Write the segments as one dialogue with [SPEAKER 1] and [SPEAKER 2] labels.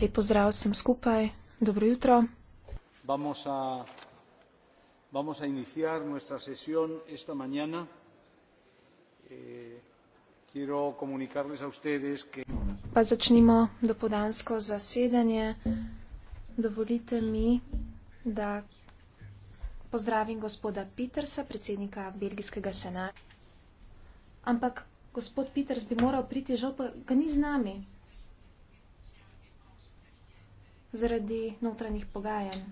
[SPEAKER 1] Lep pozdrav vsem skupaj. Dobro jutro.
[SPEAKER 2] Vamos a, vamos a iniciar nuestra sesión esta mañana. Eh, quiero comunicarles a ustedes que...
[SPEAKER 1] Pa začnimo dopodansko zasedanje. Dovolite mi, da pozdravim gospoda Petersa, predsednika Belgijskega senata. Ampak gospod Peters bi moral priti, žal pa ga ni z nami. Zaradi notranjih pogajanj.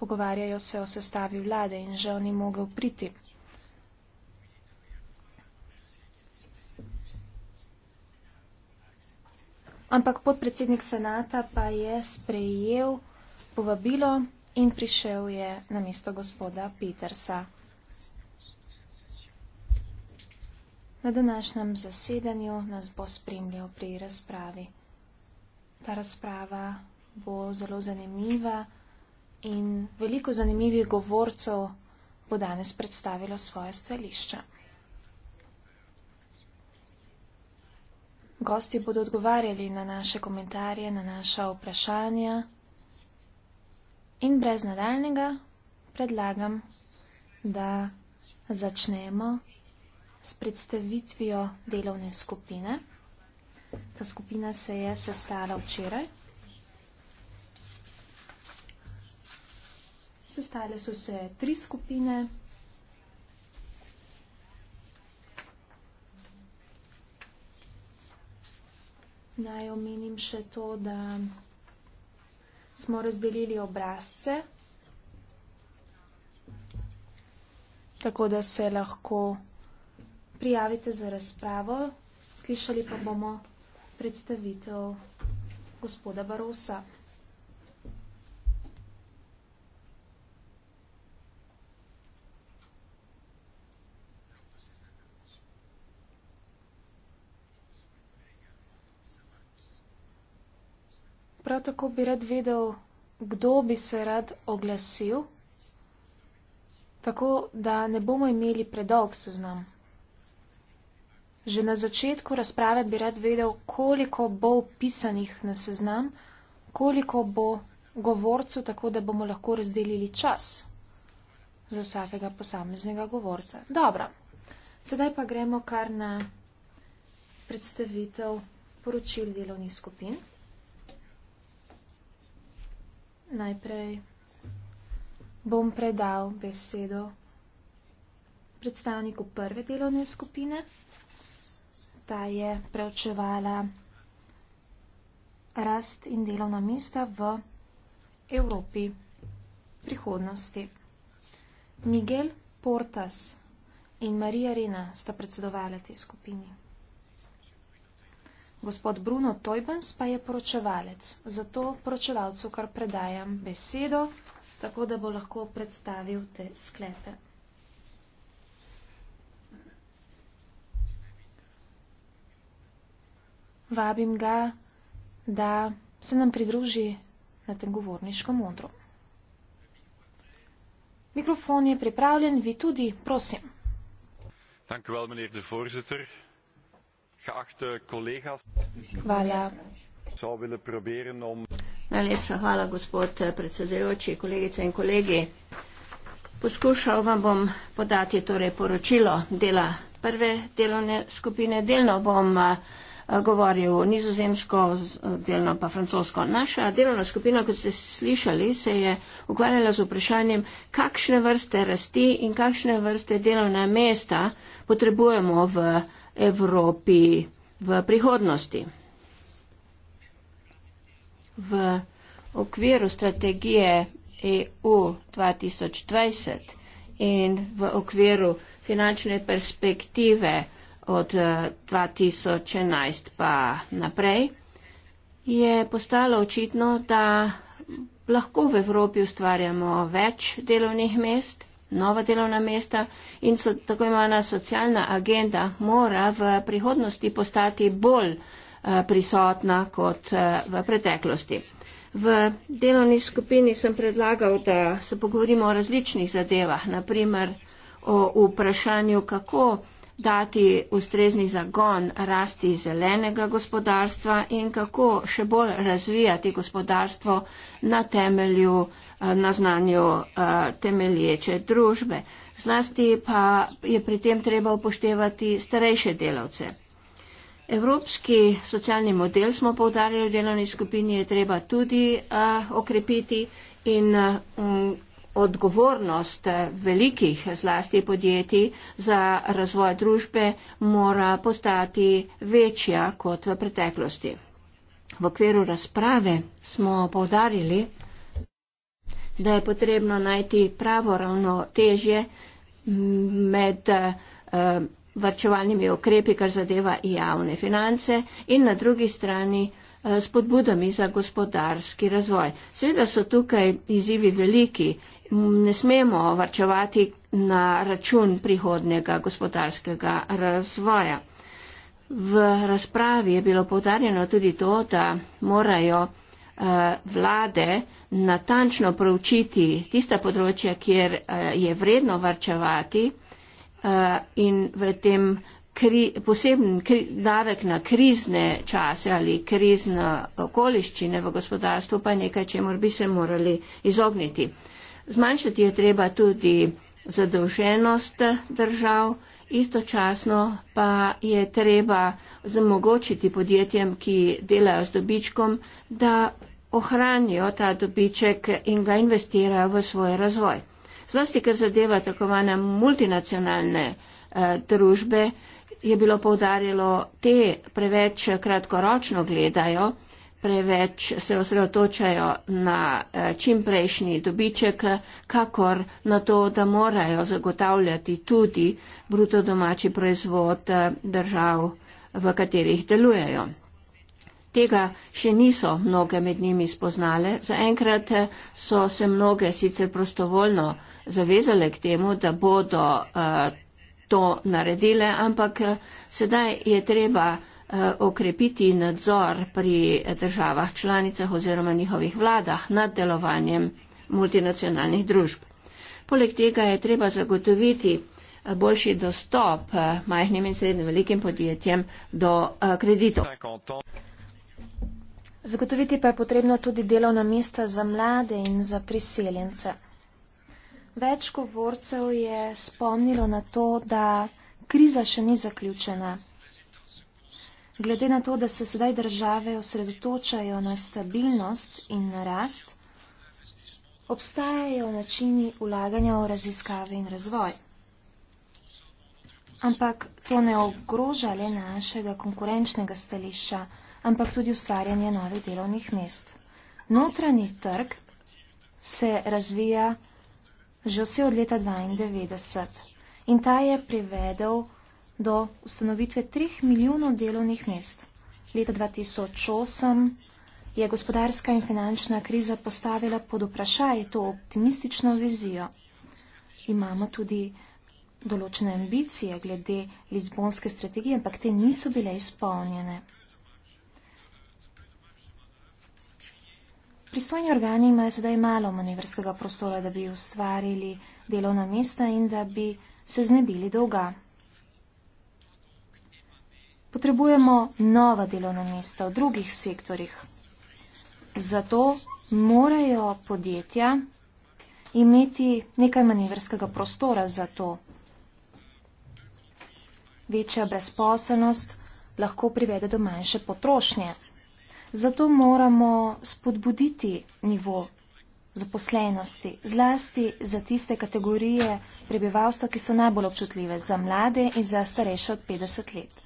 [SPEAKER 1] Pogovarjajo se o sestavi vlade in žal ni mogel priti. Ampak podpredsednik senata pa je sprejel povabilo in prišel je na mesto gospoda Petersa. Na današnjem zasedanju nas bo spremljal pri razpravi. Ta razprava bo zelo zanimiva in veliko zanimivih govorcev bo danes predstavilo svoje stališča. Gosti bodo odgovarjali na naše komentarje, na naša vprašanja in brez nadaljnega predlagam, da začnemo s predstavitvijo delovne skupine. Ta skupina se je sestala včeraj. Sestale so se tri skupine. Naj omenim še to, da smo razdelili obrazce, tako da se lahko prijavite za razpravo. Slišali pa bomo predstavitev gospoda Barosa. prav tako bi rad vedel, kdo bi se rad oglasil, tako da ne bomo imeli predolg seznam. Že na začetku razprave bi rad vedel, koliko bo pisanih na seznam, koliko bo govorcu, tako da bomo lahko razdelili čas za vsakega posameznega govorca. Dobro, sedaj pa gremo kar na predstavitev poročil delovnih skupin. Najprej bom predal besedo predstavniku prve delovne skupine. Ta je preučevala rast in delovna mesta v Evropi prihodnosti. Miguel Portas in Marija Rina sta predsedovala tej skupini. Gospod Bruno Tojbens pa je poročevalec, zato poročevalcu kar predajam besedo, tako da bo lahko predstavil te sklepe. Vabim ga, da se nam pridruži na tem govorniškom modru. Mikrofon je pripravljen, vi tudi, prosim.
[SPEAKER 3] Dank u wel, meneer de voorzitter geachte collega's. Hvala. Zou willen proberen om. Najlepša hvala, gospod eh, predsedujoči, kolegice in kolegi. Poskušal vam bom podati torej poročilo dela prve delovne skupine. Delno bom eh, govoril nizozemsko, eh, delno pa francosko. Naša delovna skupina, kot ste slišali, se je ukvarjala z vprašanjem, kakšne vrste rasti in kakšne vrste delovna mesta potrebujemo v Evropi v prihodnosti. V okviru strategije EU 2020 in v okviru finančne perspektive od 2011 eh, pa naprej je postalo očitno, da lahko v Evropi ustvarjamo več delovnih mest nova delovna mesta in so, tako imena socialna agenda mora v prihodnosti postati bolj eh, prisotna kot eh, v preteklosti. V delovni skupini sem predlagal, da se pogovorimo o različnih zadevah, naprimer o vprašanju, kako dati ustrezni zagon rasti zelenega gospodarstva in kako še bolj razvijati gospodarstvo na temelju, eh, na znanju eh, temelječe družbe. Zlasti pa je pri tem treba upoštevati starejše delavce. Evropski socialni model smo povdarjali v delovni skupini, je treba tudi eh, okrepiti in odgovornost velikih zlasti podjetij za razvoj družbe mora postati večja kot v preteklosti. V okviru razprave smo povdarili, da je potrebno najti pravo ravnotežje med eh, vrčevalnimi ukrepi, kar zadeva javne finance in na drugi strani eh, spodbudami za gospodarski razvoj. Seveda so tukaj izzivi veliki ne smemo varčevati na račun prihodnega gospodarskega razvoja. V razpravi je bilo povdarjeno tudi to, da morajo eh, vlade natančno proučiti tista področja, kjer eh, je vredno varčevati eh, in v tem kri, poseben kri, davek na krizne čase ali krizne okoliščine v gospodarstvu pa je nekaj, čemu bi se morali izogniti. Zmanjšati je treba tudi zadolženost držav, istočasno pa je treba zamogočiti podjetjem, ki delajo z dobičkom, da ohranijo ta dobiček in ga investirajo v svoj razvoj. Zlasti, ker zadeva tako vane multinacionalne eh, družbe, je bilo povdarjalo, te preveč kratkoročno gledajo preveč se osredotočajo na eh, čimprejšnji dobiček, kakor na to, da morajo zagotavljati tudi bruto domači proizvod eh, držav, v katerih delujejo. Tega še niso mnoge med njimi spoznale. Zaenkrat eh, so se mnoge sicer prostovoljno zavezale k temu, da bodo to naredile, ampak sedaj je treba Eh, okrepiti nadzor pri državah članicah oziroma njihovih vladah nad delovanjem multinacionalnih družb. Poleg tega je treba zagotoviti eh, boljši dostop eh, majhnim in srednjim velikim podjetjem do kreditov. Zagotoviti pa je potrebno
[SPEAKER 1] tudi delovna mesta za mlade in za priseljence. Več govorcev je spomnilo na to, da kriza še ni zaključena glede na to, da se sedaj države osredotočajo na stabilnost in na rast, obstajajo načini ulaganja v raziskave in razvoj. Ampak to ne ogroža le našega konkurenčnega stališča, ampak tudi ustvarjanje novih delovnih mest. Notranji trg se razvija že vse od leta 1992 in ta je privedel do ustanovitve 3 milijonov delovnih mest. Leta 2008 je gospodarska in finančna kriza postavila pod vprašaj to optimistično vizijo. Imamo tudi določene ambicije glede Lizbonske strategije, ampak te niso bile izpolnjene. Pristojni organi imajo sedaj malo manevrskega prostora, da bi ustvarili delovna mesta in da bi se znebili dolga. Potrebujemo nova delovna mesta v drugih sektorjih. Zato morajo podjetja imeti nekaj manevrskega prostora za to. Večja brezposelnost lahko privede do manjše potrošnje. Zato moramo spodbuditi nivo zaposlenosti, zlasti za tiste kategorije prebivalstva, ki so najbolj občutljive, za mlade in za starejše od 50 let.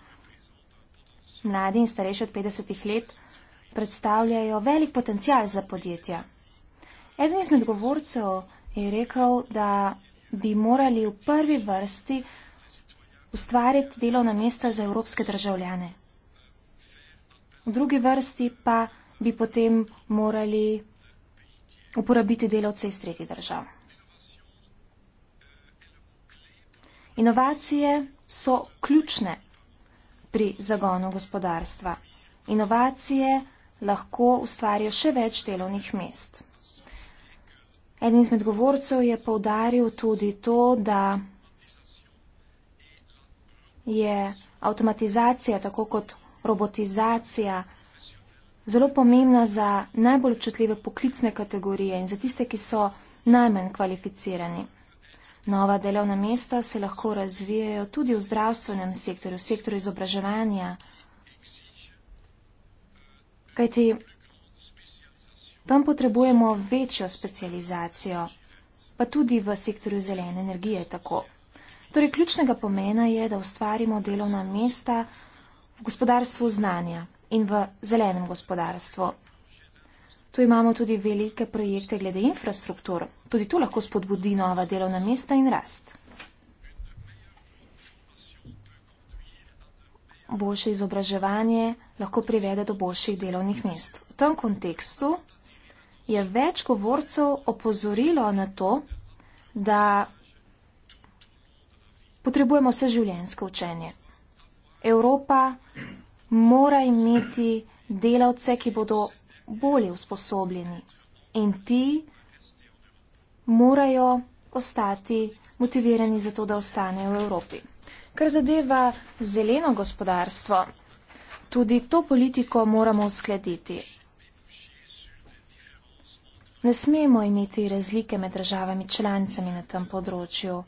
[SPEAKER 1] Mladi in starejši od 50 let predstavljajo velik potencial za podjetja. Eden izmed govorcev je rekel, da bi morali v prvi vrsti ustvariti delovna mesta za evropske državljane. V drugi vrsti pa bi potem morali uporabiti delovce iz tretjih držav. Inovacije so ključne pri zagonu gospodarstva. Inovacije lahko ustvarijo še več delovnih mest. Eden izmed govorcev je povdaril tudi to, da je avtomatizacija, tako kot robotizacija, zelo pomembna za najbolj občutljive poklicne kategorije in za tiste, ki so najmanj kvalificirani. Nova delovna mesta se lahko razvijajo tudi v zdravstvenem sektorju, v sektorju izobraževanja. Kajti tam potrebujemo večjo specializacijo, pa tudi v sektorju zelene energije tako. Torej, ključnega pomena je, da ustvarimo delovna mesta v gospodarstvu znanja in v zelenem gospodarstvu. Tu imamo tudi velike projekte glede infrastruktur. Tudi tu lahko spodbudi nova delovna mesta in rast. Boljše izobraževanje lahko privede do boljših delovnih mest. V tem kontekstu je več govorcev opozorilo na to, da potrebujemo vse življenjsko učenje. Evropa mora imeti delavce, ki bodo bolje usposobljeni in ti morajo ostati motivirani za to, da ostanejo v Evropi. Kar zadeva zeleno gospodarstvo, tudi to politiko moramo uskladiti. Ne smemo imeti razlike med državami članicami na tem področju.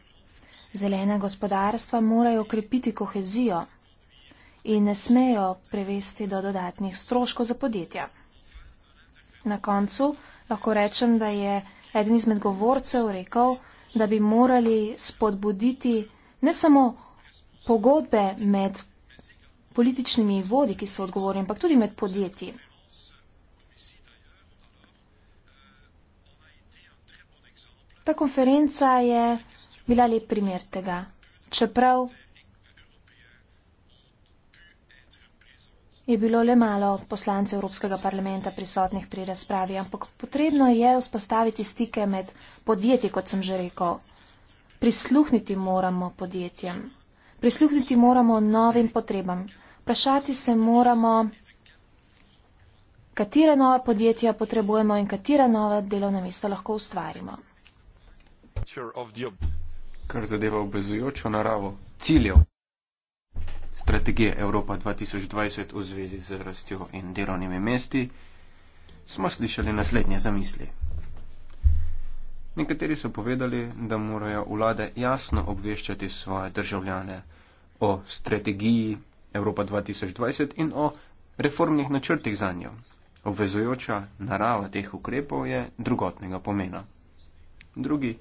[SPEAKER 1] Zelena gospodarstva morajo krepiti kohezijo in ne smejo prevesti do dodatnih stroškov za podjetja na koncu, lahko rečem, da je eden izmed govorcev rekel, da bi morali spodbuditi ne samo pogodbe med političnimi vodi, ki so odgovorni, ampak tudi med podjetji. Ta konferenca je bila lep primer tega. Čeprav je bilo le malo poslancev Evropskega parlamenta prisotnih pri razpravi, ampak potrebno je vzpostaviti stike med podjetji, kot sem že rekel. Prisluhniti moramo podjetjem, prisluhniti moramo novim potrebam, vprašati se moramo, katere nove podjetja potrebujemo in katere nove delovne mesta lahko ustvarimo.
[SPEAKER 2] Kar zadeva obvezujočo naravo ciljev strategije Evropa 2020 v zvezi z rastjo in delovnimi mesti, smo slišali naslednje zamisli. Nekateri so povedali, da morajo vlade jasno obveščati svoje državljane o strategiji Evropa 2020 in o reformnih načrtih za njo. Obvezujoča narava teh ukrepov je drugotnega pomena. Drugi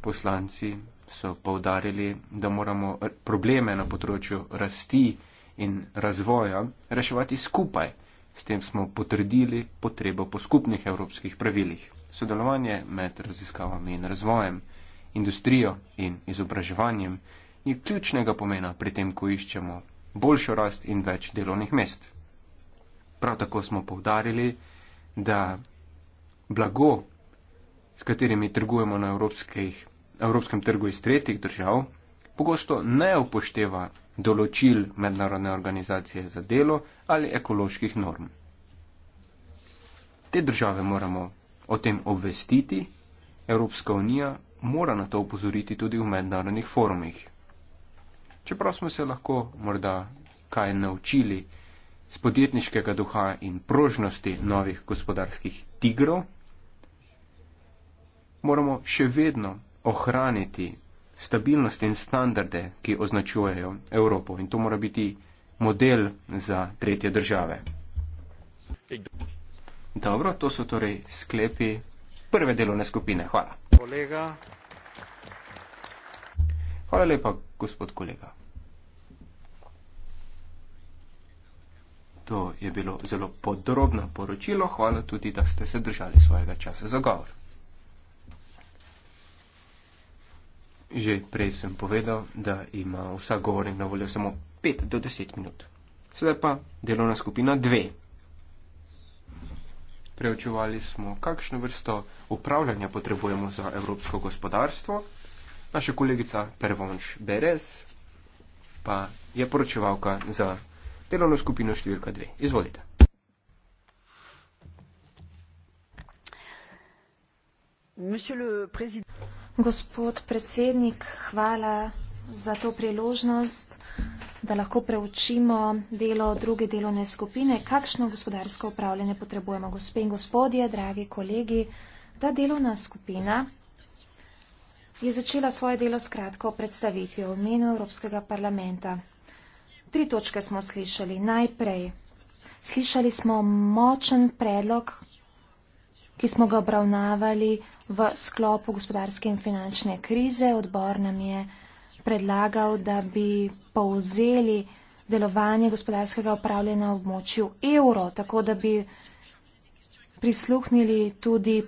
[SPEAKER 2] poslanci so povdarjali, da moramo probleme na področju rasti in razvoja reševati skupaj. S tem smo potrdili potrebo po skupnih evropskih pravilih. Sodelovanje med raziskavami in razvojem, industrijo in izobraževanjem je ključnega pomena pri tem, ko iščemo boljšo rast in več delovnih mest. Prav tako smo povdarili, da blago, s katerimi trgujemo na evropskih evropskem trgu iz tretjih držav, pogosto ne upošteva določil mednarodne organizacije za delo ali ekoloških norm. Te države moramo o tem obvestiti, Evropska unija mora na to upozoriti tudi v mednarodnih forumih. Čeprav smo se lahko morda kaj naučili z podjetniškega duha in prožnosti novih gospodarskih tigrov, moramo še vedno ohraniti stabilnost in standarde, ki označujejo Evropo. In to mora biti model za tretje države. Dobro, to so torej sklepi prve delovne skupine. Hvala. Kolega. Hvala lepa, gospod kolega. To je bilo zelo podrobno poročilo. Hvala tudi, da ste se držali svojega časa za govor. Že prej sem povedal, da ima vsak govornik na voljo samo 5 do 10 minut. Sedaj pa delovna skupina 2. Preučevali smo, kakšno vrsto upravljanja potrebujemo za evropsko gospodarstvo. Naša kolegica Pervonš Beres pa je poročevalka za delovno skupino številka 2. Izvolite.
[SPEAKER 1] Monsieur le président. Gospod predsednik, hvala za to priložnost, da lahko preučimo delo druge delovne skupine, kakšno gospodarsko upravljanje potrebujemo. Gospe in gospodje, dragi kolegi, ta delovna skupina je začela svoje delo s kratko predstavitvijo v imenu Evropskega parlamenta. Tri točke smo slišali. Najprej slišali smo močen predlog, ki smo ga obravnavali v sklopu gospodarske in finančne krize. Odbor nam je predlagal, da bi povzeli delovanje gospodarskega upravljanja v območju evro, tako da bi prisluhnili tudi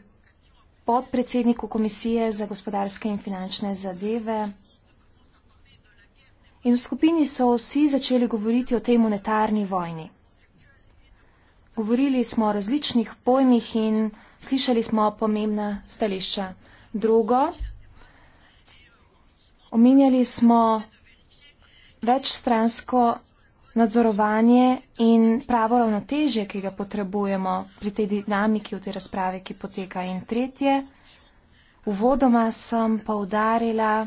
[SPEAKER 1] podpredsedniku Komisije za gospodarske in finančne zadeve. In v skupini so vsi začeli govoriti o tej monetarni vojni. Govorili smo o različnih pojmih in slišali smo pomembna stališča. Drugo, omenjali smo večstransko nadzorovanje in pravo ravnotežje, ki ga potrebujemo pri tej dinamiki v tej razpravi, ki poteka. In tretje, uvodoma sem poudarila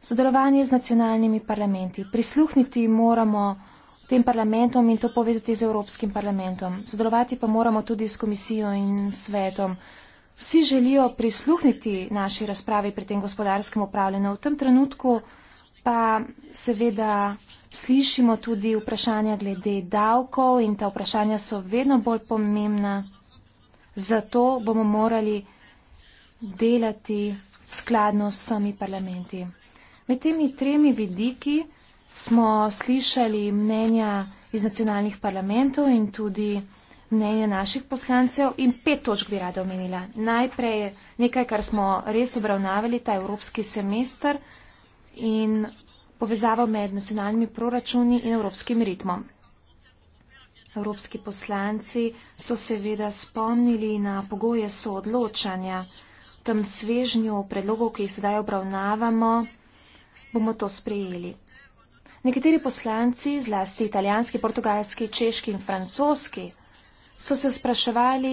[SPEAKER 1] sodelovanje z nacionalnimi parlamenti. Prisluhniti moramo tem parlamentom in to povezati z Evropskim parlamentom. Sodelovati pa moramo tudi s komisijo in svetom. Vsi želijo prisluhniti naši razpravi pri tem gospodarskem upravljanju. V tem trenutku pa seveda slišimo tudi vprašanja glede davkov in ta vprašanja so vedno bolj pomembna. Zato bomo morali delati skladno s vsemi parlamenti. Med temi tremi vidiki smo slišali mnenja iz nacionalnih parlamentov in tudi mnenje naših poslancev in pet točk bi rada omenila. Najprej nekaj, kar smo res obravnavali, ta evropski semester in povezavo med nacionalnimi proračuni in evropskim ritmom. Evropski poslanci so seveda spomnili na pogoje soodločanja. V tem svežnju predlogov, ki jih sedaj obravnavamo, bomo to sprejeli. Nekateri poslanci, zlasti italijanski, portugalski, češki in francoski, so se spraševali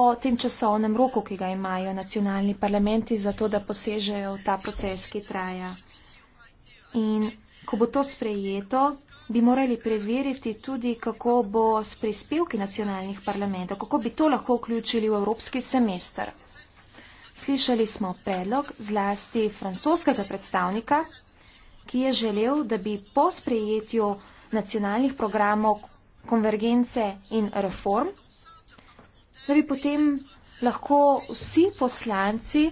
[SPEAKER 1] o tem časovnem roku, ki ga imajo nacionalni parlamenti za to, da posežejo v ta proces, ki traja. In ko bo to sprejeto, bi morali preveriti tudi, kako bo s prispevki nacionalnih parlamentov, kako bi to lahko vključili v evropski semester. Slišali smo predlog zlasti francoskega predstavnika, ki je želel, da bi po sprejetju nacionalnih programov konvergence in reform, da bi potem lahko vsi poslanci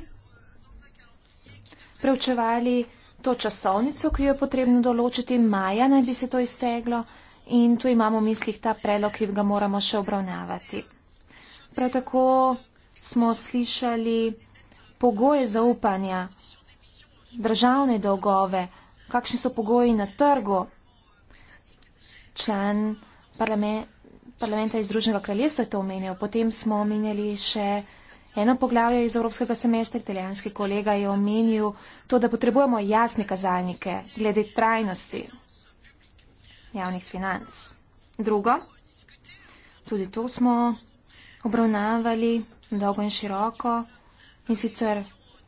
[SPEAKER 1] preučevali to časovnico, ki jo je potrebno določiti, maja naj bi se to izteglo in tu imamo v mislih ta prelog, ki ga moramo še obravnavati. Prav tako smo slišali pogoje zaupanja, državne dolgove, kakšni so pogoji na trgu. Član parlamenta iz Združenega kraljestva je to omenjal. Potem smo omenjali še eno poglavje iz Evropskega semestra. Italijanski kolega je omenil to, da potrebujemo jasne kazalnike glede trajnosti javnih financ. Drugo, tudi to smo obravnavali dolgo in široko in sicer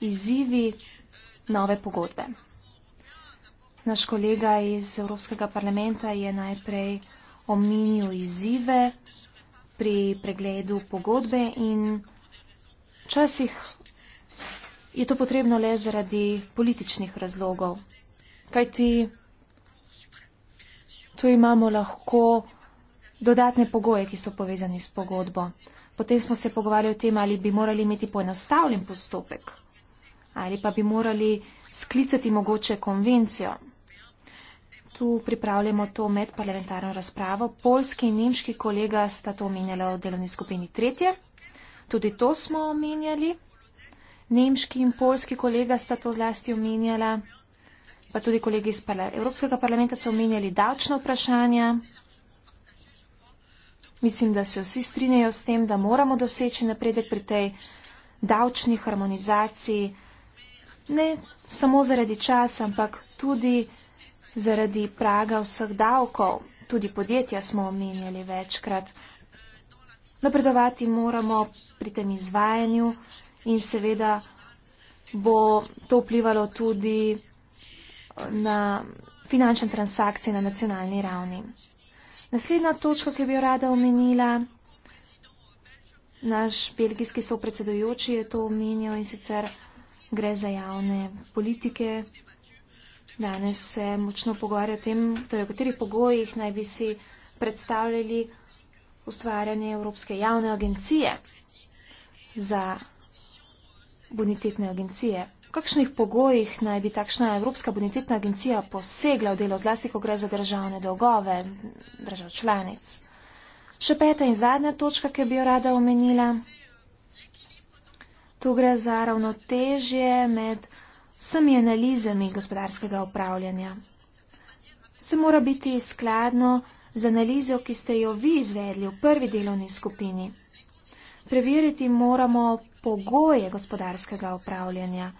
[SPEAKER 1] izzivi nove pogodbe. Naš kolega iz Evropskega parlamenta je najprej omenil izzive pri pregledu pogodbe in včasih je to potrebno le zaradi političnih razlogov. Kaj ti tu imamo lahko dodatne pogoje, ki so povezani s pogodbo. Potem smo se pogovarjali o tem, ali bi morali imeti poenostavljen postopek ali pa bi morali sklicati mogoče konvencijo tu pripravljamo to medparlamentarno razpravo. Polski in nemški kolega sta to omenjala v delovni skupini tretje. Tudi to smo omenjali. Nemški in polski kolega sta to zlasti omenjala, pa tudi kolegi iz parla Evropskega parlamenta so omenjali davčno vprašanje. Mislim, da se vsi strinjajo s tem, da moramo doseči napredek pri tej davčni harmonizaciji. Ne samo zaradi časa, ampak tudi zaradi praga vseh davkov, tudi podjetja smo omenjali večkrat. Napredovati moramo pri tem izvajanju in seveda bo to vplivalo tudi na finančne transakcije na nacionalni ravni. Naslednja točka, ki bi jo rada omenila, naš belgijski sopredsedujoči je to omenjal in sicer gre za javne politike, Danes se močno pogovarja o tem, torej v katerih pogojih naj bi si predstavljali ustvarjanje Evropske javne agencije za bonitetne agencije. V kakšnih pogojih naj bi takšna Evropska bonitetna agencija posegla v delo, zlasti ko gre za državne dolgove držav članic. Še peta in zadnja točka, ki bi jo rada omenila. Tu gre za ravnotežje med vsemi analizami gospodarskega upravljanja. Se mora biti skladno z analizo, ki ste jo vi izvedli v prvi delovni skupini. Preveriti moramo pogoje gospodarskega upravljanja,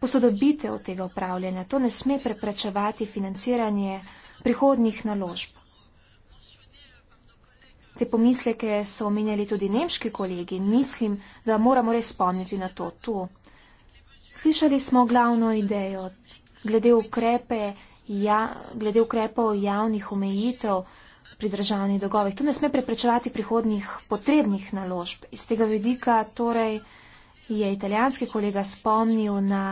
[SPEAKER 1] posodobitev tega upravljanja. To ne sme preprečevati financiranje prihodnih naložb. Te pomisleke so omenjali tudi nemški kolegi in mislim, da moramo res spomniti na to. to. Slišali smo glavno idejo glede, ukrepe, ja, glede ukrepov javnih omejitev pri državnih dogovih. To ne sme preprečevati prihodnih potrebnih naložb. Iz tega vidika torej je italijanski kolega spomnil na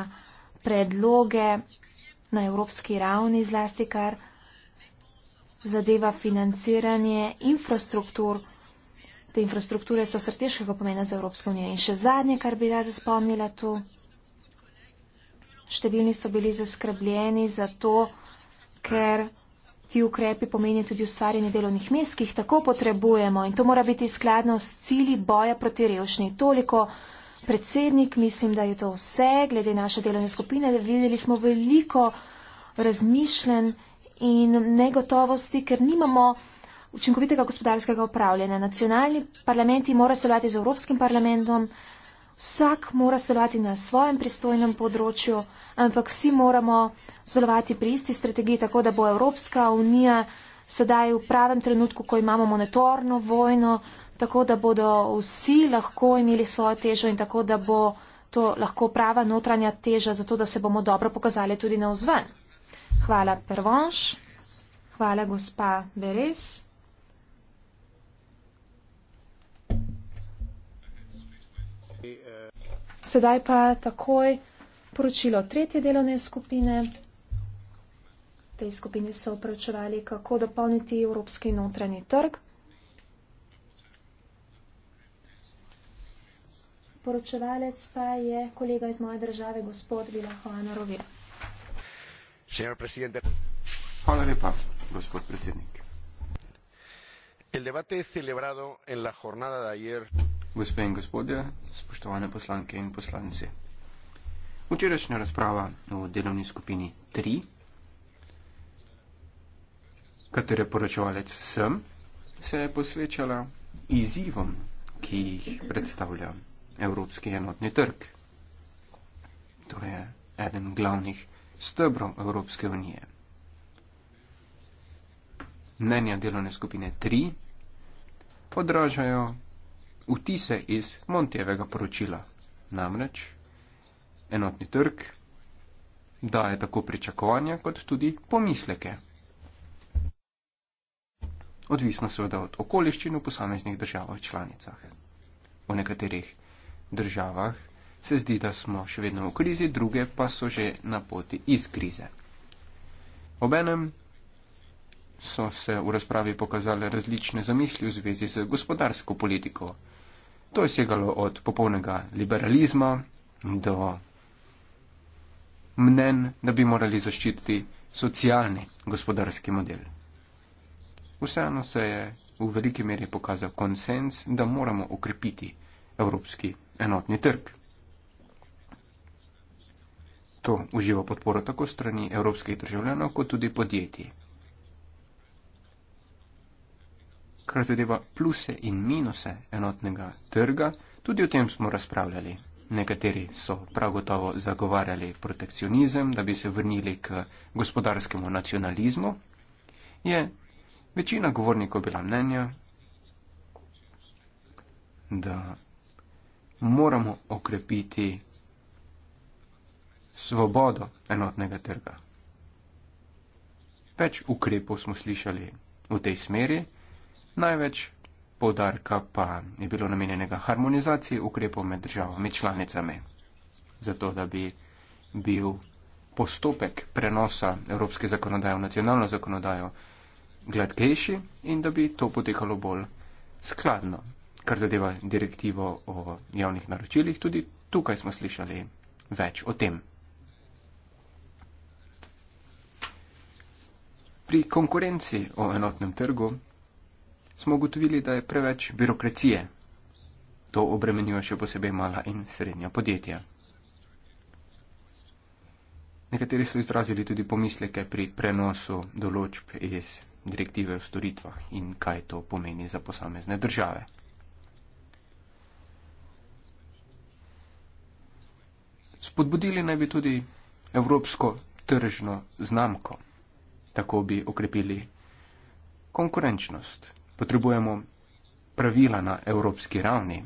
[SPEAKER 1] predloge na evropski ravni, zlasti kar zadeva financiranje infrastruktur. Te infrastrukture so srteškega pomena za Evropsko unijo. In še zadnje, kar bi rada spomnila tu, Številni so bili zaskrbljeni zato, ker ti ukrepi pomenijo tudi ustvarjanje delovnih mest, ki jih tako potrebujemo in to mora biti skladno s cili boja proti revšnji. Toliko predsednik, mislim, da je to vse, glede naše delovne skupine, videli smo veliko razmišljen in negotovosti, ker nimamo učinkovitega gospodarskega upravljanja. Nacionalni parlamenti mora sodelovati z Evropskim parlamentom vsak mora sodelovati na svojem pristojnem področju, ampak vsi moramo sodelovati pri isti strategiji, tako da bo Evropska unija sedaj v pravem trenutku, ko imamo monetorno vojno, tako da bodo vsi lahko imeli svojo težo in tako da bo to lahko prava notranja teža, zato da se bomo dobro pokazali tudi na vzven. Hvala Pervonš, hvala gospa Beres. Sedaj pa takoj poročilo tretje delovne skupine. V tej skupini so vprašali, kako dopolniti evropski notranji trg. Poročevalec pa je kolega iz moje države, gospod Vilahoana Rovir.
[SPEAKER 2] Hvala lepa, gospod predsednik. El debate celebrado en la jornada de ayer. Gospe in gospodje, spoštovane poslanke in poslanci. Včerajšnja razprava v delovni skupini 3, katere poročevalec sem, se je posvečala izzivom, ki jih predstavlja Evropski enotni trg. To je eden glavnih stebrov Evropske unije. Mnenja delovne skupine 3 odražajo vtise iz Montjevega poročila. Namreč enotni trg daje tako pričakovanja kot tudi pomisleke. Odvisno seveda od okoliščin v posameznih državah članicah. V nekaterih državah se zdi, da smo še vedno v krizi, druge pa so že na poti iz krize. Obenem so se v razpravi pokazale različne zamisli v zvezi z gospodarsko politiko. To je segalo od popolnega liberalizma do mnen, da bi morali zaščititi socialni gospodarski model. Vseeno se je v veliki meri pokazal konsens, da moramo ukrepiti evropski enotni trg. To uživa podporo tako strani evropskih državljanov, kot tudi podjetij. kar zadeva pluse in minuse enotnega trga, tudi o tem smo razpravljali. Nekateri so prav gotovo zagovarjali protekcionizem, da bi se vrnili k gospodarskemu nacionalizmu. Je večina govornikov bila mnenja, da moramo okrepiti svobodo enotnega trga. Več ukrepov smo slišali v tej smeri. Največ podarka pa je bilo namenjenega harmonizaciji ukrepov med državami članicami, zato da bi bil postopek prenosa evropske zakonodaje v nacionalno zakonodajo gladkejši in da bi to potekalo bolj skladno. Kar zadeva direktivo o javnih naročilih, tudi tukaj smo slišali več o tem. Pri konkurenci o enotnem trgu smo ugotovili, da je preveč birokracije. To obremenjuje še posebej mala in srednja podjetja. Nekateri so izrazili tudi pomisleke pri prenosu določb iz direktive o storitvah in kaj to pomeni za posamezne države. Spodbudili naj bi tudi evropsko tržno znamko, tako bi okrepili konkurenčnost. Potrebujemo pravila na evropski ravni.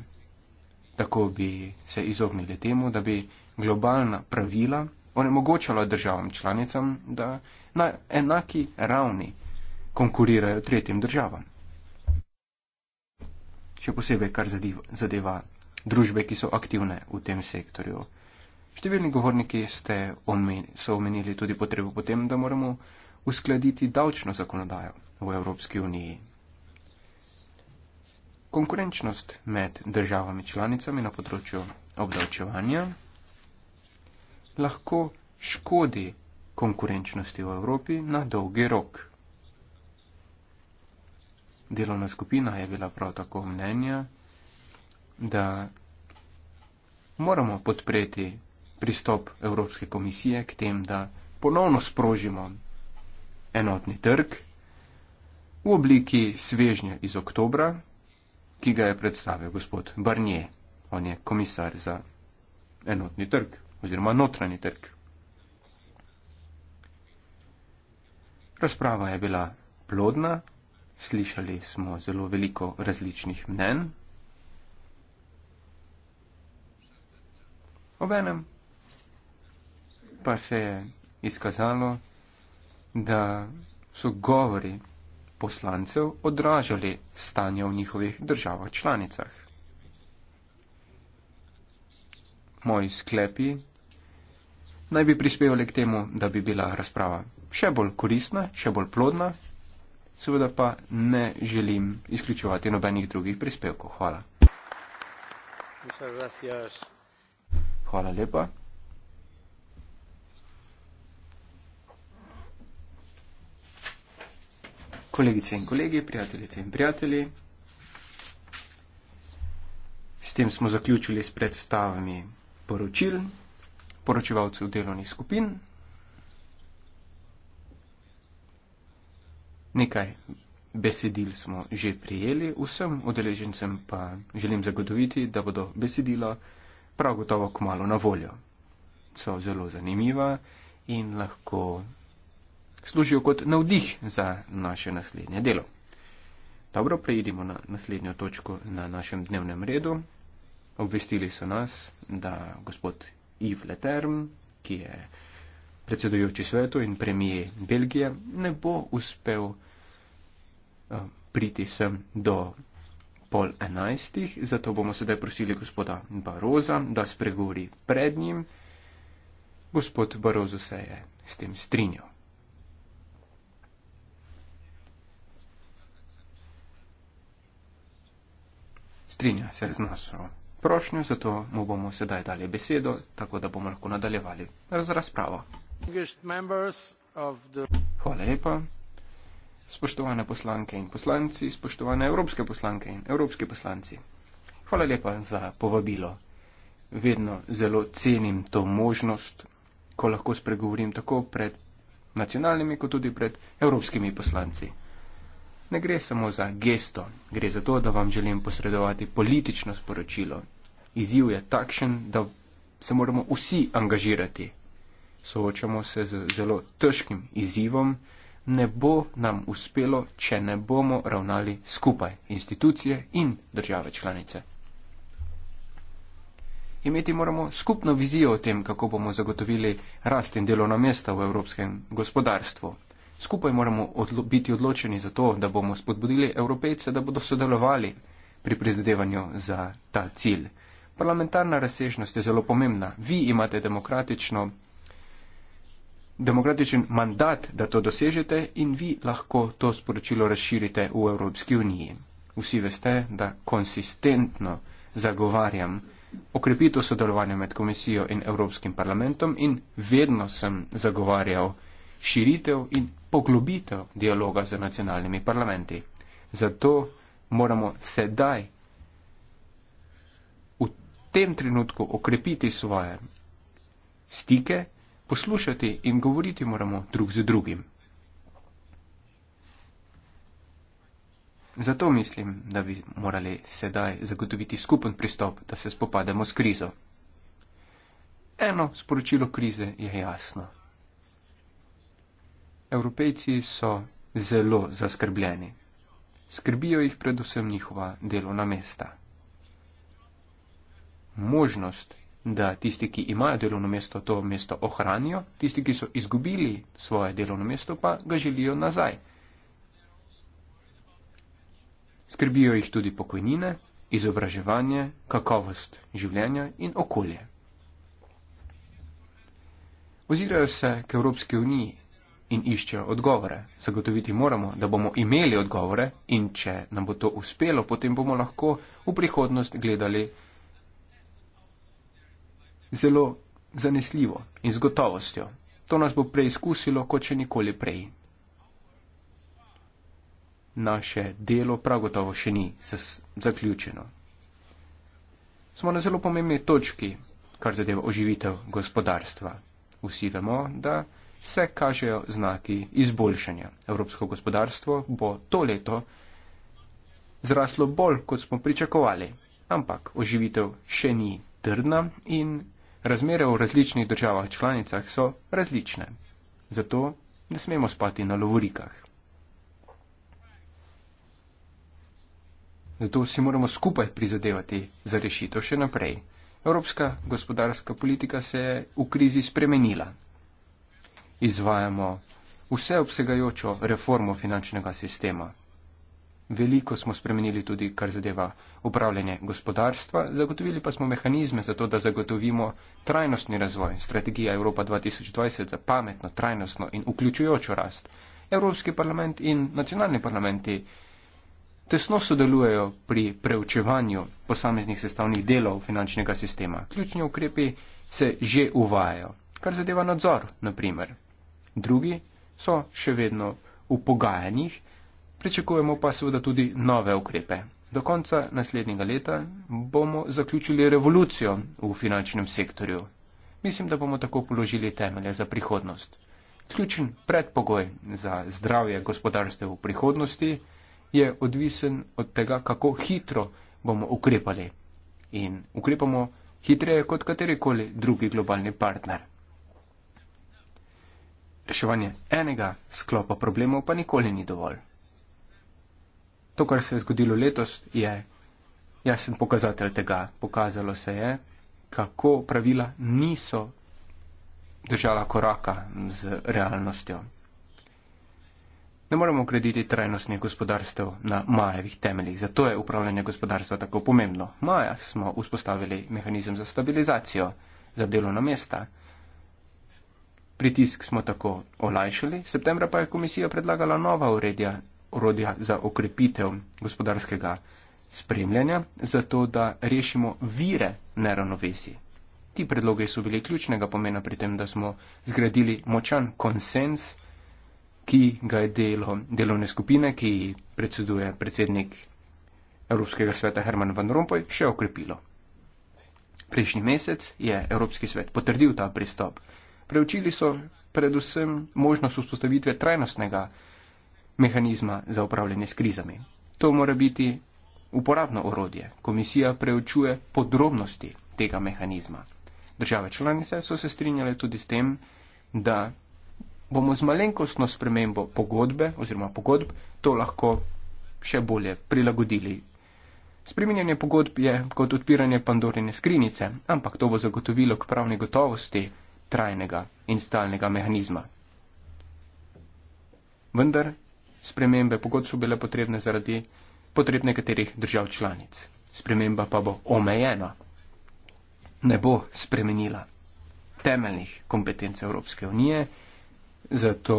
[SPEAKER 2] Tako bi se izognili temu, da bi globalna pravila onemogočala državam članicam, da na enaki ravni konkurirajo tretjim državam. Še posebej, kar zadeva, zadeva družbe, ki so aktivne v tem sektorju. Številni govorniki ste omenili, so omenili tudi potrebo potem, da moramo uskladiti davčno zakonodajo v Evropski uniji konkurenčnost med državami članicami na področju obdavčevanja lahko škodi konkurenčnosti v Evropi na dolgi rok. Delovna skupina je bila prav tako mnenja, da moramo podpreti pristop Evropske komisije k tem, da ponovno sprožimo enotni trg v obliki svežnja iz oktobra ki ga je predstavil gospod Barnier. On je komisar za enotni trg oziroma notranji trg. Razprava je bila plodna, slišali smo zelo veliko različnih mnen. Obenem pa se je izkazalo, da so govori poslancev odražali stanje v njihovih državah članicah. Moji sklepi naj bi prispevali k temu, da bi bila razprava še bolj koristna, še bolj plodna, seveda pa ne želim izključevati nobenih drugih prispevkov. Hvala. Hvala lepa. Kolegice in kolegi, prijateljice in prijatelji, s tem smo zaključili s predstavami poročil, poročevalcev delovnih skupin, nekaj besedil smo že prijeli, vsem udeležencem pa želim zagotoviti, da bodo besedila prav gotovo kmalo na voljo. So zelo zanimiva in lahko služijo kot navdih za naše naslednje delo. Dobro, prejedimo na naslednjo točko na našem dnevnem redu. Obvestili so nas, da gospod Yves Leterm, ki je predsedujoči svetu in premije Belgije, ne bo uspel uh, priti sem do pol enajstih, zato bomo sedaj prosili gospoda Baroza, da spregovori pred njim. Gospod Barozo se je s tem strinjal. Strinja se z našo prošnjo, zato mu bomo sedaj dali besedo, tako da bomo lahko nadaljevali z razpravo. Hvala lepa. Spoštovane poslanke in poslanci, spoštovane evropske poslanke in evropski poslanci. Hvala lepa za povabilo. Vedno zelo cenim to možnost, ko lahko spregovorim tako pred nacionalnimi, kot tudi pred evropskimi poslanci ne gre samo za gesto, gre za to, da vam želim posredovati politično sporočilo. Izjiv je takšen, da se moramo vsi angažirati. Soočamo se z zelo težkim izzivom, ne bo nam uspelo, če ne bomo ravnali skupaj, institucije in države članice. Imeti moramo skupno vizijo o tem, kako bomo zagotovili rast in delovna mesta v evropskem gospodarstvu. Skupaj moramo odlo biti odločeni za to, da bomo spodbudili evropejce, da bodo sodelovali pri prizadevanju za ta cilj. Parlamentarna razsežnost je zelo pomembna. Vi imate demokratično, demokratičen mandat, da to dosežete in vi lahko to sporočilo razširite v Evropski uniji. Vsi veste, da konsistentno zagovarjam okrepito sodelovanje med komisijo in Evropskim parlamentom in vedno sem zagovarjal širitev in poglobitev dialoga z nacionalnimi parlamenti. Zato moramo sedaj v tem trenutku okrepiti svoje stike, poslušati in govoriti moramo drug z drugim. Zato mislim, da bi morali sedaj zagotoviti skupen pristop, da se spopademo s krizo. Eno sporočilo krize je jasno. Evropejci so zelo zaskrbljeni. Skrbijo jih predvsem njihova delovna mesta. Možnost, da tisti, ki imajo delovno mesto, to mesto ohranijo, tisti, ki so izgubili svoje delovno mesto, pa ga želijo nazaj. Skrbijo jih tudi pokojnine, izobraževanje, kakovost življenja in okolje. Ozirajo se k Evropski uniji in iščejo odgovore. Zagotoviti moramo, da bomo imeli odgovore in če nam bo to uspelo, potem bomo lahko v prihodnost gledali zelo zanesljivo in z gotovostjo. To nas bo preizkusilo, kot še nikoli prej. Naše delo prav gotovo še ni zaključeno. Smo na zelo pomembni točki, kar zadeva oživitev gospodarstva. Vsi vemo, da se kažejo znaki izboljšanja. Evropsko gospodarstvo bo to leto zraslo bolj, kot smo pričakovali, ampak oživitev še ni trdna in razmere v različnih državah članicah so različne. Zato ne smemo spati na lovorikah. Zato si moramo skupaj prizadevati za rešitev še naprej. Evropska gospodarska politika se je v krizi spremenila izvajamo vseobsegajočo reformo finančnega sistema. Veliko smo spremenili tudi, kar zadeva upravljanje gospodarstva, zagotovili pa smo mehanizme za to, da zagotovimo trajnostni razvoj, strategija Evropa 2020 za pametno, trajnostno in vključujočo rast. Evropski parlament in nacionalni parlamenti tesno sodelujejo pri preučevanju posameznih sestavnih delov finančnega sistema. Ključni ukrepi se že uvajajo, kar zadeva nadzor, naprimer drugi so še vedno v pogajanjih, pričakujemo pa seveda tudi nove ukrepe. Do konca naslednjega leta bomo zaključili revolucijo v finančnem sektorju. Mislim, da bomo tako položili temelje za prihodnost. Ključen predpogoj za zdravje gospodarstva v prihodnosti je odvisen od tega, kako hitro bomo ukrepali. In ukrepamo hitreje kot katerikoli drugi globalni partner reševanje enega sklopa problemov pa nikoli ni dovolj. To, kar se je zgodilo letos, je jasen pokazatelj tega. Pokazalo se je, kako pravila niso držala koraka z realnostjo. Ne moremo krediti trajnostnih gospodarstev na majevih temeljih, zato je upravljanje gospodarstva tako pomembno. Maja smo vzpostavili mehanizem za stabilizacijo, za delovna mesta. Pritisk smo tako olajšali, septembra pa je komisija predlagala nova uredja, urodja za okrepitev gospodarskega spremljanja, zato da rešimo vire neravnovesij. Ti predloge so bili ključnega pomena pri tem, da smo zgradili močan konsens, ki ga je delo delovne skupine, ki predseduje predsednik Evropskega sveta Herman Van Rompuy, še okrepilo. Prejšnji mesec je Evropski svet potrdil ta pristop. Preučili so predvsem možnost vzpostavitve trajnostnega mehanizma za upravljanje s krizami. To mora biti uporabno orodje. Komisija preučuje podrobnosti tega mehanizma. Države članice so se strinjale tudi s tem, da bomo z malenkostno spremembo pogodbe oziroma pogodb to lahko še bolje prilagodili. Spreminjanje pogodb je kot odpiranje pandorine skrinice, ampak to bo zagotovilo k pravni gotovosti trajnega in stalnega mehanizma. Vendar spremembe pogod so bile potrebne zaradi potreb nekaterih držav članic. Sprememba pa bo omejena, ne bo spremenila temeljnih kompetenc Evropske unije, zato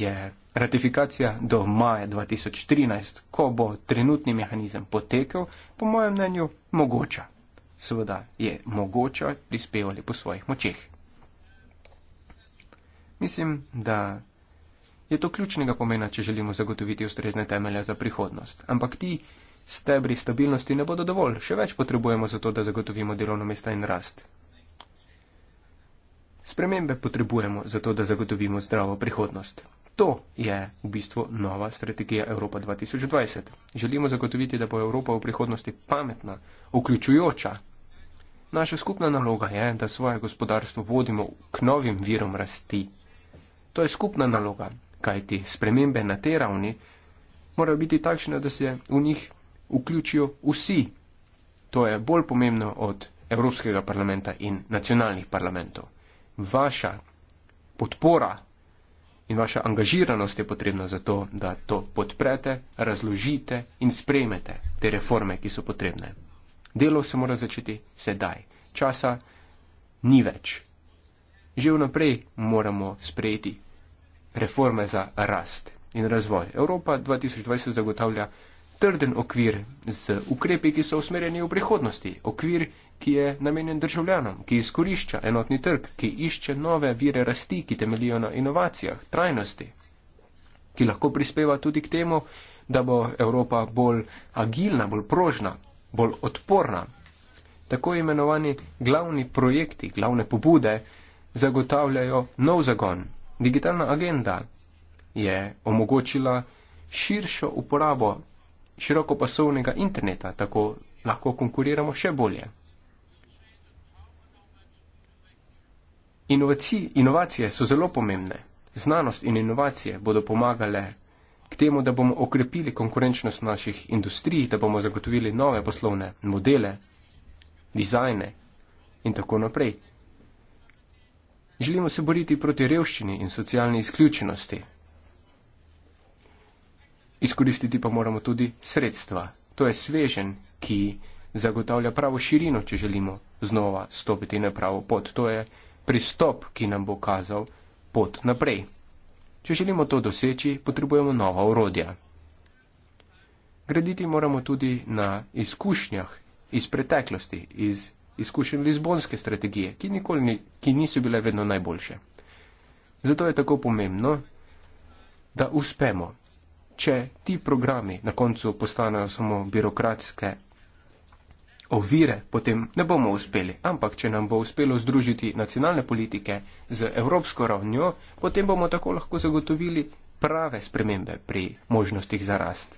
[SPEAKER 2] je ratifikacija do maja 2013, ko bo trenutni mehanizem potekel, po mojem mnenju mogoča. Seveda je mogoča prispevali po svojih močeh. Mislim, da je to ključnega pomena, če želimo zagotoviti ustrezne temelje za prihodnost. Ampak ti stebri stabilnosti ne bodo dovolj, še več potrebujemo za to, da zagotovimo delovno mesta in rast. Spremembe potrebujemo za to, da zagotovimo zdravo prihodnost. To je v bistvu nova strategija Evropa 2020. Želimo zagotoviti, da bo Evropa v prihodnosti pametna, vključujoča. Naša skupna naloga je, da svoje gospodarstvo vodimo k novim virom rasti. To je skupna naloga, kajti spremembe na tej ravni morajo biti takšne, da se v njih vključijo vsi. To je bolj pomembno od Evropskega parlamenta in nacionalnih parlamentov. Vaša podpora in vaša angažiranost je potrebna za to, da to podprete, razložite in sprejmete te reforme, ki so potrebne. Delo se mora začeti sedaj. Časa ni več že vnaprej moramo sprejeti reforme za rast in razvoj. Evropa 2020 zagotavlja trden okvir z ukrepi, ki so usmerjeni v prihodnosti. Okvir, ki je namenjen državljanom, ki izkorišča enotni trg, ki išče nove vire rasti, ki temelijo na inovacijah, trajnosti, ki lahko prispeva tudi k temu, da bo Evropa bolj agilna, bolj prožna, bolj odporna. Tako imenovani glavni projekti, glavne pobude zagotavljajo nov zagon. Digitalna agenda je omogočila širšo uporabo širokopasovnega interneta, tako lahko konkuriramo še bolje. Inovaci, inovacije so zelo pomembne. Znanost in inovacije bodo pomagale k temu, da bomo okrepili konkurenčnost naših industrij, da bomo zagotovili nove poslovne modele, dizajne in tako naprej. Želimo se boriti proti revščini in socialni izključenosti. Izkoristiti pa moramo tudi sredstva. To je svežen, ki zagotavlja pravo širino, če želimo znova stopiti na pravo pot. To je pristop, ki nam bo kazal pot naprej. Če želimo to doseči, potrebujemo nova urodja. Graditi moramo tudi na izkušnjah iz preteklosti, iz izkušenj lizbonske strategije, ki, nikoli, ki niso bile vedno najboljše. Zato je tako pomembno, da uspemo, če ti programi na koncu postanejo samo birokratske ovire, potem ne bomo uspeli. Ampak, če nam bo uspelo združiti nacionalne politike z evropsko ravnjo, potem bomo tako lahko zagotovili prave spremembe pri možnostih za rast.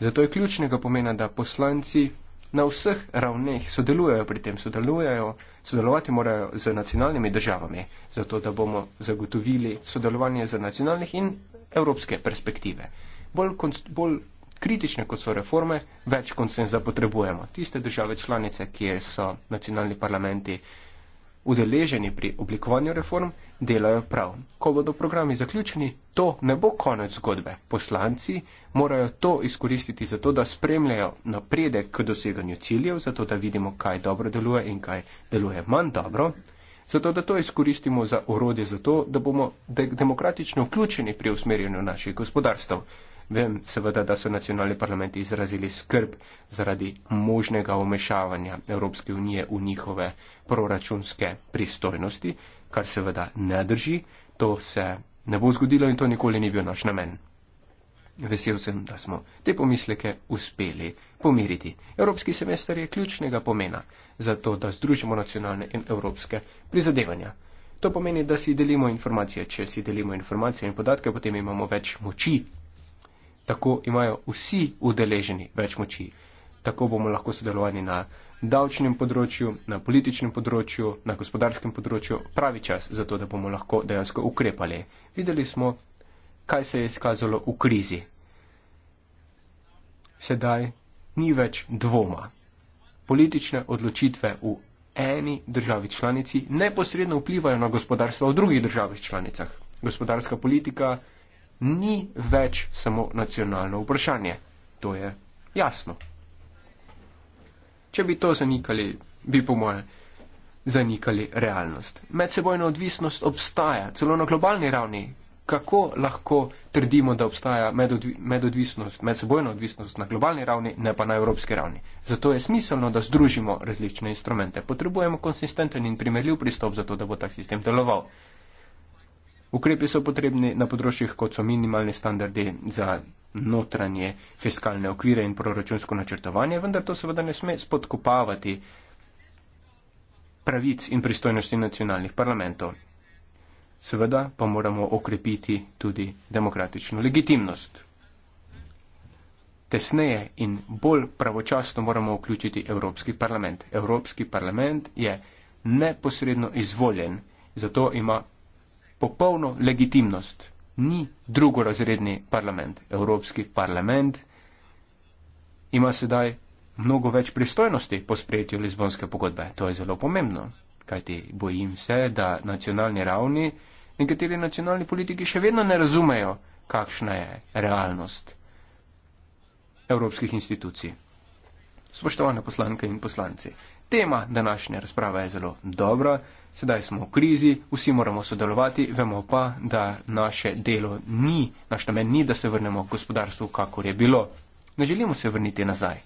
[SPEAKER 2] Zato je ključnega pomena, da poslanci na vseh ravneh sodelujejo pri tem, sodelujejo, sodelovati morajo z nacionalnimi državami, zato da bomo zagotovili sodelovanje z nacionalnih in evropske perspektive. Bolj, bolj kritične kot so reforme, več konsenza potrebujemo. Tiste države članice, kjer so nacionalni parlamenti udeleženi pri oblikovanju reform, delajo prav. Ko bodo programi zaključeni, to ne bo konec zgodbe. Poslanci morajo to izkoristiti zato, da spremljajo napredek k doseganju ciljev, zato da vidimo, kaj dobro deluje in kaj deluje manj dobro, zato da to izkoristimo za orodje, zato da bomo de demokratično vključeni pri usmerjanju naših gospodarstv. Vem seveda, da so nacionalni parlamenti izrazili skrb zaradi možnega omešavanja Evropske unije v njihove proračunske pristojnosti, kar seveda ne drži. To se ne bo zgodilo in to nikoli ni bil naš namen. Vesel sem, da smo te pomisleke uspeli pomiriti. Evropski semester je ključnega pomena za to, da združimo nacionalne in evropske prizadevanja. To pomeni, da si delimo informacije. Če si delimo informacije in podatke, potem imamo več moči tako imajo vsi udeleženi več moči. Tako bomo lahko sodelovali na davčnem področju, na političnem področju, na gospodarskem področju pravi čas, zato da bomo lahko dejansko ukrepali. Videli smo, kaj se je izkazalo v krizi. Sedaj ni več dvoma. Politične odločitve v eni državi članici neposredno vplivajo na gospodarstvo v drugih državih članicah. Gospodarska politika ni več samo nacionalno vprašanje. To je jasno. Če bi to zanikali, bi po moje zanikali realnost. Medsebojna odvisnost obstaja, celo na globalni ravni. Kako lahko trdimo, da obstaja medodvisnost, medsebojna odvisnost na globalni ravni, ne pa na evropski ravni? Zato je smiselno, da združimo različne instrumente. Potrebujemo konsistenten in primerljiv pristop za to, da bo tak sistem deloval. Ukrepi so potrebni na področjih, kot so minimalni standardi za notranje fiskalne okvire in proračunsko načrtovanje, vendar to seveda ne sme spodkopavati pravic in pristojnosti nacionalnih parlamentov. Seveda pa moramo okrepiti tudi demokratično legitimnost. Tesneje in bolj pravočasno moramo vključiti Evropski parlament. Evropski parlament je neposredno izvoljen, zato ima popolno legitimnost. Ni drugorazredni parlament. Evropski parlament ima sedaj mnogo več pristojnosti po sprejetju Lizbonske pogodbe. To je zelo pomembno, kajti bojim se, da nacionalni ravni nekateri nacionalni politiki še vedno ne razumejo, kakšna je realnost evropskih institucij. Spoštovane poslanke in poslanci, tema današnje razprave je zelo dobra sedaj smo v krizi, vsi moramo sodelovati, vemo pa, da naše delo ni, naš namen ni, da se vrnemo k gospodarstvu, kakor je bilo. Ne želimo se vrniti nazaj.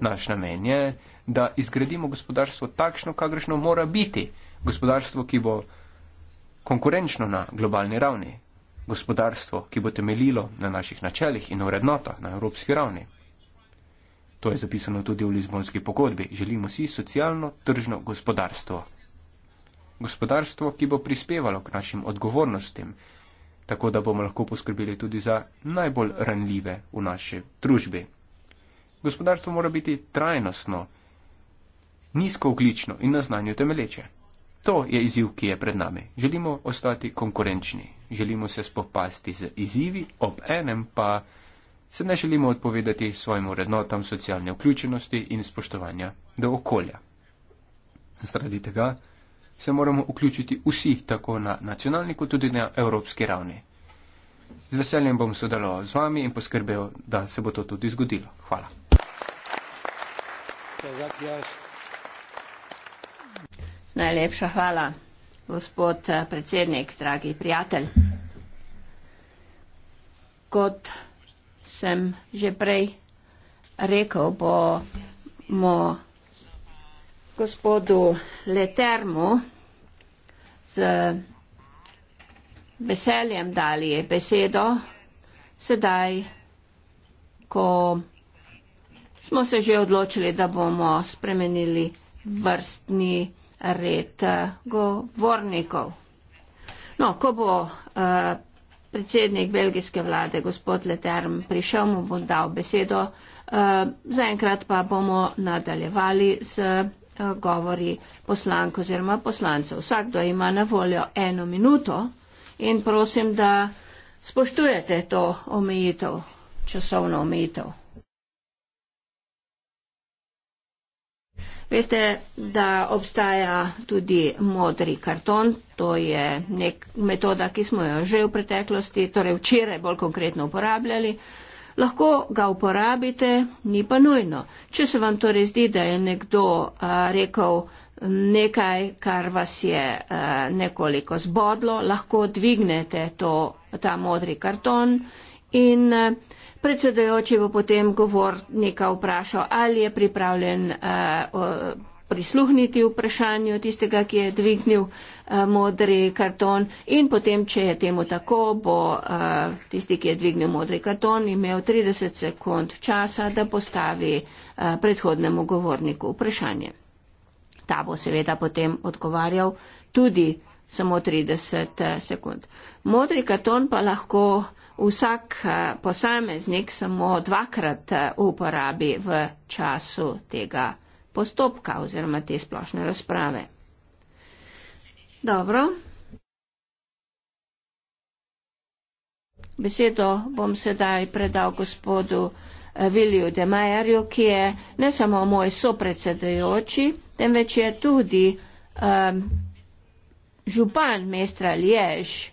[SPEAKER 2] Naš namen je, da izgradimo gospodarstvo takšno, kakršno mora biti. Gospodarstvo, ki bo konkurenčno na globalni ravni. Gospodarstvo, ki bo temeljilo na naših načelih in vrednotah na evropski ravni. To je zapisano tudi v Lizbonski pogodbi. Želimo si socialno tržno gospodarstvo gospodarstvo, ki bo prispevalo k našim odgovornostim, tako da bomo lahko poskrbeli tudi za najbolj ranljive v naši družbi. Gospodarstvo mora biti trajnostno, nizkooglično in na znanju temeleče. To je izziv, ki je pred nami. Želimo ostati konkurenčni, želimo se spopasti z izzivi, ob enem pa se ne želimo odpovedati svojim vrednotam socialne vključenosti in spoštovanja do okolja. Zaradi tega, se moramo vključiti vsi, tako na nacionalni kot tudi na evropski ravni. Z veseljem bom sodeloval z vami in poskrbel, da se bo to tudi zgodilo. Hvala.
[SPEAKER 3] Najlepša hvala, gospod eh, predsednik, dragi prijatelj. Kot sem že prej rekel, bomo gospodu Letermu z veseljem dali besedo, sedaj, ko smo se že odločili, da bomo spremenili vrstni red eh, govornikov. No, ko bo uh, predsednik belgijske vlade, gospod Leterm, prišel, mu bo dal besedo. Uh, zaenkrat pa bomo nadaljevali z Eh, govori poslank oziroma poslancev. Vsakdo ima na voljo eno minuto in prosim, da spoštujete to omejitev, časovno omejitev. Veste, da obstaja tudi modri karton, to je nek metoda, ki smo jo že v preteklosti, torej včeraj bolj konkretno uporabljali. Lahko ga uporabite, ni pa nujno. Če se vam torej zdi, da je nekdo uh, rekel nekaj, kar vas je uh, nekoliko zbodlo, lahko dvignete to, ta modri karton in uh, predsedojoči bo potem govornika vprašal, ali je pripravljen uh, uh, prisluhniti vprašanju tistega, ki je dvignil uh, modri karton in potem, če je temu tako, bo uh, tisti, ki je dvignil modri karton, imel 30 sekund časa, da postavi uh, predhodnemu govorniku vprašanje. Ta bo seveda potem odgovarjal tudi samo 30 sekund. Modri karton pa lahko vsak posameznik samo dvakrat uporabi v času tega postopka oziroma te splošne razprave. Dobro. Besedo bom sedaj predal gospodu eh, Viliju Demajerju, ki je ne samo moj sopredsedujoči, temveč je tudi um, župan mestra Liež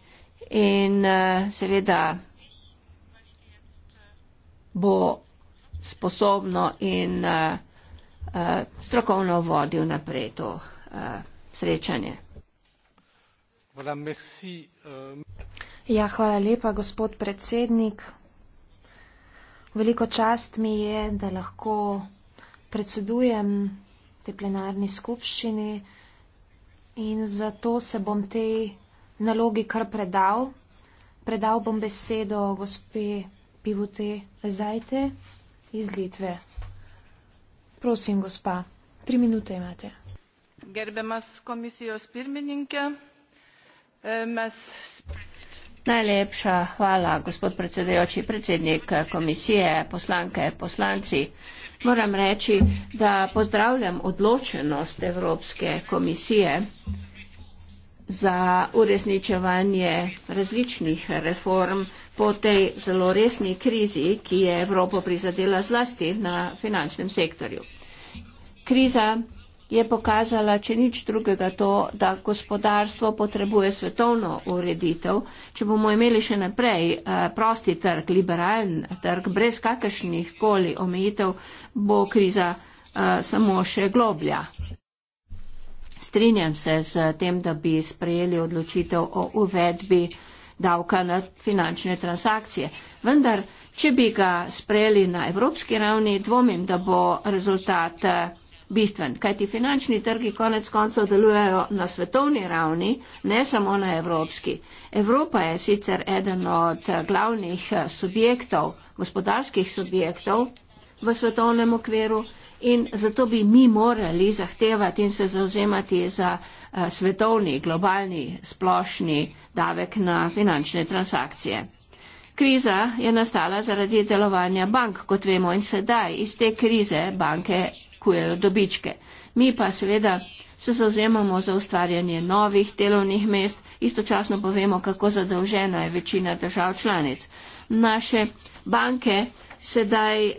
[SPEAKER 3] in uh, seveda bo sposobno in uh, Eh, strokovno vodil naprej to eh, srečanje.
[SPEAKER 2] Eh.
[SPEAKER 1] Ja, hvala lepa, gospod predsednik. Veliko čast mi je, da lahko predsedujem te plenarni skupščini in zato se bom tej nalogi kar predal. Predal bom besedo gospe Pivote Zajte iz Litve. Prosim, gospa, tri minute imate.
[SPEAKER 3] Gerbiamas komisijos pirmininkė, e, mes. Najlepša hvala, gospod predsedujoči, predsednik komisije, poslanke, poslanci. Moram reči, da pozdravljam odločenost Evropske komisije za uresničevanje različnih reform po tej zelo resni krizi, ki je Evropo prizadela zlasti na finančnem sektorju. Kriza je pokazala, če nič drugega, to, da gospodarstvo potrebuje svetovno ureditev. Če bomo imeli še naprej eh, prosti trg, liberalen trg, brez kakršnih koli omejitev, bo kriza eh, samo še globlja. Strinjam se z tem, da bi sprejeli odločitev o uvedbi davka na finančne transakcije. Vendar, če bi ga sprejeli na evropski ravni, dvomim, da bo rezultat eh, bistven, kajti finančni trgi konec koncev delujejo na svetovni ravni, ne samo na evropski. Evropa je sicer eden od glavnih eh, subjektov, gospodarskih subjektov v svetovnem okviru in zato bi mi morali zahtevati in se zauzemati za eh, svetovni, globalni, splošni davek na finančne transakcije. Kriza je nastala zaradi delovanja bank, kot vemo, in sedaj iz te krize banke pričakujejo dobičke. Mi pa seveda se zauzemamo za ustvarjanje novih delovnih mest, istočasno pa vemo, kako zadolžena je večina držav članic. Naše banke sedaj uh,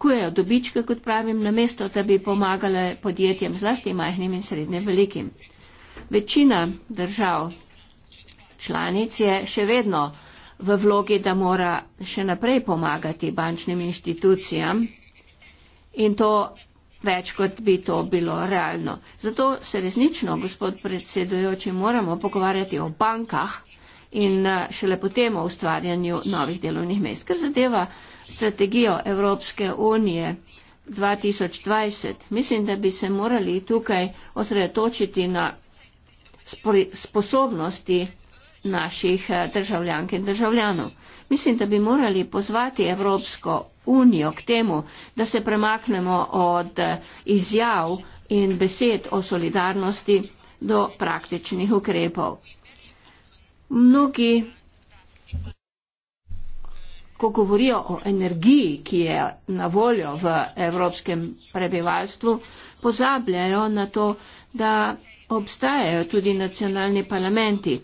[SPEAKER 3] kujejo dobičke, kot pravim, na mesto, da bi pomagale podjetjem, zlasti majhnim in srednje velikim. Večina držav članic je še vedno v vlogi, da mora še naprej pomagati bančnim inštitucijam in to več, kot bi to bilo realno. Zato se resnično, gospod predsedujoči, moramo pogovarjati o bankah in eh, šele potem o ustvarjanju novih delovnih mest. Ker zadeva strategijo Evropske unije 2020, mislim, da bi se morali tukaj osredotočiti na sposobnosti naših eh, državljank in državljanov. Mislim, da bi morali pozvati Evropsko unijo k temu, da se premaknemo od eh, izjav in besed o solidarnosti do praktičnih ukrepov. Mnogi, ko govorijo o energiji, ki je na voljo v evropskem prebivalstvu, pozabljajo na to, da obstajajo tudi nacionalni parlamenti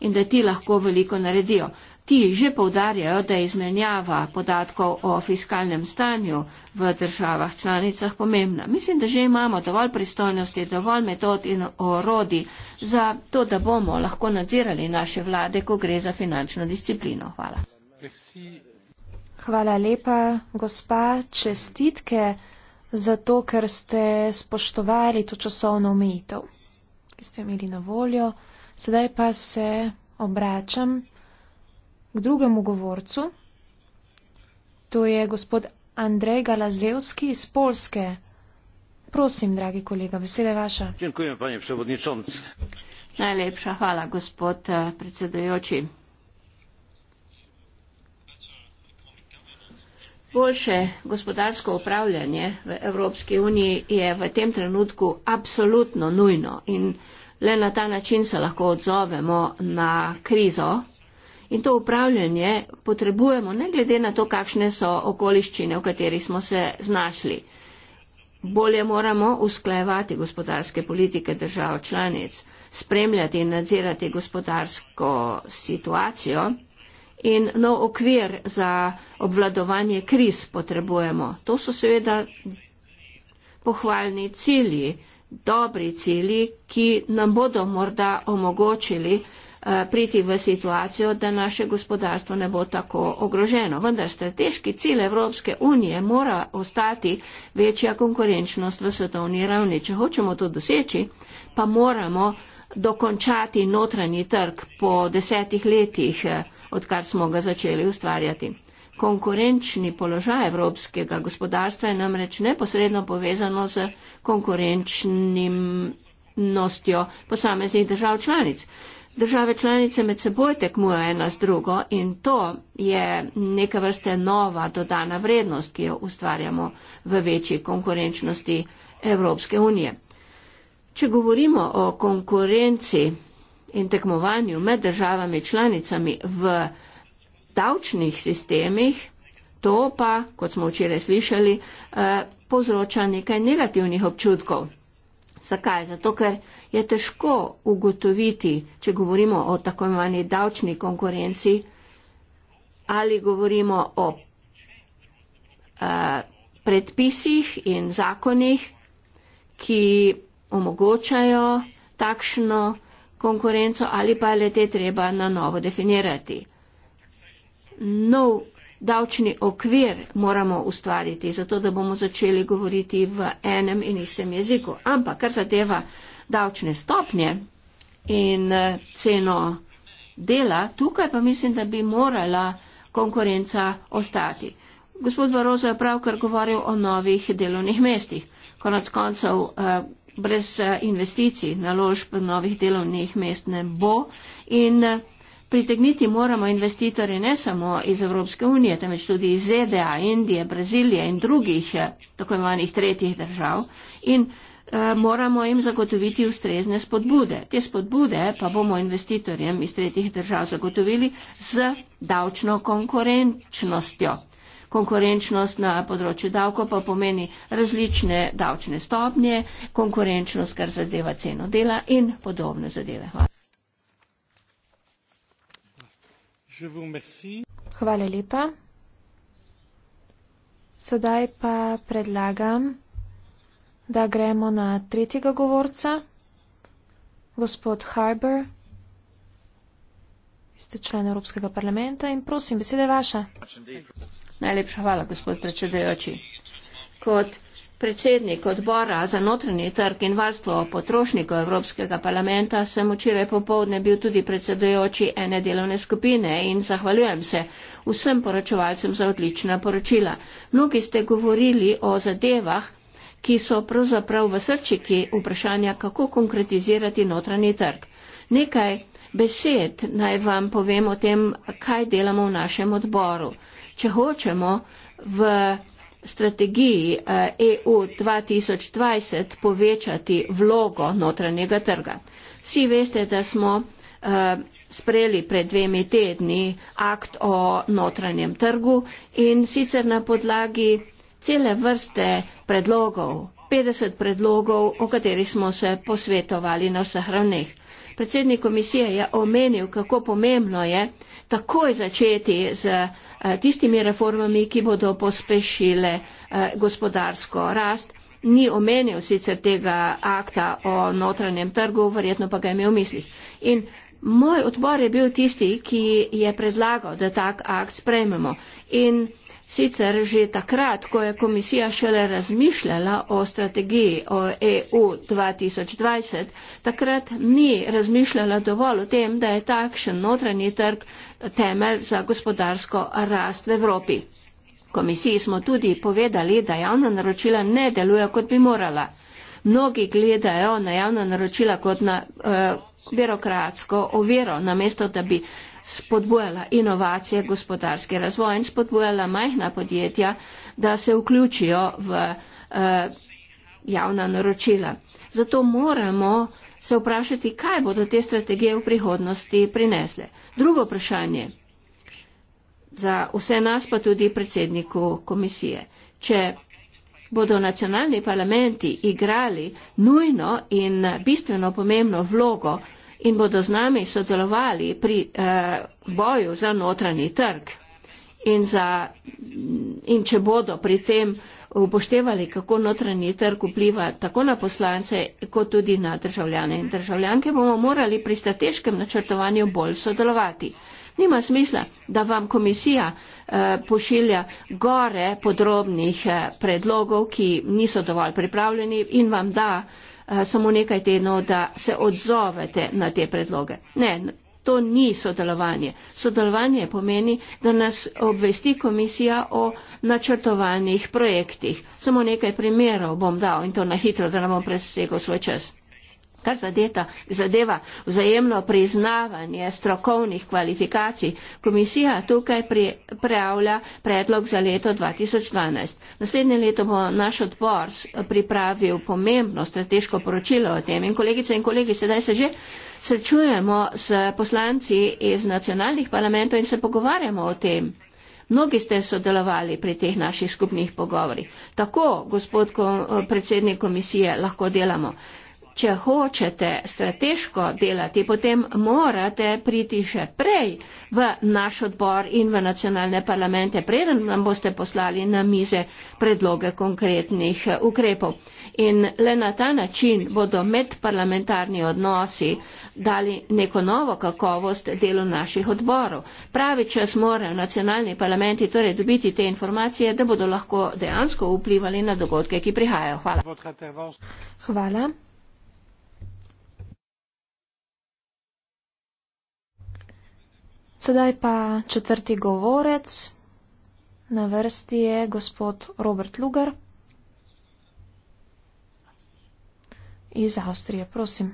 [SPEAKER 3] in da ti lahko veliko naredijo. Ti že povdarjajo, da je izmenjava podatkov o fiskalnem stanju v državah članicah pomembna. Mislim, da že imamo dovolj pristojnosti, dovolj metod in orodi za to, da bomo lahko nadzirali naše vlade, ko gre za finančno disciplino. Hvala.
[SPEAKER 1] Hvala lepa, gospa. Čestitke za to, ker ste spoštovali to časovno omejitev, ki ste imeli na voljo. Sedaj pa se obračam k drugemu govorcu. To je gospod Andrej
[SPEAKER 3] Galazevski iz Polske. Prosim, dragi kolega, vesele vaša.
[SPEAKER 2] Dziękujem, panie
[SPEAKER 3] przewodniczący. Najlepša hvala, gospod e, predsedujoči. Boljše gospodarsko upravljanje v Evropski uniji je v tem trenutku absolutno nujno in le na ta način se lahko odzovemo na krizo, In to upravljanje potrebujemo, ne glede na to, kakšne so okoliščine, v katerih smo se znašli. Bolje moramo usklajevati gospodarske politike držav članic, spremljati in nadzirati gospodarsko situacijo in nov okvir za obvladovanje kriz potrebujemo. To so seveda pohvalni cilji, dobri cilji, ki nam bodo morda omogočili, Eh, priti v situacijo, da naše gospodarstvo ne bo tako ogroženo. Vendar strateški cilj Evropske unije mora ostati večja konkurenčnost v svetovni ravni. Če hočemo to doseči, pa moramo dokončati notranji trg po desetih letih, eh, odkar smo ga začeli ustvarjati. Konkurenčni položaj evropskega gospodarstva je namreč neposredno povezano z konkurenčnim nostjo posameznih držav članic. Države članice med seboj tekmujejo ena z drugo in to je neka vrste nova dodana vrednost, ki jo ustvarjamo v večji konkurenčnosti Evropske unije. Če govorimo o konkurenci in tekmovanju med državami članicami v davčnih sistemih, to pa, kot smo včeraj slišali, eh, povzroča nekaj negativnih občutkov. Zakaj? Zato, ker je težko ugotoviti, če govorimo o tako imenovani davčni konkurenci, ali govorimo o a, eh, predpisih in zakonih, ki omogočajo takšno konkurenco ali pa le te treba na novo definirati. Nov davčni okvir moramo ustvariti, zato da bomo začeli govoriti v enem in istem jeziku. Ampak, kar zadeva davčne stopnje in eh, ceno dela, tukaj pa mislim, da bi morala konkurenca ostati. Gospod Barozo je pravkar govoril o novih delovnih mestih. Konec koncev, eh, brez eh, investicij, naložb novih delovnih mest ne bo in pritegniti moramo investitorje ne samo iz Evropske unije, temveč tudi iz ZDA, Indije, Brazilije in drugih tako imenovanih tretjih držav. In Eh, moramo jim zagotoviti ustrezne spodbude. Te spodbude pa bomo investitorjem iz tretjih držav zagotovili z davčno konkurenčnostjo. Konkurenčnost na področju davko pa pomeni različne davčne stopnje, konkurenčnost, kar zadeva ceno dela in podobne zadeve. Hvala. Hvala lepa. Sedaj pa
[SPEAKER 1] predlagam da gremo na tretjega govorca, gospod Harbour. Ste člen Evropskega
[SPEAKER 3] parlamenta in prosim, beseda je vaša. Najlepša hvala, gospod predsedajoči. Kot predsednik odbora za notranji trg in varstvo potrošnikov Evropskega parlamenta sem včeraj popovdne bil tudi predsedajoči ene delovne skupine in zahvaljujem se vsem poročevalcem za odlična poročila. Mnogi ste govorili o zadevah, ki so pravzaprav v srčiki vprašanja, kako konkretizirati notranji trg. Nekaj besed naj vam povem o tem, kaj delamo v našem odboru. Če hočemo v strategiji EU eh, e 2020 povečati vlogo notranjega trga. Vsi veste, da smo eh, sprejeli pred dvemi tedni akt o notranjem trgu in sicer na podlagi cele vrste predlogov, 50 predlogov, o katerih smo se posvetovali na vseh ravneh. Predsednik komisije je omenil, kako pomembno je takoj začeti z eh, tistimi reformami, ki bodo pospešile eh, gospodarsko rast. Ni omenil sicer tega akta o notranjem trgu, verjetno pa ga je imel v mislih. In moj odbor je bil tisti, ki je predlagal, da tak akt sprejmemo. In Sicer že takrat, ko je komisija šele razmišljala o strategiji o EU 2020, takrat ni razmišljala dovolj o tem, da je takšen notranji trg temelj za gospodarsko rast v Evropi. Komisiji smo tudi povedali, da javna naročila ne deluje, kot bi morala. Mnogi gledajo na javna naročila kot na uh, birokratsko oviro, namesto da bi uh, spodbujala inovacije, gospodarski razvoj in spodbujala majhna podjetja, da se vključijo v uh, javna naročila. Zato moramo se vprašati, kaj bodo te strategije v prihodnosti prinesle. Drugo vprašanje za vse nas, pa tudi predsedniku komisije. Če bodo nacionalni parlamenti igrali nujno in bistveno pomembno vlogo, in bodo z nami sodelovali pri eh, boju za notranji trg. In, za, in če bodo pri tem upoštevali, kako notranji trg vpliva tako na poslance, kot tudi na državljane in državljanke, bomo morali pri strateškem načrtovanju bolj sodelovati. Nima smisla, da vam komisija eh, pošilja gore podrobnih eh, predlogov, ki niso dovolj pripravljeni in vam da eh, Eh, samo nekaj tednov, da se odzovete na te predloge. Ne, to ni sodelovanje. Sodelovanje pomeni, da nas obvesti komisija o načrtovanih projektih. Samo nekaj primerov bom dal in to na hitro, da ne bom presegel svoj čas kar zadeta, zadeva vzajemno priznavanje strokovnih kvalifikacij. Komisija tukaj prejavlja predlog za leto 2012. Naslednje leto bo naš odbor pripravil pomembno strateško poročilo o tem in kolegice in kolegi, sedaj se že srečujemo s poslanci iz nacionalnih parlamentov in se pogovarjamo o tem. Mnogi ste sodelovali pri teh naših skupnih pogovorih. Tako, gospod predsednik komisije, lahko delamo če hočete strateško delati, potem morate priti še prej v naš odbor in v nacionalne parlamente, preden nam boste poslali na mize predloge konkretnih ukrepov. In le na ta način bodo medparlamentarni odnosi dali neko novo kakovost delu naših odborov. Pravi čas morajo nacionalni parlamenti torej dobiti te informacije, da bodo lahko dejansko vplivali na dogodke, ki prihajajo.
[SPEAKER 2] Hvala.
[SPEAKER 3] Hvala. Sedaj pa
[SPEAKER 1] četrti govorec, na vrsti je gospod Robert Lugar iz Avstrije, prosim.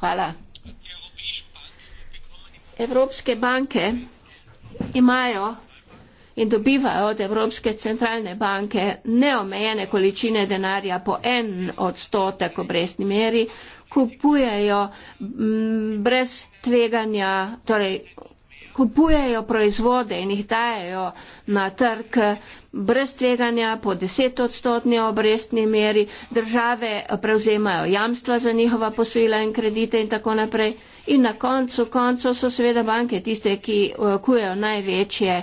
[SPEAKER 3] Hvala. Evropske banke imajo in dobivajo od Evropske centralne banke neomejene količine denarja po en odstotek obrestni meri, kupujejo mm, brez tveganja, torej kupujejo proizvode in jih dajejo na trg brez tveganja po desetodstotni obrestni meri, države prevzemajo jamstva za njihova posojila in kredite in tako naprej. In na koncu konca so seveda banke tiste, ki eh, kujejo največje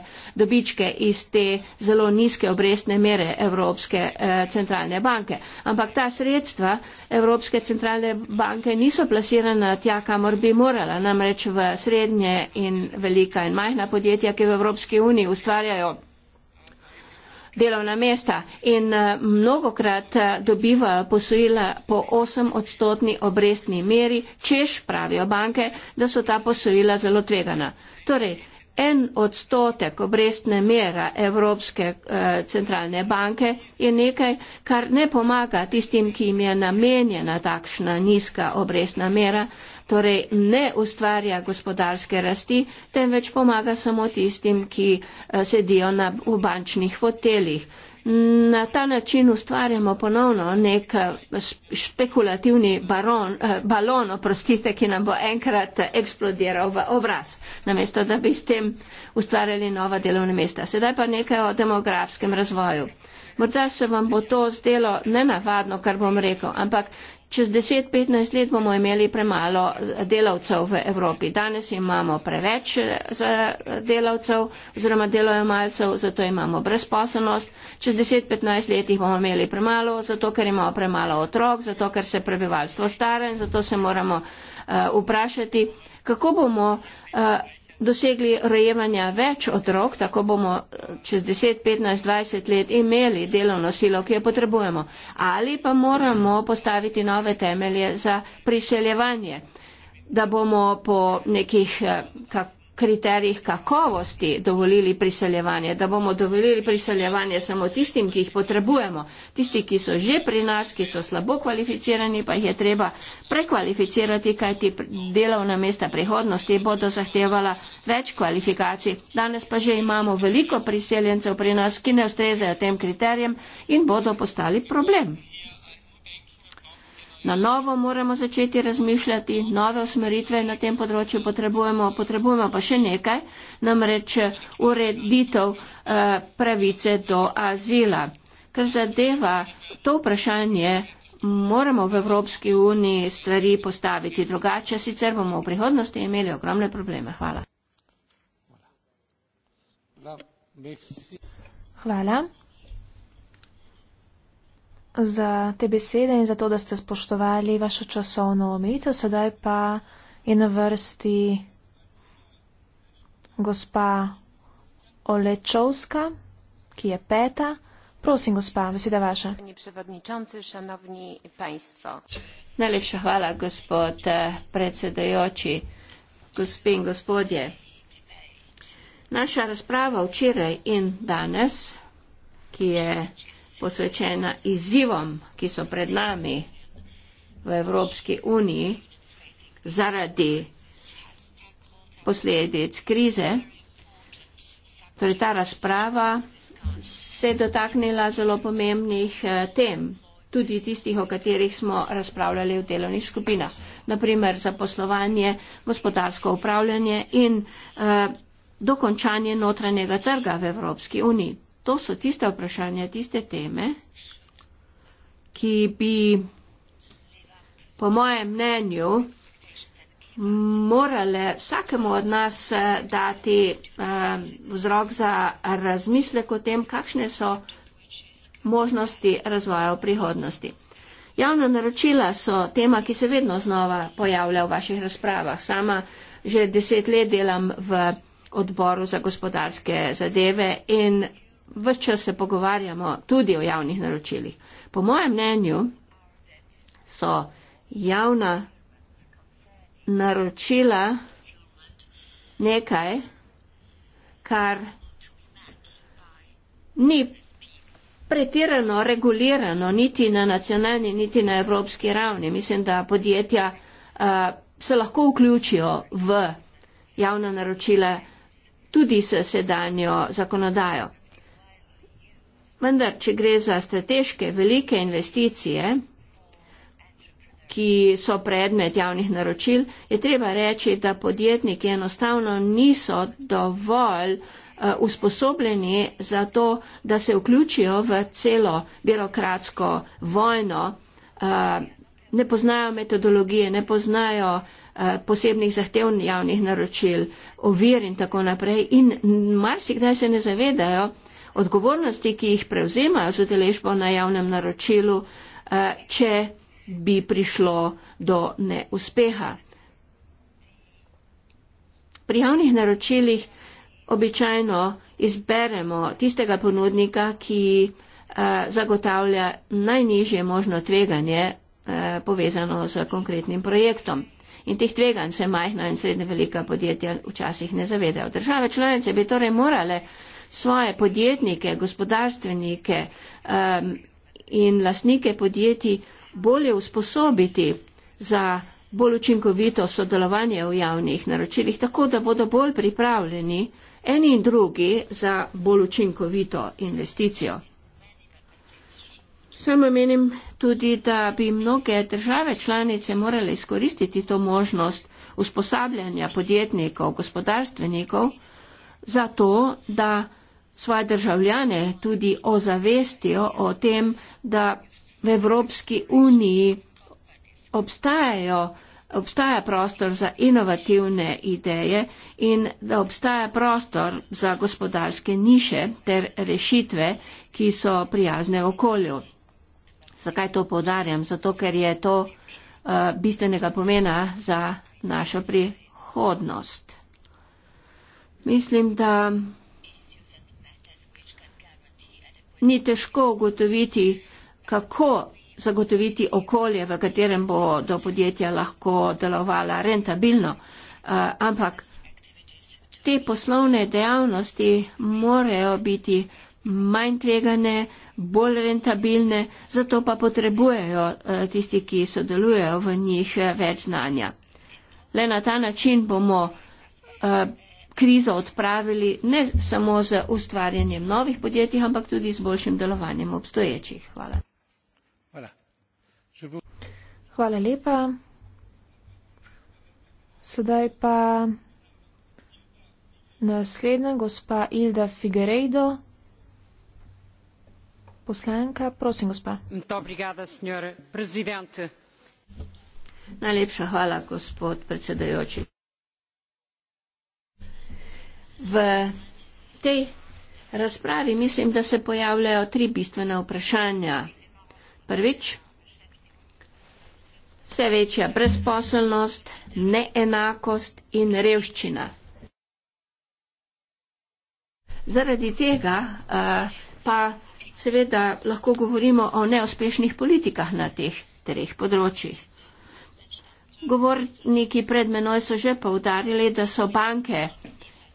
[SPEAKER 3] dobičke iz te zelo nizke obrestne mere Evropske eh, centralne banke. Ampak ta sredstva Evropske centralne banke niso plasirana tja, kamor bi morala, namreč v srednje in velika in majhna podjetja, ki v Evropski uniji ustvarjajo delovna mesta in eh, mnogokrat eh, dobivajo posojila po 8 odstotni obrestni meri, češ pravijo banke, da so ta posojila zelo tvegana. Torej, En odstotek obrestne mera Evropske eh, centralne banke je nekaj, kar ne pomaga tistim, ki jim je namenjena takšna nizka obrestna mera, torej ne ustvarja gospodarske rasti, temveč pomaga samo tistim, ki eh, sedijo na, v bančnih foteljih. Na ta način ustvarjamo ponovno nek špekulativni baron, eh, balon, oprostite, ki nam bo enkrat eksplodiral v obraz, namesto da bi s tem ustvarjali nova delovna mesta. Sedaj pa nekaj o demografskem razvoju. Morda se vam bo to zdelo nenavadno, kar bom rekel, ampak čez 10-15 let bomo imeli premalo delavcev v Evropi. Danes imamo preveč eh, eh, delavcev oziroma delojemalcev, zato imamo brezposobnost. Čez 10-15 let jih bomo imeli premalo, zato ker imamo premalo otrok, zato ker se prebivalstvo stara in zato se moramo uh, vprašati, kako bomo uh, dosegli rojevanja več otrok, tako bomo eh, čez 10, 15, 20 let imeli delovno silo, ki jo potrebujemo. Ali pa moramo postaviti nove temelje za priseljevanje, da bomo po nekih, eh, kako kriterijih kakovosti dovolili priseljevanje, da bomo dovolili priseljevanje samo tistim, ki jih potrebujemo, tisti, ki so že pri nas, ki so slabo kvalificirani, pa jih je treba prekvalificirati, kajti delovna mesta prihodnosti bodo zahtevala več kvalifikacij. Danes pa že imamo veliko priseljencev pri nas, ki ne ustrezajo tem kriterijem in bodo postali problem na novo moramo začeti razmišljati, nove usmeritve na tem področju potrebujemo, potrebujemo pa še nekaj, namreč ureditev eh, pravice do azila. Ker zadeva to vprašanje, moramo v Evropski uniji stvari postaviti drugače, sicer bomo v prihodnosti imeli ogromne probleme. Hvala. Hvala
[SPEAKER 1] za te besede in za to, da ste spoštovali vašo časovno omejitev. Sedaj pa je na vrsti gospa Olečovska, ki je peta.
[SPEAKER 3] Prosim, gospa, beseda vaša. Najlepša hvala, gospod e, predsedajoči, gospe in gospodje. Naša razprava včeraj in danes, ki je posvečena izzivom, ki so pred nami v Evropski uniji zaradi posledic krize. Torej ta razprava se je dotaknila zelo pomembnih eh, tem, tudi tistih, o katerih smo razpravljali v delovnih skupinah. Naprimer za poslovanje, gospodarsko upravljanje in uh, dokončanje notranjega trga v Evropski uniji to so tiste vprašanja, tiste teme, ki bi, po mojem mnenju, morale vsakemu od nas eh, dati eh, vzrok za razmislek o tem, kakšne so možnosti razvoja v prihodnosti. Javna naročila so tema, ki se vedno znova pojavlja v vaših razpravah. Sama že deset let delam v odboru za gospodarske zadeve in vse čas se pogovarjamo tudi o javnih naročilih. Po mojem mnenju so javna naročila nekaj, kar ni pretirano regulirano niti na nacionalni, niti na evropski ravni. Mislim, da podjetja uh, se lahko vključijo v javna naročila tudi s sedanjo zakonodajo. Vendar, če gre za strateške velike investicije, ki so predmet javnih naročil, je treba reči, da podjetniki enostavno niso dovolj eh, usposobljeni za to, da se vključijo v celo birokratsko vojno, eh, ne poznajo metodologije, ne poznajo eh, posebnih zahtev javnih naročil, ovir in tako naprej in marsikdaj se ne zavedajo, odgovornosti, ki jih prevzemajo za deležbo na javnem naročilu, eh, če bi prišlo do neuspeha. Pri javnih naročilih običajno izberemo tistega ponudnika, ki eh, zagotavlja najnižje možno tveganje eh, povezano z konkretnim projektom. In teh tveganj se majhna in srednje velika podjetja včasih ne zavedajo. Države članice bi torej morale uh, svoje podjetnike, gospodarstvenike um, in lastnike podjetij bolje usposobiti za bolj učinkovito sodelovanje v javnih naročilih, tako da bodo bolj pripravljeni eni in drugi za bolj učinkovito investicijo. Samo menim tudi, da bi mnoge države članice morale izkoristiti to možnost usposabljanja podjetnikov, gospodarstvenikov, zato da svoje državljane tudi ozavestijo o tem, da v Evropski uniji obstajajo obstaja prostor za inovativne ideje in da obstaja prostor za gospodarske niše ter rešitve, ki so prijazne okolju. Zakaj to povdarjam? Zato, ker je to uh, bistvenega pomena za našo prihodnost. Mislim, da ni težko ugotoviti, kako zagotoviti okolje, v katerem bo do podjetja lahko delovala rentabilno, eh, ampak te poslovne dejavnosti morajo biti manj tvegane, bolj rentabilne, zato pa potrebujejo eh, tisti, ki sodelujejo v njih eh, več znanja. Le na ta način bomo krizo odpravili ne samo z ustvarjanjem novih podjetij, ampak tudi z boljšim delovanjem obstoječih. Hvala.
[SPEAKER 2] Hvala.
[SPEAKER 1] Hvala lepa. Sedaj pa naslednja gospa Ilda Figueiredo.
[SPEAKER 3] Poslanka, prosim, gospa. Najlepša hvala, gospod predsedajoči. V tej razpravi mislim, da se pojavljajo tri bistvene vprašanja. Prvič, vse večja brezposelnost, neenakost in revščina. Zaradi tega pa seveda lahko govorimo o neuspešnih politikah na teh treh področjih. Govorniki pred menoj so že poudarili, da so banke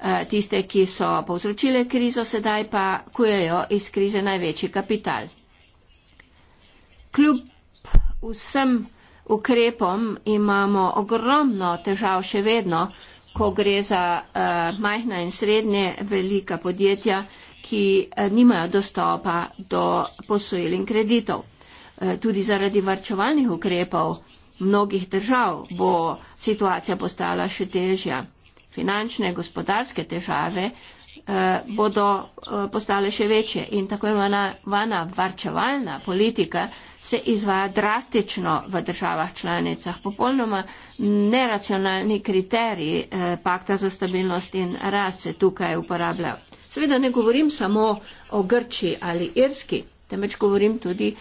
[SPEAKER 3] Eh, tiste, ki so povzročile krizo, sedaj pa kujejo iz krize največji kapital. Kljub vsem ukrepom imamo ogromno težav še vedno, ko gre za uh, majhna in srednje velika podjetja, ki uh, nimajo dostopa do posojil in kreditov. Uh, tudi zaradi varčevalnih ukrepov mnogih držav bo situacija postala še težja finančne, gospodarske težave eh, bodo eh, postale še večje in tako imenovana varčevalna politika se izvaja drastično v državah članicah. Popolnoma neracionalni kriterij eh, pakta za stabilnost in rast se tukaj uporablja. Seveda ne govorim samo o Grči ali Irski, temveč govorim tudi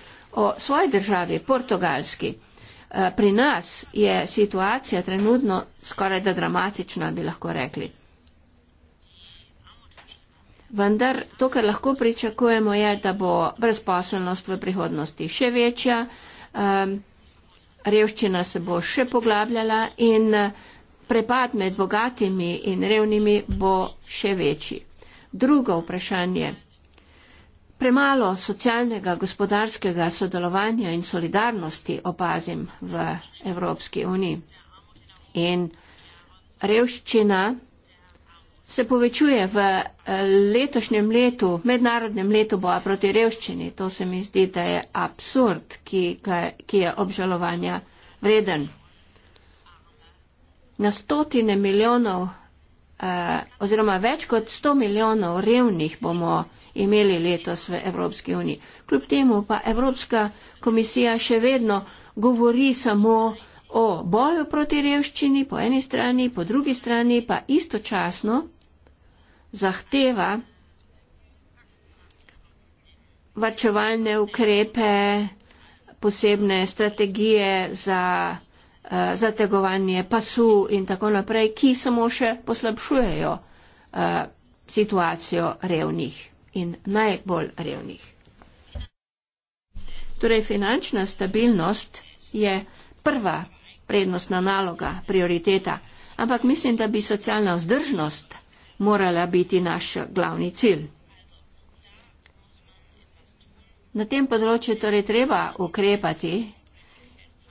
[SPEAKER 3] o svoji državi, portugalski. Eh, pri nas je situacija trenutno skoraj da dramatična, bi lahko rekli. Vendar to, kar lahko pričakujemo, je, da bo brezposelnost v prihodnosti še večja, revščina se bo še poglabljala in eh, prepad med bogatimi in revnimi bo še večji. Drugo vprašanje je, Premalo socialnega, gospodarskega sodelovanja in solidarnosti opazim v Evropski uniji. In revščina se povečuje v eh, letošnjem letu, mednarodnem letu boja proti revščini. To se mi zdi, da je absurd, ki, ki je obžalovanja vreden. Na stotine milijonov eh, oziroma več kot sto milijonov revnih bomo imeli letos v Evropski uniji. Kljub temu pa Evropska komisija še vedno govori samo o boju proti revščini po eni strani, po drugi strani pa istočasno zahteva varčevalne ukrepe, posebne strategije za uh, eh, zategovanje pasu in tako naprej, ki samo še poslabšujejo uh, situacijo revnih in najbolj revnih. Torej, finančna stabilnost je prva prednostna naloga, prioriteta, ampak mislim, da bi socialna vzdržnost morala biti naš glavni cilj. Na tem področju torej treba ukrepati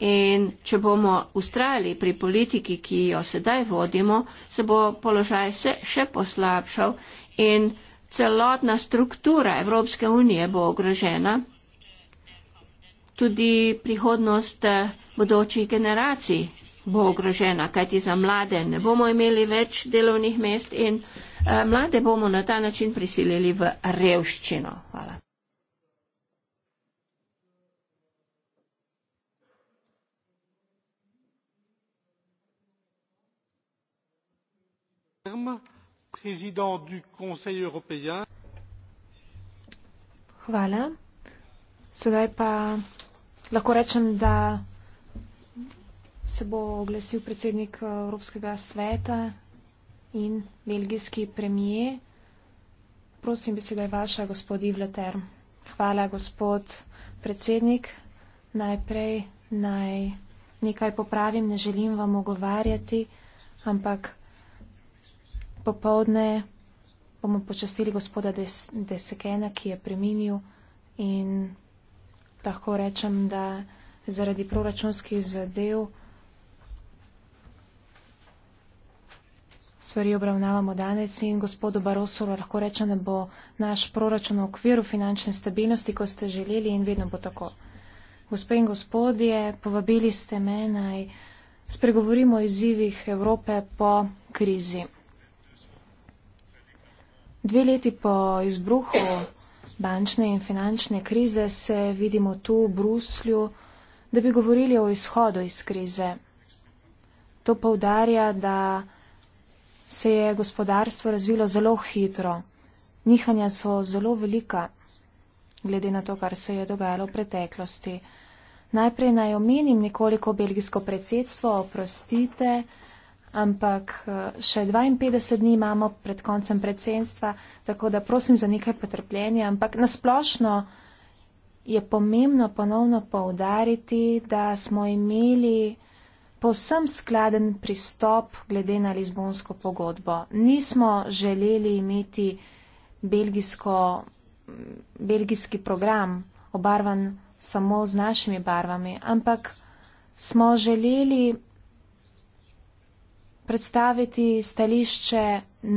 [SPEAKER 3] in če bomo ustrajali pri politiki, ki jo sedaj vodimo, se bo položaj se še poslabšal in celotna struktura Evropske unije bo ogrožena, tudi prihodnost eh, bodočih generacij bo ogrožena, kajti za mlade ne bomo imeli več delovnih mest in eh, mlade bomo na ta način prisilili v revščino. Hvala.
[SPEAKER 2] Hvala président du Conseil européen.
[SPEAKER 1] Hvala. Sedaj pa lahko rečem, da se bo oglasil predsednik eh, Evropskega sveta in belgijski premije. Prosim, beseda je vaša, gospod Ivleter. Hvala, gospod predsednik. Najprej naj nekaj popravim, ne želim vam ogovarjati, ampak popovdne bomo počastili gospoda Desekena, ki je preminil in lahko rečem, da zaradi proračunskih zadev stvari obravnavamo danes in gospodu Barosu lahko rečem, da bo naš proračun v okviru finančne stabilnosti, ko ste želeli in vedno bo tako. Gospe in gospodje, povabili ste me naj spregovorimo o izzivih Evrope po krizi. Dve leti po izbruhu bančne in finančne krize se vidimo tu v Bruslju, da bi govorili o izhodu iz krize. To povdarja, da se je gospodarstvo razvilo zelo hitro. Nihanja so zelo velika, glede na to, kar se je dogajalo v preteklosti. Najprej naj omenim nekoliko belgijsko predsedstvo, oprostite ampak eh, še 52 dni imamo pred koncem predsedstva, tako da prosim za nekaj potrpljenja, ampak nasplošno je pomembno ponovno poudariti, da smo imeli posem skladen pristop glede na Lizbonsko pogodbo. Nismo želeli imeti belgijsko, mm, belgijski program obarvan samo z našimi barvami, ampak smo želeli predstaviti stališče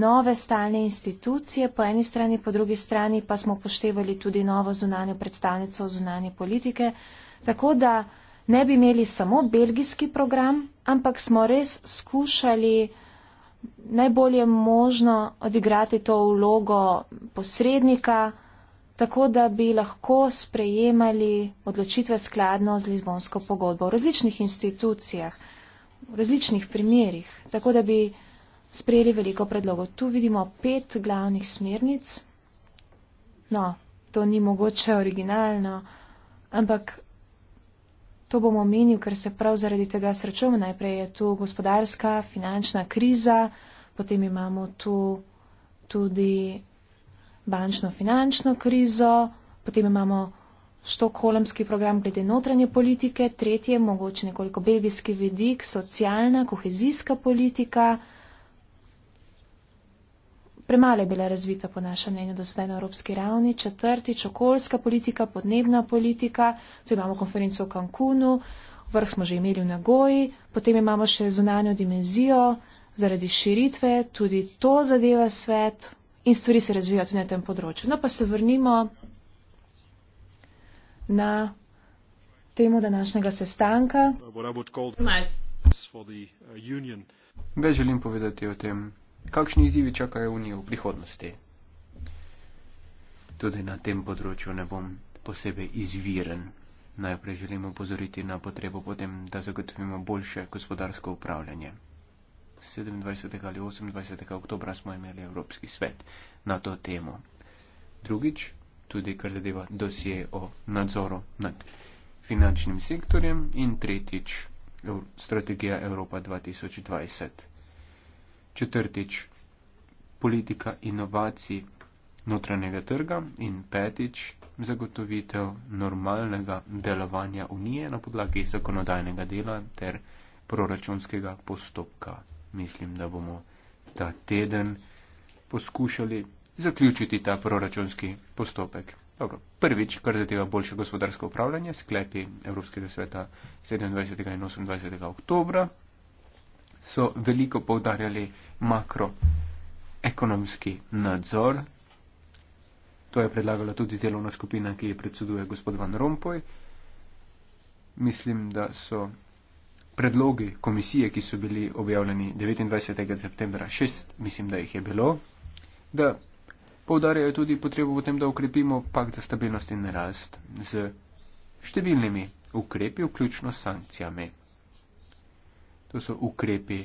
[SPEAKER 1] nove stalne institucije, po eni strani, po drugi strani pa smo poštevali tudi novo zunanjo predstavnico zunanje politike, tako da ne bi imeli samo belgijski program, ampak smo res skušali najbolje možno odigrati to vlogo posrednika, tako da bi lahko sprejemali odločitve skladno z Lizbonsko pogodbo v različnih institucijah v različnih primerjih, tako da bi sprejeli veliko predlogov. Tu vidimo pet glavnih smernic. No, to ni mogoče originalno, ampak to bom omenil, ker se prav zaradi tega srečom. Najprej je tu gospodarska, finančna kriza, potem imamo tu tudi bančno-finančno krizo, potem imamo Štokholmski program glede notranje politike, tretje, mogoče nekoliko belgijski vidik, socialna, kohezijska politika. Premale je bila razvita po našem mnenju do sedaj na evropski ravni. Četrtič, okoljska politika, podnebna politika. Tu imamo konferenco v Cancunu, vrh smo že imeli v Nagoji, potem imamo še zunanjo dimenzijo zaradi širitve, tudi to zadeva svet in stvari se razvijajo tudi na tem področju. No pa se vrnimo na temu današnjega sestanka.
[SPEAKER 2] Več želim povedati o tem, kakšni izzivi čakajo Unijo v prihodnosti. Tudi na tem področju ne bom posebej izviren. Najprej želim upozoriti na potrebo potem, da zagotovimo boljše gospodarsko upravljanje. 27. ali 28. oktobra smo imeli Evropski svet na to temo. Drugič, tudi kar zadeva dosje o nadzoru nad finančnim sektorjem in tretjič strategija Evropa 2020. Četrtič politika inovacij notranjega trga in petič zagotovitev normalnega delovanja unije na podlagi zakonodajnega dela ter proračunskega postopka. Mislim, da bomo ta teden poskušali zaključiti ta proračunski postopek. Dobro, prvič, kar zadeva boljše gospodarsko upravljanje, sklepi Evropskega sveta 27. in 28. oktobra so veliko poudarjali makroekonomski nadzor. To je predlagala tudi delovna skupina, ki je predseduje gospod Van Rompuy. Mislim, da so predlogi komisije, ki so bili objavljeni 29. septembra, šest, mislim, da jih je bilo, da Poudarjajo tudi potrebo potem, da ukrepimo pakt za stabilnost in rast z številnimi ukrepi, vključno s sankcijami. To so ukrepi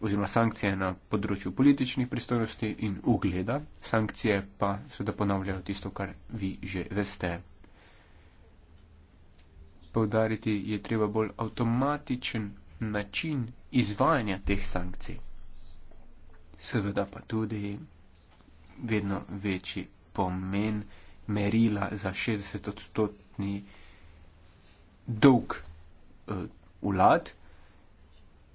[SPEAKER 2] oziroma sankcije na področju političnih pristojnosti in ugleda, sankcije pa seveda ponavljajo tisto, kar vi že veste. Poudariti je treba bolj avtomatičen način izvajanja teh sankcij. Seveda pa tudi vedno večji pomen merila za 60 odstotni dolg eh, vlad.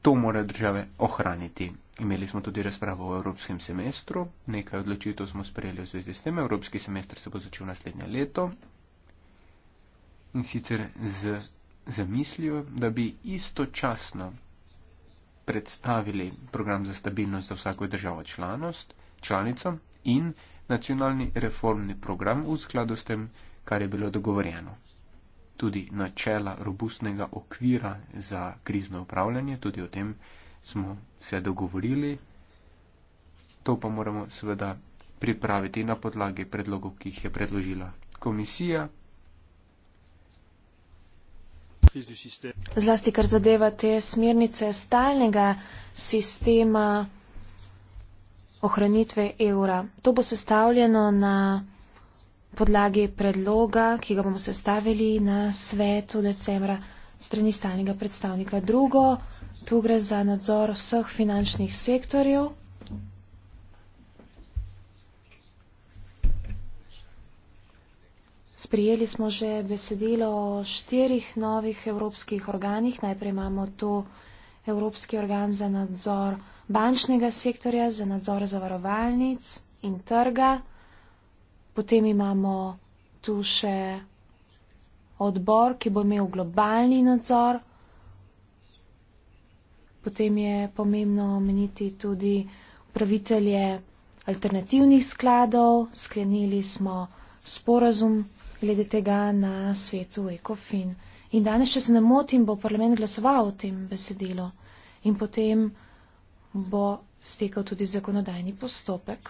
[SPEAKER 2] To morajo države ohraniti. Imeli smo tudi razpravo o evropskem semestru, nekaj odločitev smo sprejeli v zvezi s tem. Evropski semestr se bo začel naslednje leto in sicer z zamislijo, da bi istočasno predstavili program za stabilnost za vsako državo članost, članico, in nacionalni reformni program v skladu s tem, kar je bilo dogovorjeno. Tudi načela robustnega okvira za krizno upravljanje, tudi o tem smo se dogovorili. To pa moramo seveda pripraviti na podlagi predlogov, ki jih je predložila komisija.
[SPEAKER 1] Zlasti, kar zadeva te smernice stalnega sistema ohranitve evra. To bo sestavljeno na podlagi predloga, ki ga bomo sestavili na svetu decembra strani stalnega predstavnika. Drugo, tu gre za nadzor vseh finančnih sektorjev. Sprijeli smo že besedilo o štirih novih evropskih organih. Najprej imamo tu Evropski organ za nadzor finančnih sektorjev bančnega sektorja, za nadzor zavarovalnic in trga. Potem imamo tu še odbor, ki bo imel globalni nadzor. Potem je pomembno omeniti tudi upravitelje alternativnih skladov. Sklenili smo sporazum glede tega na svetu ECOFIN. In danes, če se ne motim, bo parlament glasoval o tem besedilu. In potem bo stekel tudi zakonodajni postopek.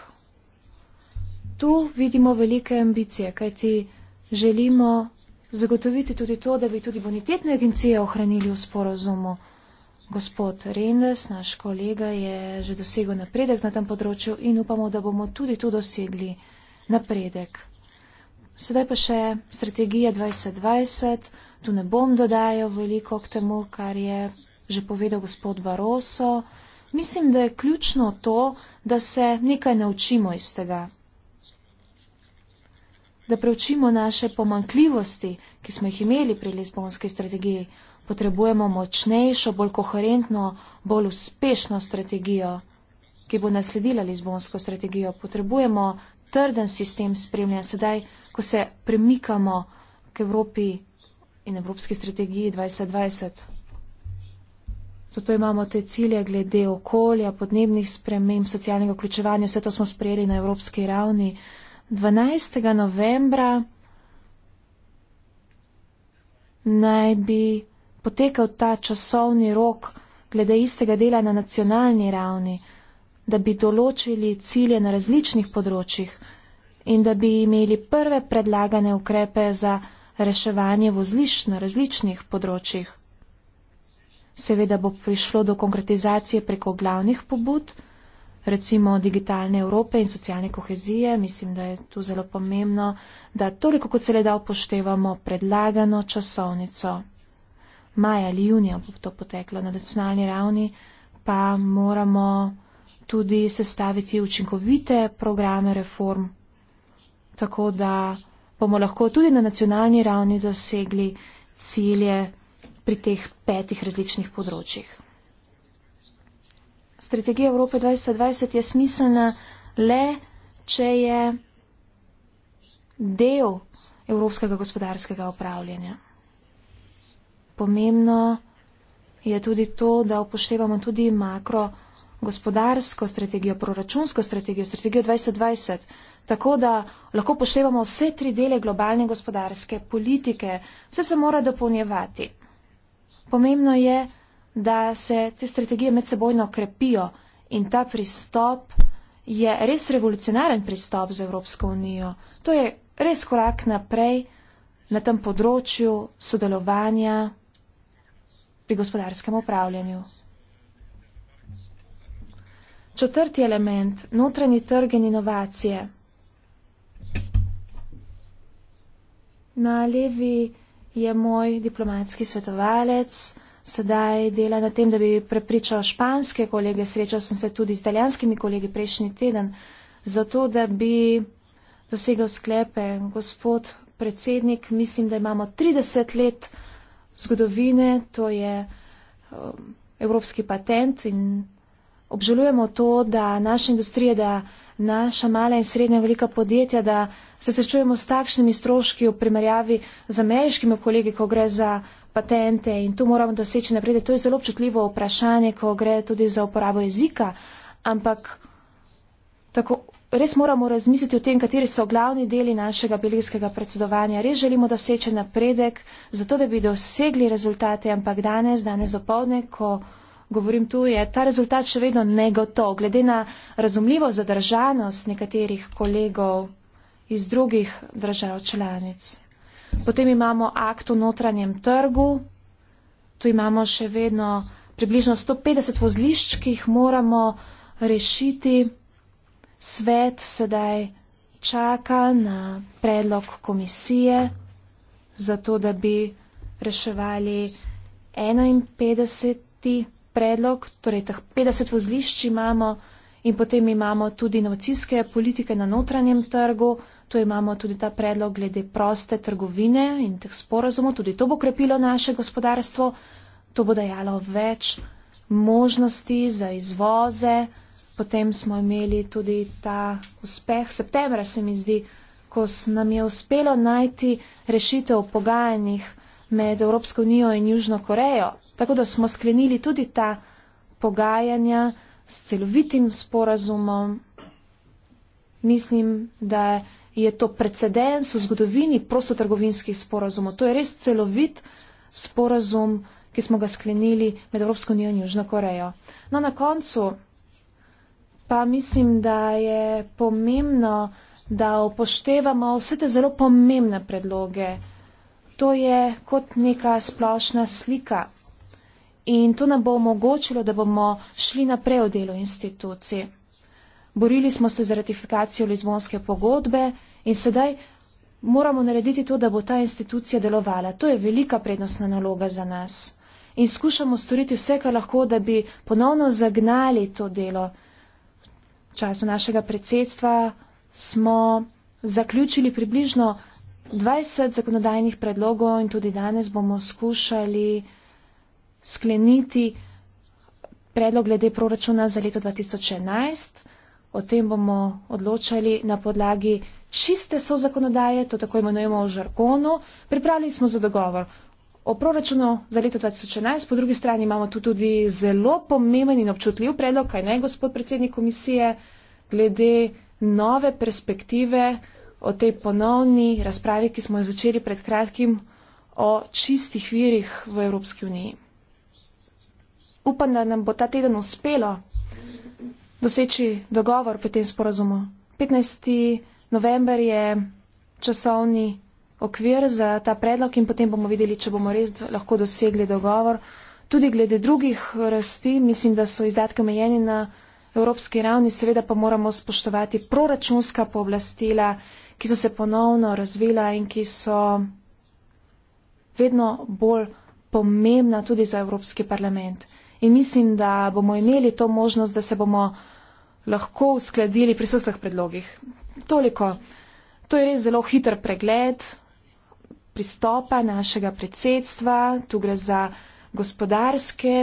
[SPEAKER 1] Tu vidimo velike ambicije, kajti želimo zagotoviti tudi to, da bi tudi bonitetne agencije ohranili v sporozumu. Gospod Rendes, naš kolega, je že dosegel napredek na tem področju in upamo, da bomo tudi tu dosegli napredek. Sedaj pa še strategija 2020. Tu ne bom dodajal veliko k temu, kar je že povedal gospod Baroso. Mislim, da je ključno to, da se nekaj naučimo iz tega. Da preučimo naše pomankljivosti, ki smo jih imeli pri Lizbonski strategiji. Potrebujemo močnejšo, bolj koherentno, bolj uspešno strategijo, ki bo nasledila Lizbonsko strategijo. Potrebujemo trden sistem spremljanja. Sedaj, ko se premikamo k Evropi in Evropski strategiji 2020. Zato imamo te cilje glede okolja, podnebnih sprememb, socialnega vključevanja, vse to smo sprejeli na evropski ravni. 12. novembra naj bi potekal ta časovni rok glede istega dela na nacionalni ravni, da bi določili cilje na različnih področjih in da bi imeli prve predlagane ukrepe za reševanje vozlišč na različnih področjih. Seveda bo prišlo do konkretizacije preko glavnih pobud, recimo digitalne Evrope in socialne kohezije. Mislim, da je tu zelo pomembno, da toliko kot se le da upoštevamo predlagano časovnico. Maja ali junija bo to poteklo na nacionalni ravni, pa moramo tudi sestaviti učinkovite programe reform, tako da bomo lahko tudi na nacionalni ravni dosegli cilje pri teh petih različnih področjih. Strategija Evrope 2020 je smiselna le, če je del evropskega gospodarskega upravljanja. Pomembno je tudi to, da upoštevamo tudi makro gospodarsko strategijo, proračunsko strategijo, strategijo 2020, tako da lahko upoštevamo vse tri dele globalne gospodarske politike. Vse se mora dopolnjevati. Pomembno je, da se te strategije medsebojno krepijo in ta pristop je res revolucionaren pristop za Evropsko unijo. To je res korak naprej na tem področju sodelovanja pri gospodarskem upravljanju. Četrti element, notranji trg in inovacije. Na levi strani je moj diplomatski svetovalec, sedaj dela na tem, da bi prepričal španske kolege, srečal sem se tudi z italijanskimi kolegi prejšnji teden, zato da bi dosegel sklepe. Gospod predsednik, mislim, da imamo 30 let zgodovine, to je um, evropski patent in obžalujemo to, da naša industrija, da naša mala in srednja velika podjetja, da se srečujemo s takšnimi stroški v primerjavi z ameriškimi kolegi, ko gre za patente in tu moramo doseči napredek. To je zelo občutljivo vprašanje, ko gre tudi za uporabo jezika, ampak tako. Res moramo razmisliti o tem, kateri so glavni deli našega belgijskega predsedovanja. Res želimo doseči napredek, zato da bi dosegli rezultate, ampak danes, danes dopovdne, ko govorim tu, je ta rezultat še vedno negotov, glede na razumljivo zadržanost nekaterih kolegov iz drugih držav članic. Potem imamo akt v notranjem trgu, tu imamo še vedno približno 150 vozlišč, ki jih moramo rešiti. Svet sedaj čaka na predlog komisije, zato da bi reševali 51 predlog, torej teh 50 vozlišč imamo in potem imamo tudi inovacijske politike na notranjem trgu, tu imamo tudi ta predlog glede proste trgovine in teh sporazumov, tudi to bo krepilo naše gospodarstvo, to bo dajalo več možnosti za izvoze, potem smo imeli tudi ta uspeh septembra, se mi zdi, ko nam je uspelo najti rešitev v pogajanjih med Evropsko unijo in Južno Korejo. Tako da smo sklenili tudi ta pogajanja s celovitim sporazumom. Mislim, da je to precedens v zgodovini prostotrgovinskih sporazumov. To je res celovit sporazum, ki smo ga sklenili med Evropsko unijo in Južno Korejo. No, na koncu pa mislim, da je pomembno, da upoštevamo vse te zelo pomembne predloge. To je kot neka splošna slika in to nam bo omogočilo, da bomo šli naprej v delo institucij. Borili smo se za ratifikacijo Lizbonske pogodbe in sedaj moramo narediti to, da bo ta institucija delovala. To je velika prednostna naloga za nas. In skušamo storiti vse, kar lahko, da bi ponovno zagnali to delo. V času našega predsedstva smo zaključili približno 20 zakonodajnih predlogov in tudi danes bomo skušali skleniti predlog glede proračuna za leto 2011. O tem bomo odločali na podlagi čiste so zakonodaje, to tako imenujemo v žargonu. Pripravljeni smo za dogovor o proračunu za leto 2011. Po drugi strani imamo tu tudi zelo pomemben in občutljiv predlog, kaj ne, gospod predsednik komisije, glede nove perspektive o tej ponovni razpravi, ki smo jo začeli pred kratkim o čistih virih v Evropski uniji. Upam, da nam bo ta teden uspelo doseči dogovor pri tem sporozumu. 15. november je časovni okvir za ta predlog in potem bomo videli, če bomo res lahko dosegli dogovor. Tudi glede drugih rasti, mislim, da so izdatke omejeni na evropski ravni, seveda pa moramo spoštovati proračunska pooblastila, ki so se ponovno razvila in ki so vedno bolj pomembna tudi za Evropski parlament. In mislim, da bomo imeli to možnost, da se bomo lahko uskladili pri vseh teh predlogih. Toliko. To je res zelo hiter pregled pristopa našega predsedstva. Tu gre za gospodarske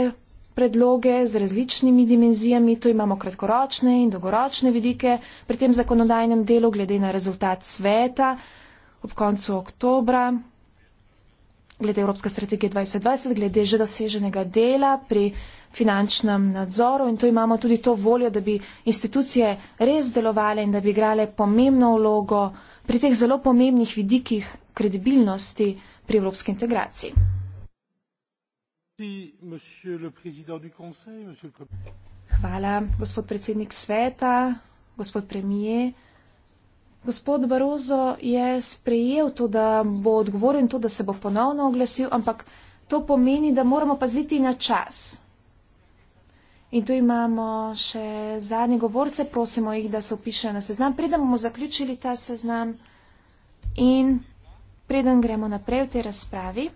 [SPEAKER 1] predloge z različnimi dimenzijami, tu imamo kratkoročne in dolgoročne vidike pri tem zakonodajnem delu, glede na rezultat sveta ob koncu oktobra, glede Evropske strategije 2020, glede že doseženega dela pri finančnem nadzoru in tu imamo tudi to voljo, da bi institucije res delovale in da bi igrale pomembno vlogo pri teh zelo pomembnih vidikih kredibilnosti pri evropski integraciji. Hvala, gospod predsednik sveta, gospod premije. Gospod Barozo je sprejel to, da bo odgovoril in to, da se bo ponovno oglasil, ampak to pomeni, da moramo paziti na čas. In tu imamo še zadnje govorce, prosimo jih, da se upišejo na seznam. Preden bomo zaključili ta seznam in preden gremo naprej v tej razpravi.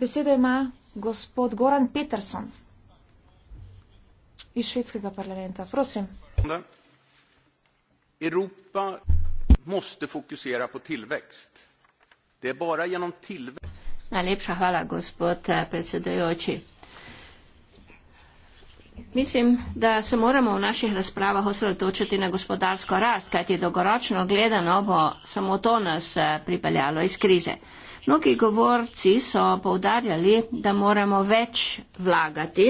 [SPEAKER 1] Besedo ima gospod Goran Peterson iz švedskega parlamenta. Prosim.
[SPEAKER 2] Evropa moste fokusera po tilvekst.
[SPEAKER 3] Najlepša hvala, gospod eh, predsedujoči. Mislim, da se moramo v naših razpravah osredotočiti na gospodarsko rast, kajti dolgoročno gledano bo samo to nas eh, pripeljalo iz krize. Mnogi govorci so povdarjali, da moramo več vlagati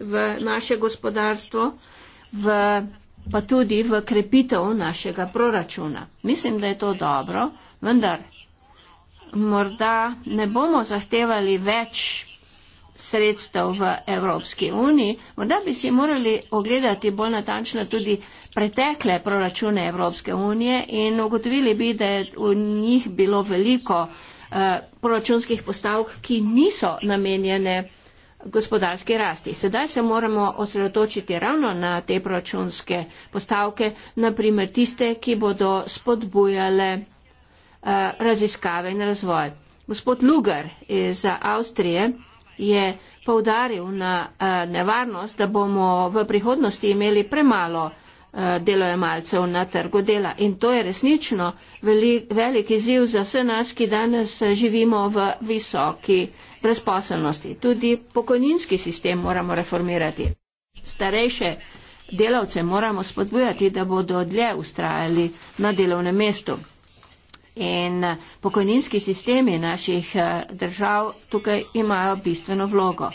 [SPEAKER 3] v naše gospodarstvo, v, pa tudi v krepitev našega proračuna. Mislim, da je to dobro, vendar morda ne bomo zahtevali več sredstev v Evropski uniji. Morda bi si morali ogledati bolj natančno tudi pretekle proračune Evropske unije in ugotovili bi, da je v njih bilo veliko eh, proračunskih postavk, ki niso namenjene gospodarski rasti. Sedaj se moramo osredotočiti ravno na te proračunske postavke, naprimer tiste, ki bodo spodbujale eh, raziskave in razvoj. Gospod Lugar iz Avstrije je poudaril na eh, nevarnost, da bomo v prihodnosti imeli premalo eh, delojemalcev na trgu dela. In to je resnično velik, velik izziv za vse nas, ki danes eh, živimo v visoki brezposelnosti. Tudi pokojninski sistem moramo reformirati. Starejše delavce moramo spodbujati, da bodo dlje ustrajali na delovnem mestu. In pokojninski sistemi naših eh, držav tukaj imajo bistveno vlogo.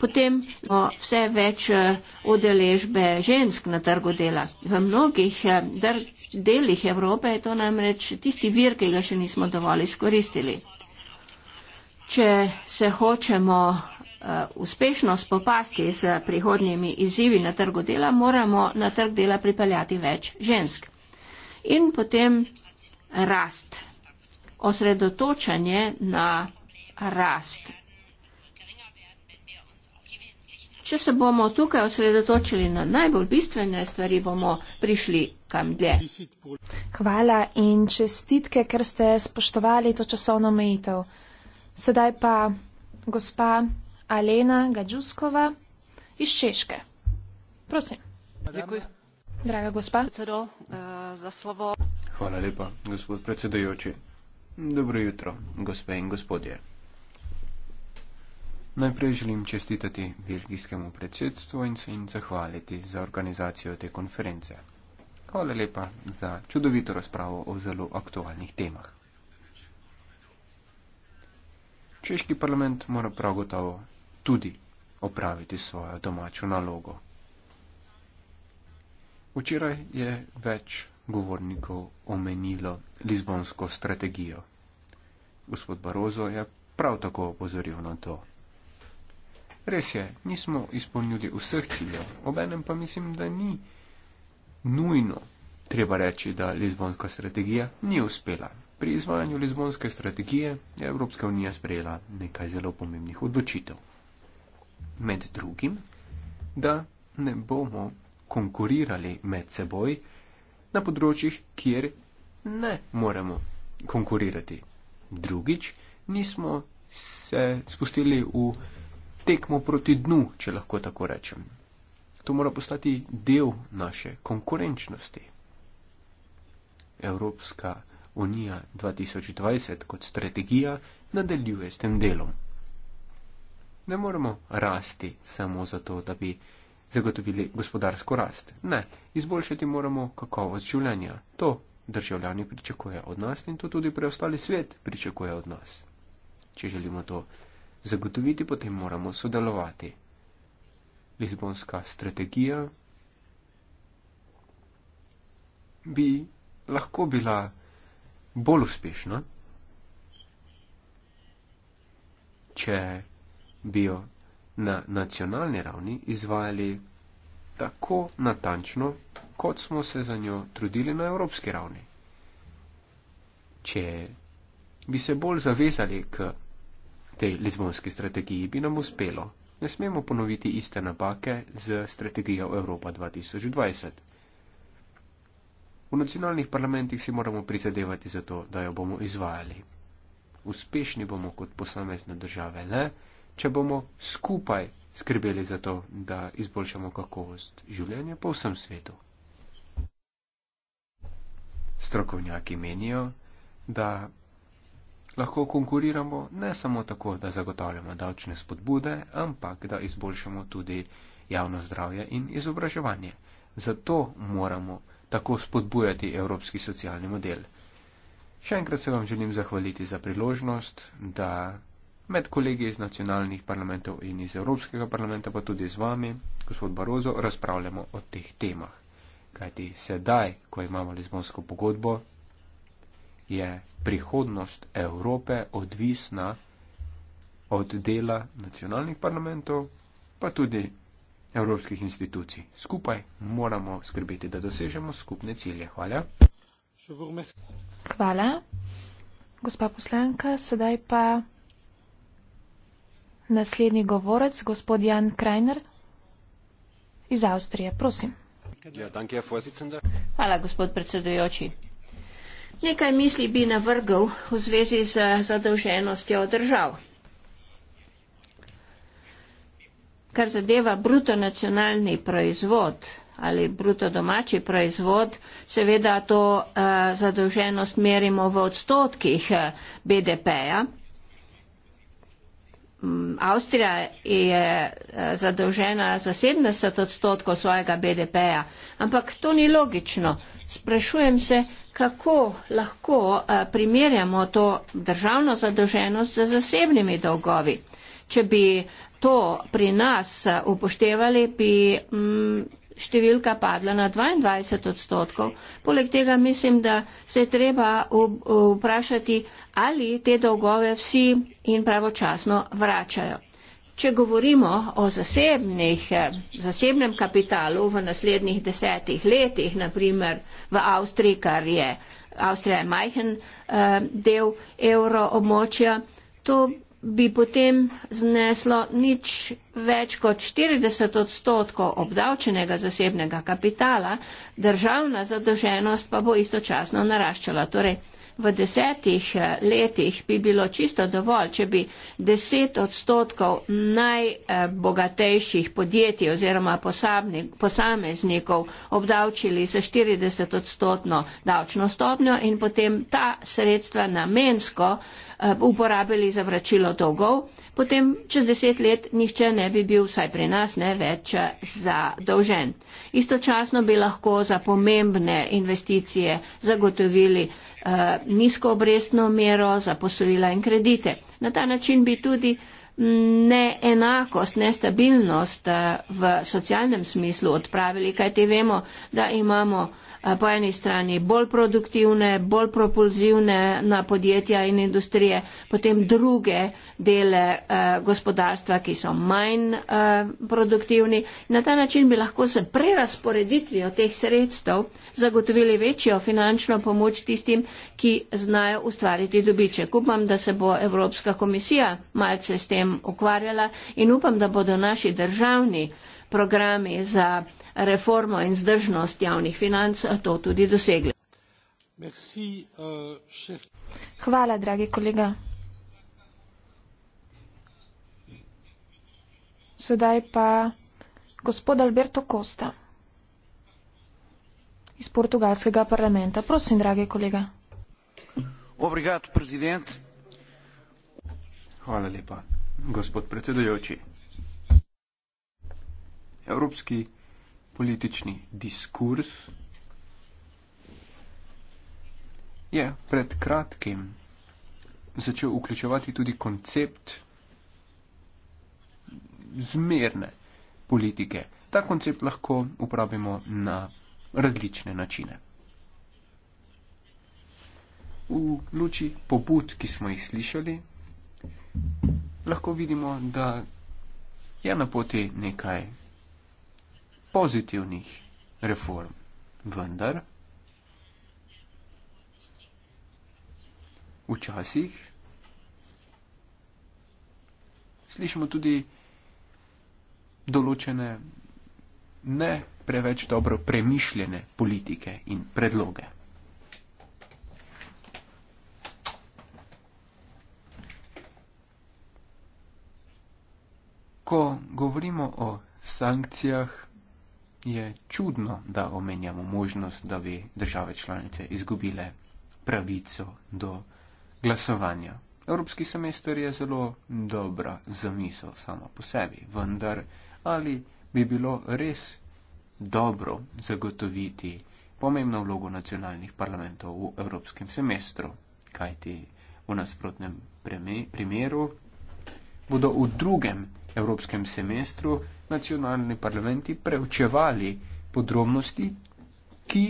[SPEAKER 3] Potem imamo vse več eh, udeležbe žensk na trgu dela. V mnogih eh, delih Evrope je to namreč tisti vir, ki ga še nismo dovolj izkoristili. Če se hočemo uspešno spopasti z prihodnjimi izzivi na trgu dela, moramo na trg dela pripeljati več žensk. In potem rast. Osredotočanje na rast. Če se bomo tukaj osredotočili na najbolj bistvene stvari, bomo prišli kam dlje.
[SPEAKER 1] Hvala in čestitke, ker ste spoštovali to časovno omejitev. Sedaj pa gospa Alena Gađuskova iz Češke. Prosim. Draga gospa.
[SPEAKER 3] Eh,
[SPEAKER 2] Hvala lepa, gospod predsedajoči. Dobro jutro, gospe in gospodje. Najprej želim čestitati belgijskemu predsedstvu in se jim zahvaliti za organizacijo te konference. Hvala lepa za čudovito razpravo o zelo aktualnih temah. Češki parlament mora prav gotovo tudi opraviti svojo domačo nalogo. Včeraj je več govornikov omenilo Lizbonsko strategijo. Gospod Barozo je prav tako opozoril na to. Res je, nismo izpolnili vseh ciljev, obenem pa mislim, da ni nujno treba reči, da Lizbonska strategija ni uspela. Pri izvajanju Lizbonske strategije je Evropska unija sprejela nekaj zelo pomembnih odločitev. Med drugim, da ne bomo konkurirali med seboj, na področjih, kjer ne moremo konkurirati. Drugič, nismo se spustili v tekmo proti dnu, če lahko tako rečem. To mora postati del naše konkurenčnosti. Evropska unija 2020 kot strategija nadaljuje s tem delom. Ne moremo rasti samo zato, da bi zagotovili gospodarsko rast. Ne, izboljšati moramo kakovost življenja. To državljani pričakujejo od nas in to tudi preostali svet pričakuje od nas. Če želimo to zagotoviti, potem moramo sodelovati. Lizbonska strategija bi lahko bila bolj uspešna, če bi jo na nacionalni ravni izvajali tako natančno, kot smo se za njo trudili na evropski ravni. Če bi se bolj zavezali k tej lizbonski strategiji, bi nam uspelo. Ne smemo ponoviti iste napake z strategijo Evropa 2020. V nacionalnih parlamentih si moramo prizadevati za to, da jo bomo izvajali. Uspešni bomo kot posamezne države le, če bomo skupaj skrbeli za to, da izboljšamo kakovost življenja po vsem svetu. Strokovnjaki menijo, da lahko konkuriramo ne samo tako, da zagotavljamo davčne spodbude, ampak da izboljšamo tudi javno zdravje in izobraževanje. Zato moramo tako spodbujati evropski socialni model. Še enkrat se vam želim zahvaliti za priložnost, da med kolegi iz nacionalnih parlamentov in iz Evropskega parlamenta, pa tudi z vami, gospod Barozo, razpravljamo o teh temah. Kajti sedaj, ko imamo Lizbonsko pogodbo, je prihodnost Evrope odvisna od dela nacionalnih parlamentov, pa tudi evropskih institucij. Skupaj moramo skrbeti, da dosežemo skupne cilje. Hvala.
[SPEAKER 1] Hvala. Gospa poslanka, sedaj pa Naslednji govorec, gospod Jan
[SPEAKER 3] Krajner iz Avstrije, prosim. Ja, Hvala, gospod predsedujoči. Nekaj misli bi navrgal v zvezi z zadolženostjo držav. Kar zadeva bruto nacionalni proizvod ali bruto domači proizvod, seveda to uh, zadolženost merimo v odstotkih uh, BDP-ja. Mm, Avstrija je eh, zadolžena za 70 odstotkov svojega BDP-ja, ampak to ni logično. Sprašujem se, kako lahko eh, primerjamo to državno zadolženost z zasebnimi dolgovi. Če bi to pri nas eh, upoštevali, bi mm, številka padla na 22 odstotkov. Poleg tega mislim, da se je treba vprašati, ali te dolgove vsi in pravočasno vračajo. Če govorimo o zasebnih, zasebnem kapitalu v naslednjih desetih letih, naprimer v Avstriji, kar je Avstrija je majhen eh, del evroobmočja, to bi potem zneslo nič več kot 40 odstotkov obdavčenega zasebnega kapitala, državna zadolženost pa bo istočasno naraščala. Torej, v desetih eh, letih bi bilo čisto dovolj, če bi 10 odstotkov najbogatejših eh, podjetij oziroma posameznikov obdavčili s 40 odstotno davčno stopnjo in potem ta sredstva namensko Eh, uporabili za vračilo dolgov, potem čez deset let nihče ne bi bil, vsaj pri nas, ne več eh, zadolžen. Istočasno bi lahko za pomembne investicije zagotovili eh, nizko obrestno mero za posojila in kredite. Na ta način bi tudi mm, neenakost, nestabilnost v socialnem smislu odpravili, kajti vemo, da imamo Eh, po eni strani bolj produktivne, bolj propulzivne na podjetja in industrije, potem druge dele eh, gospodarstva, ki so manj eh, produktivni. Na ta način bi lahko se prerasporeditvijo teh sredstev zagotovili večjo finančno pomoč tistim, ki znajo ustvariti dobiček. Upam, da se bo Evropska komisija malce s tem ukvarjala in upam, da bodo naši državni programi za reformo in zdržnost javnih financ to tudi dosegli.
[SPEAKER 2] Euh,
[SPEAKER 3] Hvala, dragi kolega.
[SPEAKER 1] Sedaj pa gospod Alberto Costa iz portugalskega parlamenta. Prosim, dragi kolega.
[SPEAKER 2] Obrigado, prezident. Hvala lepa, gospod predsedujoči. Evropski politični diskurs je pred kratkim začel vključevati tudi koncept zmerne politike. Ta koncept lahko uporabimo na različne načine. V luči pobud, ki smo jih slišali, lahko vidimo, da je na poti nekaj pozitivnih reform. Vendar, včasih slišimo tudi določene ne preveč dobro premišljene politike in predloge. Ko govorimo o sankcijah, je čudno, da omenjamo možnost, da bi države članice izgubile pravico do glasovanja. Evropski semester je zelo dobra zamisel sama po sebi, vendar ali bi bilo res dobro zagotoviti pomembno vlogo nacionalnih parlamentov v Evropskem semestru, kajti v nasprotnem primeru bodo v drugem Evropskem semestru nacionalni parlamenti preučevali podrobnosti, ki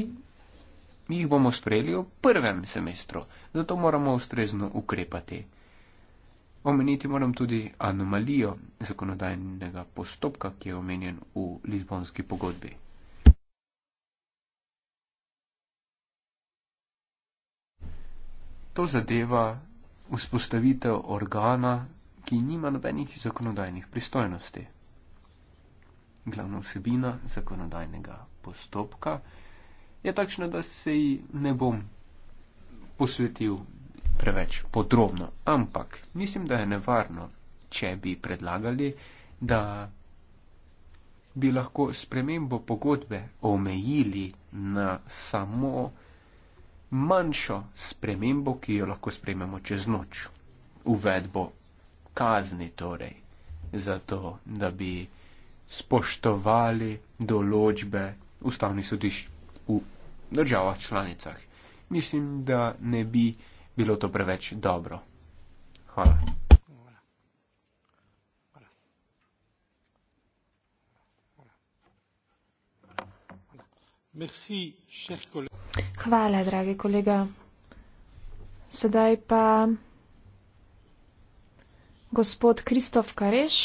[SPEAKER 2] jih bomo sprejeli v prvem semestru. Zato moramo ustrezno ukrepati. Omeniti moram tudi anomalijo zakonodajnega postopka, ki je omenjen v Lizbonski pogodbi. To zadeva vzpostavitev organa, ki nima nobenih zakonodajnih pristojnosti glavna vsebina zakonodajnega postopka, je takšna, da se ji ne bom posvetil preveč podrobno. Ampak mislim, da je nevarno, če bi predlagali, da bi lahko spremembo pogodbe omejili na samo manjšo spremembo, ki jo lahko sprememo čez noč. Uvedbo kazni torej, zato da bi spoštovali določbe ustavnih sodišč v državah članicah. Mislim, da ne bi bilo to preveč dobro. Hvala. Hvala,
[SPEAKER 1] dragi kolega. Sedaj pa gospod Kristof Kareš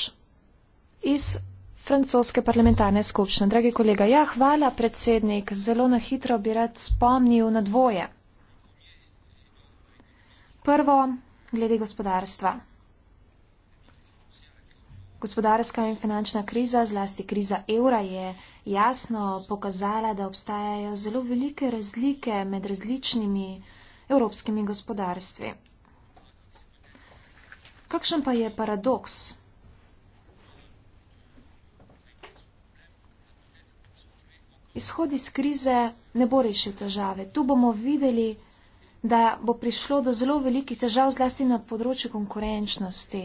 [SPEAKER 1] iz francoske parlamentarne skupščine. Dragi kolega, ja, hvala predsednik, zelo na hitro bi rad spomnil na dvoje. Prvo, glede gospodarstva. Gospodarska in finančna kriza, zlasti kriza evra, je jasno pokazala, da obstajajo zelo velike razlike med različnimi evropskimi gospodarstvi. Kakšen pa je paradoks? izhod iz krize ne bo rešil težave. Tu bomo videli, da bo prišlo do zelo velikih težav, zlasti na področju konkurenčnosti.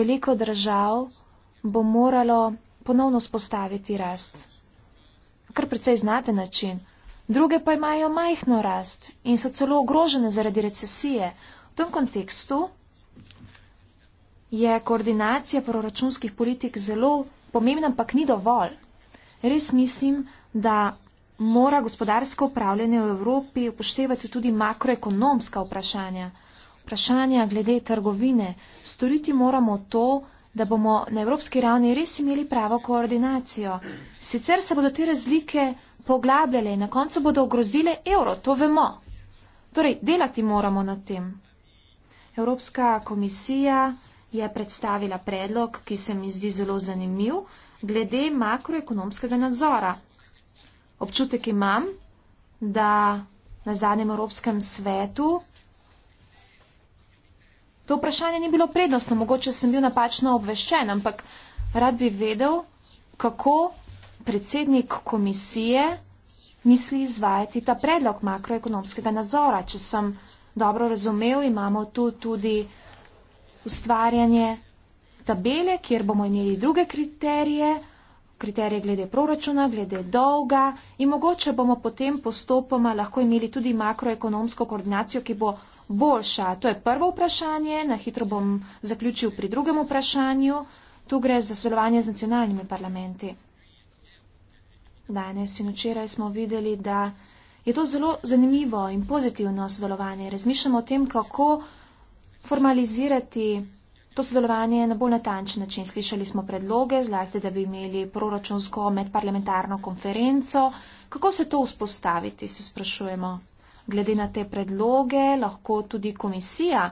[SPEAKER 1] Veliko držav bo moralo ponovno spostaviti rast. Kar precej znate način. Druge pa imajo majhno rast in so celo ogrožene zaradi recesije. V tem kontekstu je koordinacija proračunskih politik zelo pomembna, ampak ni dovolj. Res mislim, da mora gospodarsko upravljanje v Evropi upoštevati tudi makroekonomska vprašanja. Vprašanja glede trgovine. Storiti moramo to, da bomo na evropski ravni res imeli pravo koordinacijo. Sicer se bodo te razlike poglabljale in na koncu bodo ogrozile evro, to vemo. Torej, delati moramo na tem. Evropska komisija je predstavila predlog, ki se mi zdi zelo zanimiv glede makroekonomskega nadzora. Občutek imam, da na zadnjem Evropskem svetu to vprašanje ni bilo prednostno, mogoče sem bil napačno obveščen, ampak rad bi vedel, kako predsednik komisije misli izvajati ta predlog makroekonomskega nadzora. Če sem dobro razumev, imamo tu tudi ustvarjanje tabele, kjer bomo imeli druge kriterije, kriterije glede proračuna, glede dolga in mogoče bomo potem postopoma lahko imeli tudi makroekonomsko koordinacijo, ki bo boljša. To je prvo vprašanje, na hitro bom zaključil pri drugem vprašanju. Tu gre za sodelovanje z nacionalnimi parlamenti. Danes in včeraj smo videli, da je to zelo zanimivo in pozitivno sodelovanje. Razmišljamo o tem, kako formalizirati to sodelovanje na bolj natančen način. Slišali smo predloge, zlasti, da bi imeli proračunsko medparlamentarno konferenco. Kako se to vzpostaviti, se sprašujemo. Glede na te predloge, lahko tudi komisija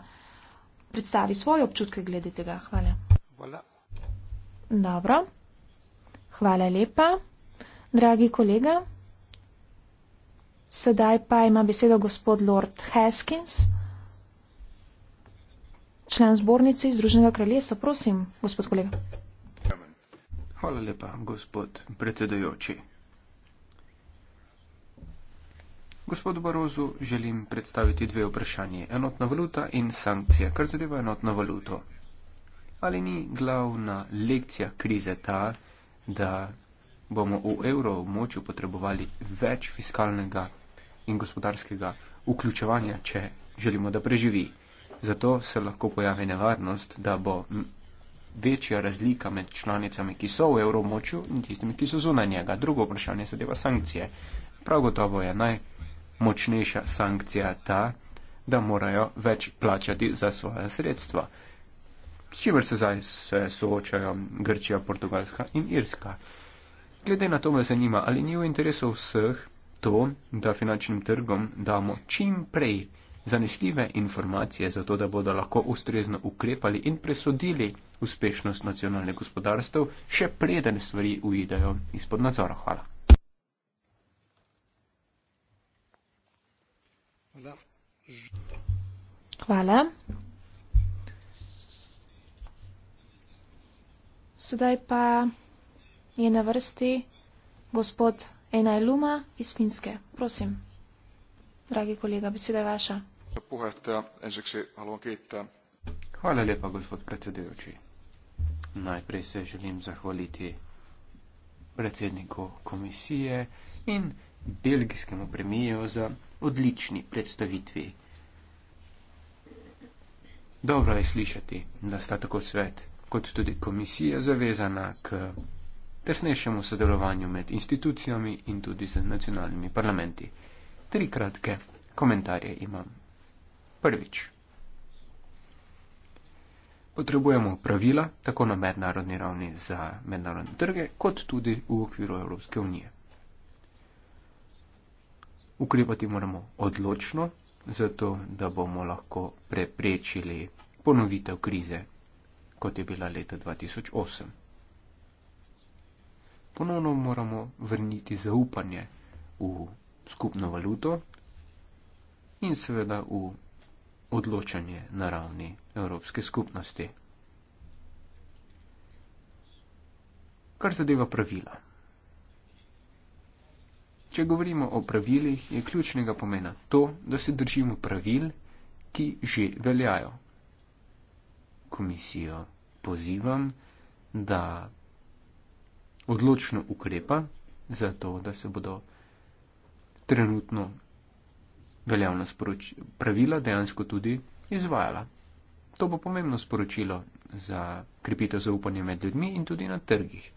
[SPEAKER 1] predstavi svoje občutke glede tega. Hvala. Hvala. Dobro. Hvala lepa. Dragi kolega, sedaj pa ima besedo gospod Lord Haskins člen zbornice iz Združenega kraljestva. Prosim, gospod kolega.
[SPEAKER 2] Hvala lepa, gospod predsedojoči. Gospodu Barozu želim predstaviti dve vprašanje. Enotna valuta in sankcije, kar zadeva enotno valuto. Ali ni glavna lekcija krize ta, da bomo v evroobmočju potrebovali več fiskalnega in gospodarskega vključevanja, če želimo, da preživi? Zato se lahko pojavi nevarnost, da bo večja razlika med članicami, ki so v evromočju in tistimi, ki so zunaj njega. Drugo vprašanje se deva sankcije. Prav gotovo je najmočnejša sankcija ta, da morajo več plačati za svoje sredstva. S čimer se zdaj se soočajo Grčija, Portugalska in Irska. Glede na to me zanima, ali ni v interesu vseh to, da finančnim trgom damo čim prej zanesljive informacije, zato da bodo lahko ustrezno ukrepali in presodili uspešnost nacionalnih gospodarstv, še preden stvari ujidejo izpod nadzora. Hvala.
[SPEAKER 1] Hvala. Sedaj pa je na vrsti gospod Enaj Luma iz Finske. Prosim, dragi kolega, beseda je vaša.
[SPEAKER 2] Hvala lepa, gospod predsedujoči. Najprej se želim zahvaliti predsedniku komisije in belgijskemu premijo za odlični predstavitvi. Dobro je slišati, da sta tako svet kot tudi komisija zavezana k tesnejšemu sodelovanju med institucijami in tudi z nacionalnimi parlamenti. Tri kratke komentarje imam prvič. Potrebujemo pravila tako na mednarodni ravni za mednarodne trge, kot tudi v okviru Evropske unije. Ukrepati moramo odločno, zato da bomo lahko preprečili ponovitev krize, kot je bila leta 2008. Ponovno moramo vrniti zaupanje v skupno valuto in seveda v odločanje na ravni Evropske skupnosti. Kar zadeva pravila. Če govorimo o pravilih, je ključnega pomena to, da se držimo pravil, ki že veljajo. Komisijo pozivam, da odločno ukrepa za to, da se bodo trenutno veljavna pravila dejansko tudi izvajala. To bo pomembno sporočilo za krepitev zaupanja med ljudmi in tudi na trgih.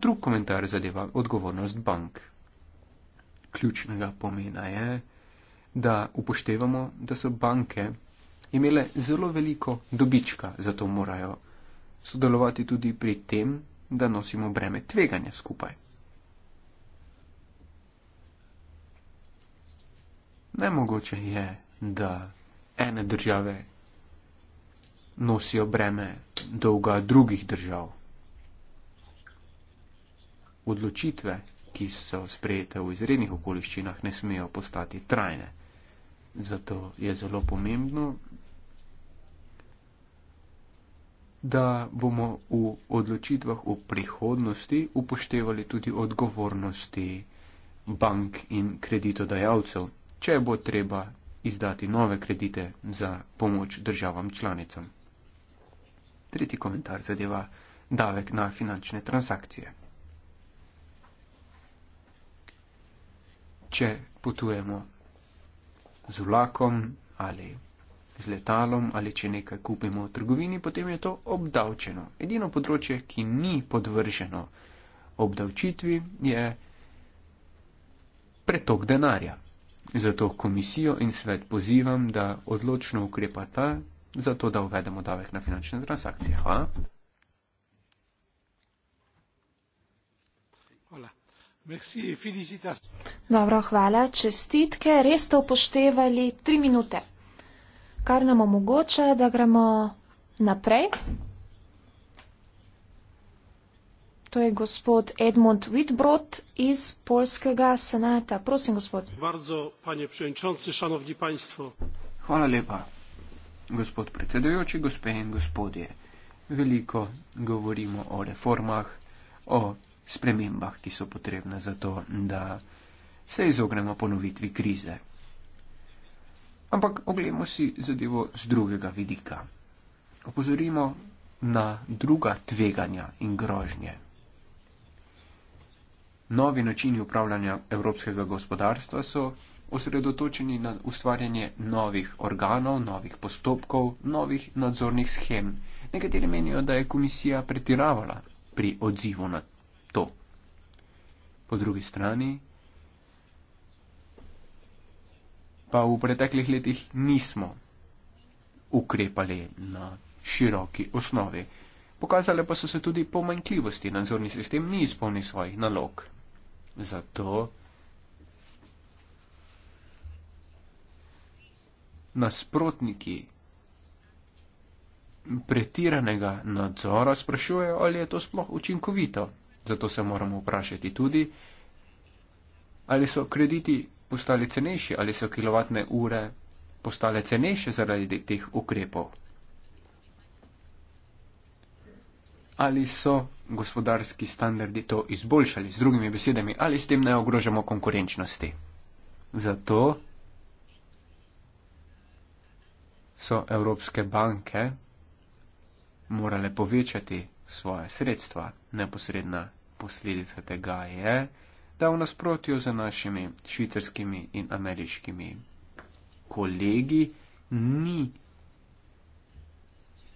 [SPEAKER 2] Drug komentar zadeva odgovornost bank. Ključnega pomena je, da upoštevamo, da so banke imele zelo veliko dobička, zato morajo sodelovati tudi pri tem, da nosimo breme tveganja skupaj. Nemogoče je, da ene države nosijo breme dolga drugih držav. Odločitve, ki so sprejete v izrednih okoliščinah, ne smejo postati trajne. Zato je zelo pomembno, da bomo v odločitvah v prihodnosti upoštevali tudi odgovornosti bank in kreditodajalcev če bo treba izdati nove kredite za pomoč državam članicam. Tretji komentar zadeva davek na finančne transakcije. Če potujemo z vlakom ali z letalom ali če nekaj kupimo v trgovini, potem je to obdavčeno. Edino področje, ki ni podvrženo obdavčitvi, je pretok denarja. Zato komisijo in svet pozivam, da odločno ukrepata za to, da uvedemo davek na finančne transakcije. Hvala.
[SPEAKER 1] Dobro, hvala. Čestitke. Res ste upoštevali tri minute, kar nam omogoča, da gremo naprej to je gospod Edmund Witbrod iz Polskega senata. Prosim, gospod.
[SPEAKER 2] Bardzo, panie przewodniczący, szanowni państwo. Hvala lepa, gospod predsedujoči, gospe in gospodje. Veliko govorimo o reformah, o spremembah, ki so potrebne za to, da se izognemo ponovitvi krize. Ampak oglejmo si zadevo z drugega vidika. Opozorimo na druga tveganja in grožnje. Novi načini upravljanja evropskega gospodarstva so osredotočeni na ustvarjanje novih organov, novih postopkov, novih nadzornih schem.
[SPEAKER 3] Nekateri menijo,
[SPEAKER 2] da je komisija pretiravala pri odzivu na to. Po drugi strani pa v preteklih letih nismo ukrepali na široki osnovi. Pokazale pa so se tudi pomanjkljivosti, nadzorni sistem ni izpolnil svojih nalog. Zato nasprotniki pretiranega nadzora sprašujejo, ali je to sploh učinkovito. Zato se moramo vprašati tudi, ali so krediti postali cenejši, ali so kilovatne ure postale cenejše zaradi teh ukrepov. Ali so gospodarski standardi to izboljšali, z drugimi besedami, ali s tem ne ogrožamo konkurenčnosti. Zato so evropske banke morale povečati svoje sredstva. Neposredna posledica tega je, da v nasprotju z našimi švicarskimi in ameriškimi kolegi ni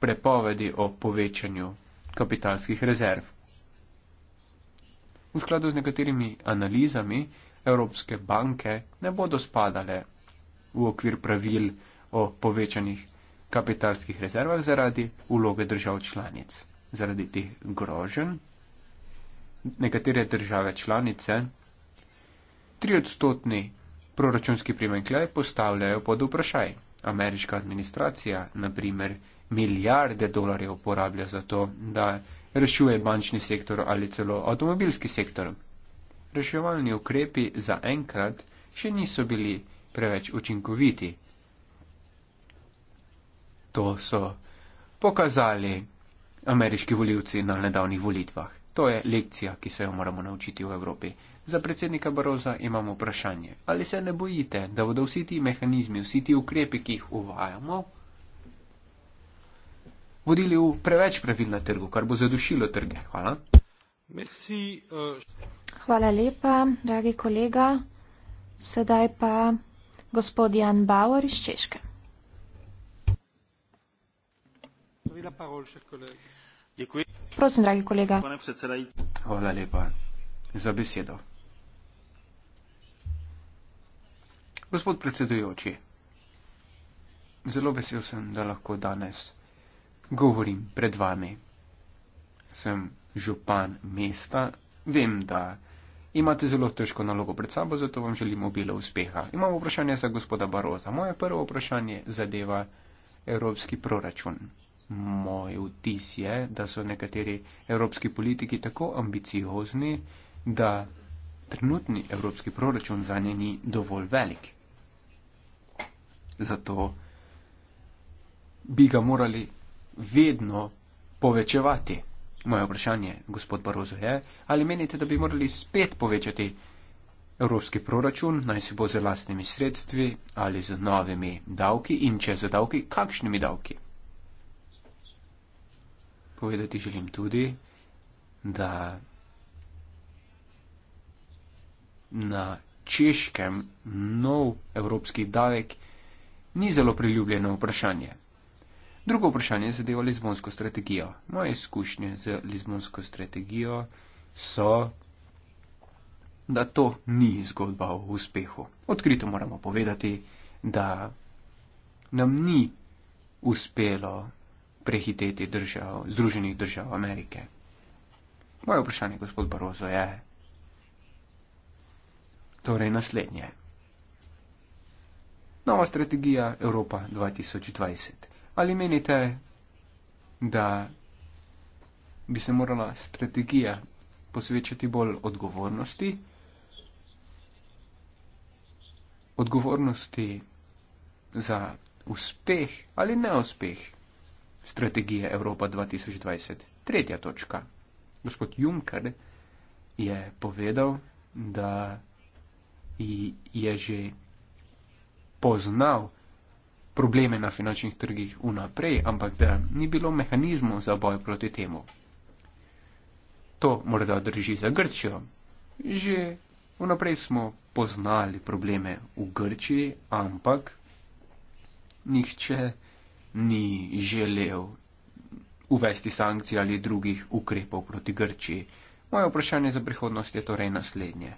[SPEAKER 2] prepovedi o povečanju kapitalskih rezerv. V skladu z nekaterimi analizami Evropske banke ne bodo spadale v okvir pravil o povečanih kapitalskih rezervah zaradi uloge držav članic. Zaradi teh grožen nekatere države članice triodstotni proračunski primankljaj postavljajo pod vprašaj. Ameriška administracija, na primer, milijarde dolarjev porablja za to, da rešuje bančni sektor ali celo avtomobilski sektor. Reševalni ukrepi za enkrat še niso bili preveč učinkoviti. To so pokazali ameriški voljivci na nedavnih volitvah. To je lekcija, ki se jo moramo naučiti v Evropi. Za predsednika Baroza imamo vprašanje, ali se ne bojite, da bodo vsi ti mehanizmi, vsi ti ukrepi, ki jih uvajamo, vodili v preveč pravil na trgu, kar bo zadušilo trge. Hvala. Merci, uh...
[SPEAKER 1] Hvala lepa, dragi kolega. Sedaj pa gospod Jan Bauer iz Češke.
[SPEAKER 2] Torej Děkuji. Prosim, dragi kolega. Hvala lepa za besedo. Gospod predsedujoči, zelo vesel sem, da lahko danes govorim pred vami. Sem župan mesta, vem, da imate zelo težko nalogo pred sabo, zato vam želim obilo uspeha. Imam vprašanje za gospoda Baroza. Moje prvo vprašanje zadeva evropski proračun. Moj vtis je, da so nekateri evropski politiki tako ambiciozni, da trenutni evropski proračun za nje ni dovolj velik. Zato bi ga morali vedno povečevati. Moje vprašanje, gospod Barozo, je, ali menite, da bi morali spet povečati evropski proračun, naj se bo z lastnimi sredstvi ali z novimi davki in če z davki, kakšnimi davki? Povedati želim tudi, da na češkem nov evropski davek ni zelo priljubljeno vprašanje. Drugo vprašanje zadeva Lizbonsko strategijo. Moje izkušnje z Lizbonsko strategijo so, da to ni zgodba o uspehu. Odkrito moramo povedati, da nam ni uspelo prehiteti držav, Združenih držav Amerike. Moje vprašanje, gospod Barozo, je torej naslednje. Nova strategija Evropa 2020. Ali menite, da bi se morala strategija posvečati bolj odgovornosti, odgovornosti za uspeh ali neuspeh strategije Evropa 2020? Tretja točka. Gospod Juncker je povedal, da je že poznal probleme na finančnih trgih vnaprej, ampak da ni bilo mehanizmov za boj proti temu. To morda drži za Grčijo. Že vnaprej smo poznali probleme v Grčiji, ampak nihče ni želel uvesti sankcij ali drugih ukrepov proti Grčiji. Moje vprašanje za prihodnost je torej naslednje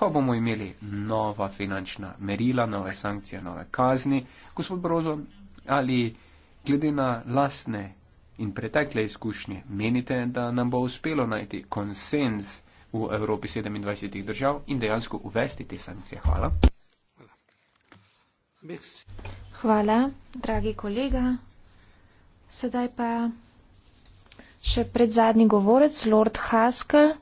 [SPEAKER 2] ko bomo imeli nova finančna merila, nove sankcije, nove kazni, gospod Brozo, ali glede na lasne in pretekle izkušnje menite, da nam bo uspelo najti konsens v Evropi 27 držav in dejansko uvesti te sankcije? Hvala.
[SPEAKER 1] Hvala, dragi kolega. Sedaj pa še pred zadnji govorec, Lord Haskell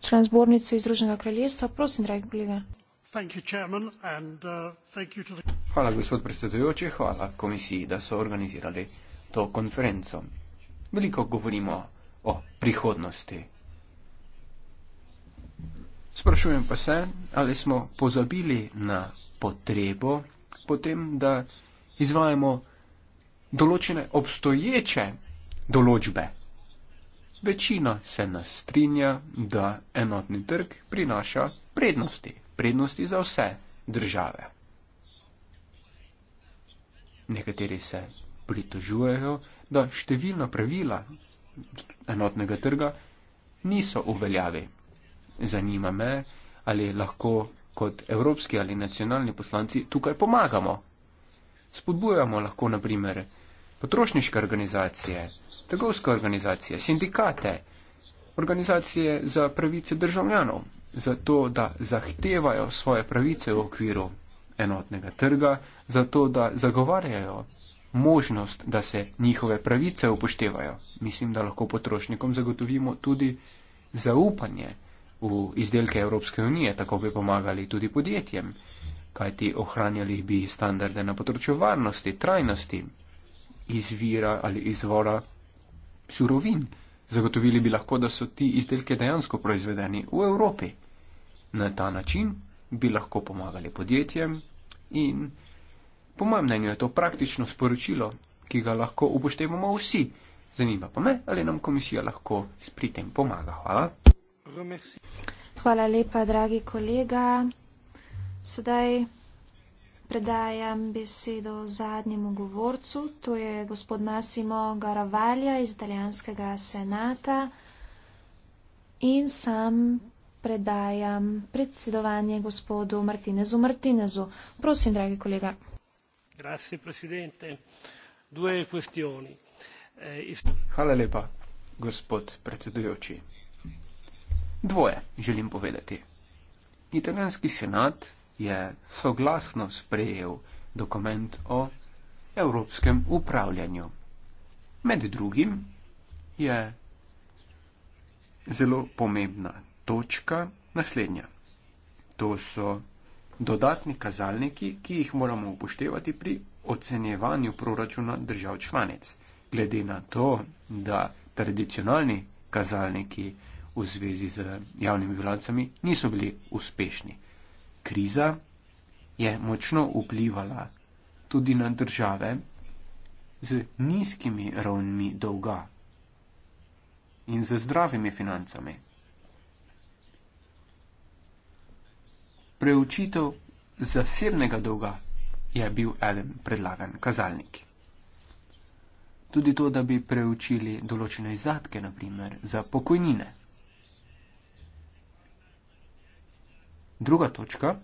[SPEAKER 1] člen zbornice združenega kraljestva prosim
[SPEAKER 3] drage kolege uh,
[SPEAKER 2] Hvala, gospod predsedujoči, hvala komisiji, da so organizirali to konferenco. Veliko govorimo o prihodnosti. Sprašujem pa se, ali smo pozabili na potrebo potem, da izvajamo določene obstoječe določbe. Večina se nas strinja, da enotni trg prinaša prednosti, prednosti za vse države. Nekateri se pritožujejo, da številna pravila enotnega trga niso uveljavi. Zanima me, ali lahko kot evropski ali nacionalni poslanci tukaj pomagamo. Spodbujamo lahko naprimer potrošniške organizacije, trgovske organizacije, sindikate, organizacije za pravice državljanov, zato da zahtevajo svoje pravice v okviru enotnega trga, zato da zagovarjajo možnost, da se njihove pravice upoštevajo. Mislim, da lahko potrošnikom zagotovimo tudi zaupanje v izdelke Evropske unije, tako bi pomagali tudi podjetjem, kajti ohranjali bi standarde na področju varnosti, trajnosti, izvira ali izvora surovin. Zagotovili bi lahko, da so ti izdelke dejansko proizvedeni v Evropi. Na ta način bi lahko pomagali podjetjem in po mojem mnenju je to praktično sporočilo, ki ga lahko upoštevamo vsi. Zanima pa me, ali nam komisija lahko pri tem pomaga. Hvala.
[SPEAKER 1] Hvala lepa, dragi kolega. Sedaj Predajam besedo zadnjemu govorcu, to je gospod Massimo Garavalja iz italijanskega senata in sam predajam predsedovanje gospodu Martinezu Martinezu. Prosim, dragi kolega.
[SPEAKER 2] Grazie, presidente. Due questioni. Eh, Hvala lepa, gospod predsedujoči. Dvoje želim povedati. Italijanski senat je soglasno sprejel dokument o evropskem upravljanju. Med drugim je zelo pomembna točka naslednja. To so dodatni kazalniki, ki jih moramo upoštevati pri ocenjevanju proračuna držav članic. Glede na to, da tradicionalni kazalniki v zvezi z javnimi bilancami niso bili uspešni kriza je močno vplivala tudi na države z nizkimi ravnmi dolga in z zdravimi financami. Preučitev zasebnega dolga je bil eden predlagan kazalnik. Tudi to, da bi preučili določene izdatke, naprimer za pokojnine. Druga točka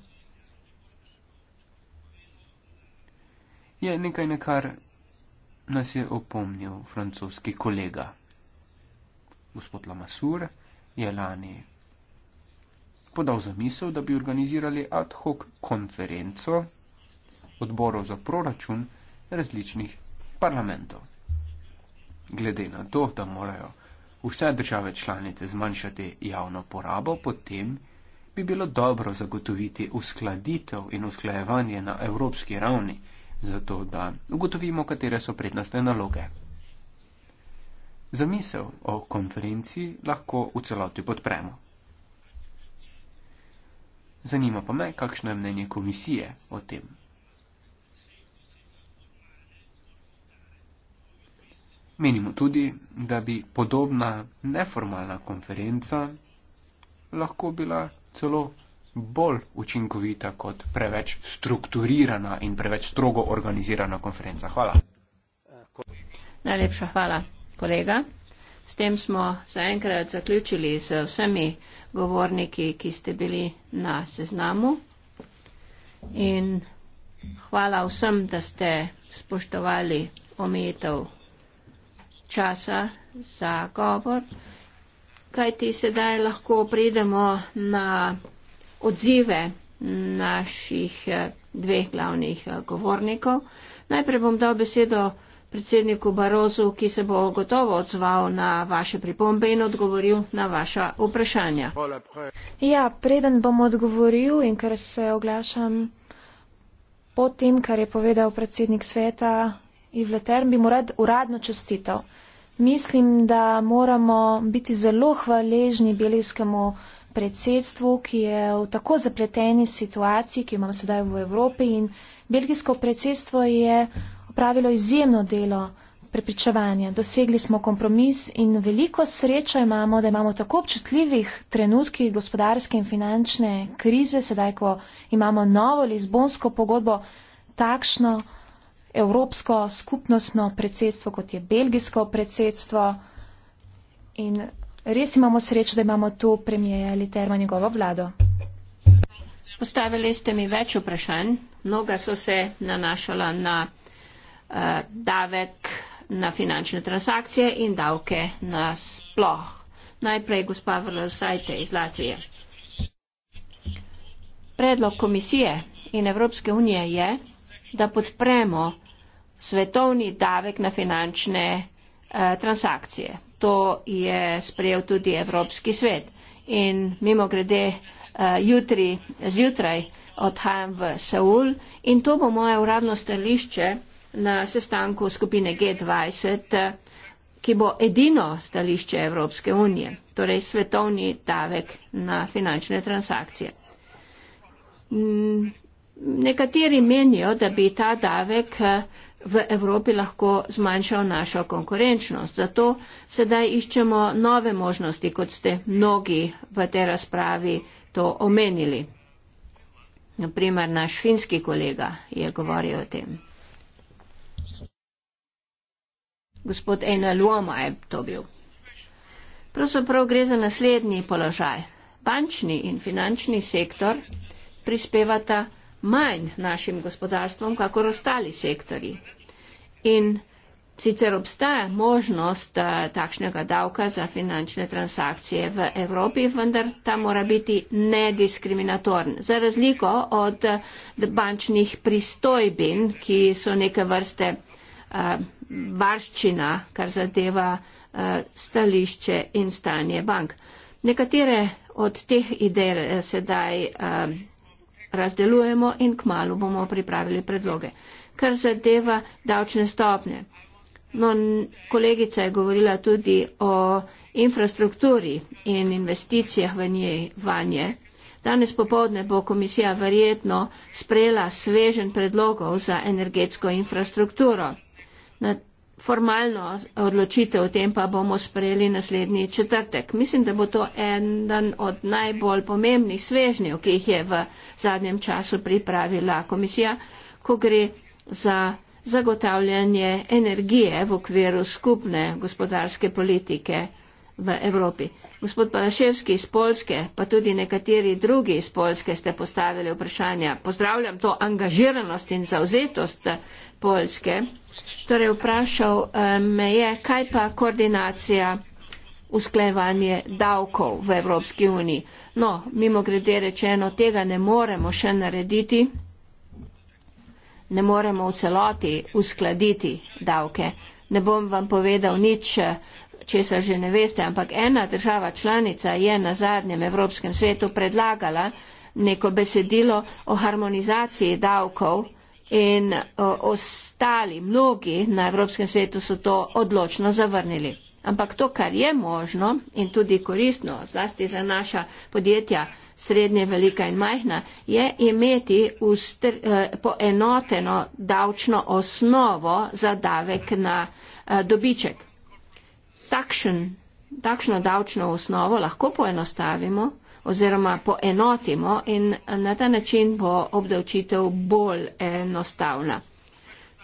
[SPEAKER 2] je nekaj, na kar nas je opomnil francoski kolega. Gospod Lamasur je lani podal zamisel, da bi organizirali ad hoc konferenco odborov za proračun različnih parlamentov. Glede na to, da morajo vse države članice zmanjšati javno porabo, potem bi bilo dobro zagotoviti uskladitev in usklajevanje na evropski ravni, zato da ugotovimo, katere so prednostne naloge. Zamisel o konferenci lahko v celoti podpremo. Zanima pa me, kakšno je mnenje komisije o tem. Menimo tudi, da bi podobna neformalna konferenca lahko bila celo bolj učinkovita kot preveč strukturirana in preveč strogo organizirana konferenca. Hvala.
[SPEAKER 3] Najlepša hvala, kolega. S tem smo zaenkrat zaključili z vsemi govorniki, ki ste bili na seznamu. In hvala vsem, da ste spoštovali omejitev časa za govor kajti sedaj lahko pridemo na odzive naših eh, dveh glavnih eh, govornikov. Najprej bom dal besedo predsedniku Barozu, ki se bo gotovo odzval na vaše pripombe in odgovoril na vaša vprašanja.
[SPEAKER 1] Ja, preden bom odgovoril in ker se oglašam po tem, kar je povedal predsednik sveta Ivle Term, bi mu rad uradno čestitev. Mislim, da moramo biti zelo hvaležni belijskemu predsedstvu, ki je v tako zapleteni situaciji, ki imamo sedaj v Evropi in belgijsko predsedstvo je opravilo izjemno delo prepričevanja. Dosegli smo kompromis in veliko srečo imamo, da imamo tako občutljivih trenutkih gospodarske in finančne krize, sedaj ko imamo novo Lizbonsko pogodbo, takšno evropsko skupnostno predsedstvo, kot je belgijsko predsedstvo. In res imamo srečo, da imamo tu premijeja Literma njegovo vlado.
[SPEAKER 3] Postavili ste mi več vprašanj. Mnoga so se nanašala na uh, davek na finančne transakcije in davke na sploh. Najprej gospa Vrlosajte iz Latvije. Predlog komisije in Evropske unije je, da podpremo svetovni davek na finančne eh, transakcije. To je sprejel tudi Evropski svet. In mimo grede, eh, jutri, zjutraj odhajam v Seul in to bo moje uradno stališče na sestanku skupine G20, eh, ki bo edino stališče Evropske unije, torej svetovni davek na finančne transakcije. Mm, nekateri menijo, da bi ta davek eh, v Evropi lahko zmanjšal našo konkurenčnost. Zato sedaj iščemo nove možnosti, kot ste mnogi v tej razpravi to omenili. Naprimer, naš finski kolega je govoril o tem. Gospod Ena Luoma je to bil. Pravzaprav gre za naslednji položaj. Bančni in finančni sektor prispevata manj našim gospodarstvom, kakor ostali sektori. In sicer obstaja možnost da, takšnega davka za finančne transakcije v Evropi, vendar ta mora biti nediskriminatoren. Za razliko od eh, bančnih pristojbin, ki so neke vrste uh, varščina, kar zadeva uh, stališče in stanje bank. Nekatere od teh idej sedaj. Uh, razdelujemo in k malu bomo pripravili predloge. Kar zadeva davčne stopnje. No, kolegica je govorila tudi o infrastrukturi in investicijah v njej vanje. Danes popovdne bo komisija verjetno sprejela svežen predlogov za energetsko infrastrukturo. Na formalno odločitev o tem pa bomo sprejeli naslednji četrtek. Mislim, da bo to eden od najbolj pomembnih svežnjev, ki jih je v zadnjem času pripravila komisija, ko gre za zagotavljanje energije v okviru skupne gospodarske politike v Evropi. Gospod Palaševski iz Polske, pa tudi nekateri drugi iz Polske ste postavili vprašanja. Pozdravljam to angažiranost in zauzetost Polske. Torej vprašal eh, me je, kaj pa koordinacija usklejevanje davkov v Evropski uniji. No, mimo grede rečeno, tega ne moremo še narediti, ne moremo v celoti uskladiti davke. Ne bom vam povedal nič, eh, če se že ne veste, ampak ena država članica je na zadnjem Evropskem svetu predlagala neko besedilo o harmonizaciji davkov, in uh, ostali, mnogi na Evropskem svetu so to odločno zavrnili. Ampak to, kar je možno in tudi koristno, zlasti za naša podjetja, srednje, velika in majhna, je imeti ustr, uh, eh, poenoteno davčno osnovo za davek na uh, dobiček. Takšen, takšno davčno osnovo lahko poenostavimo oziroma poenotimo in na ta način bo obdavčitev bolj enostavna.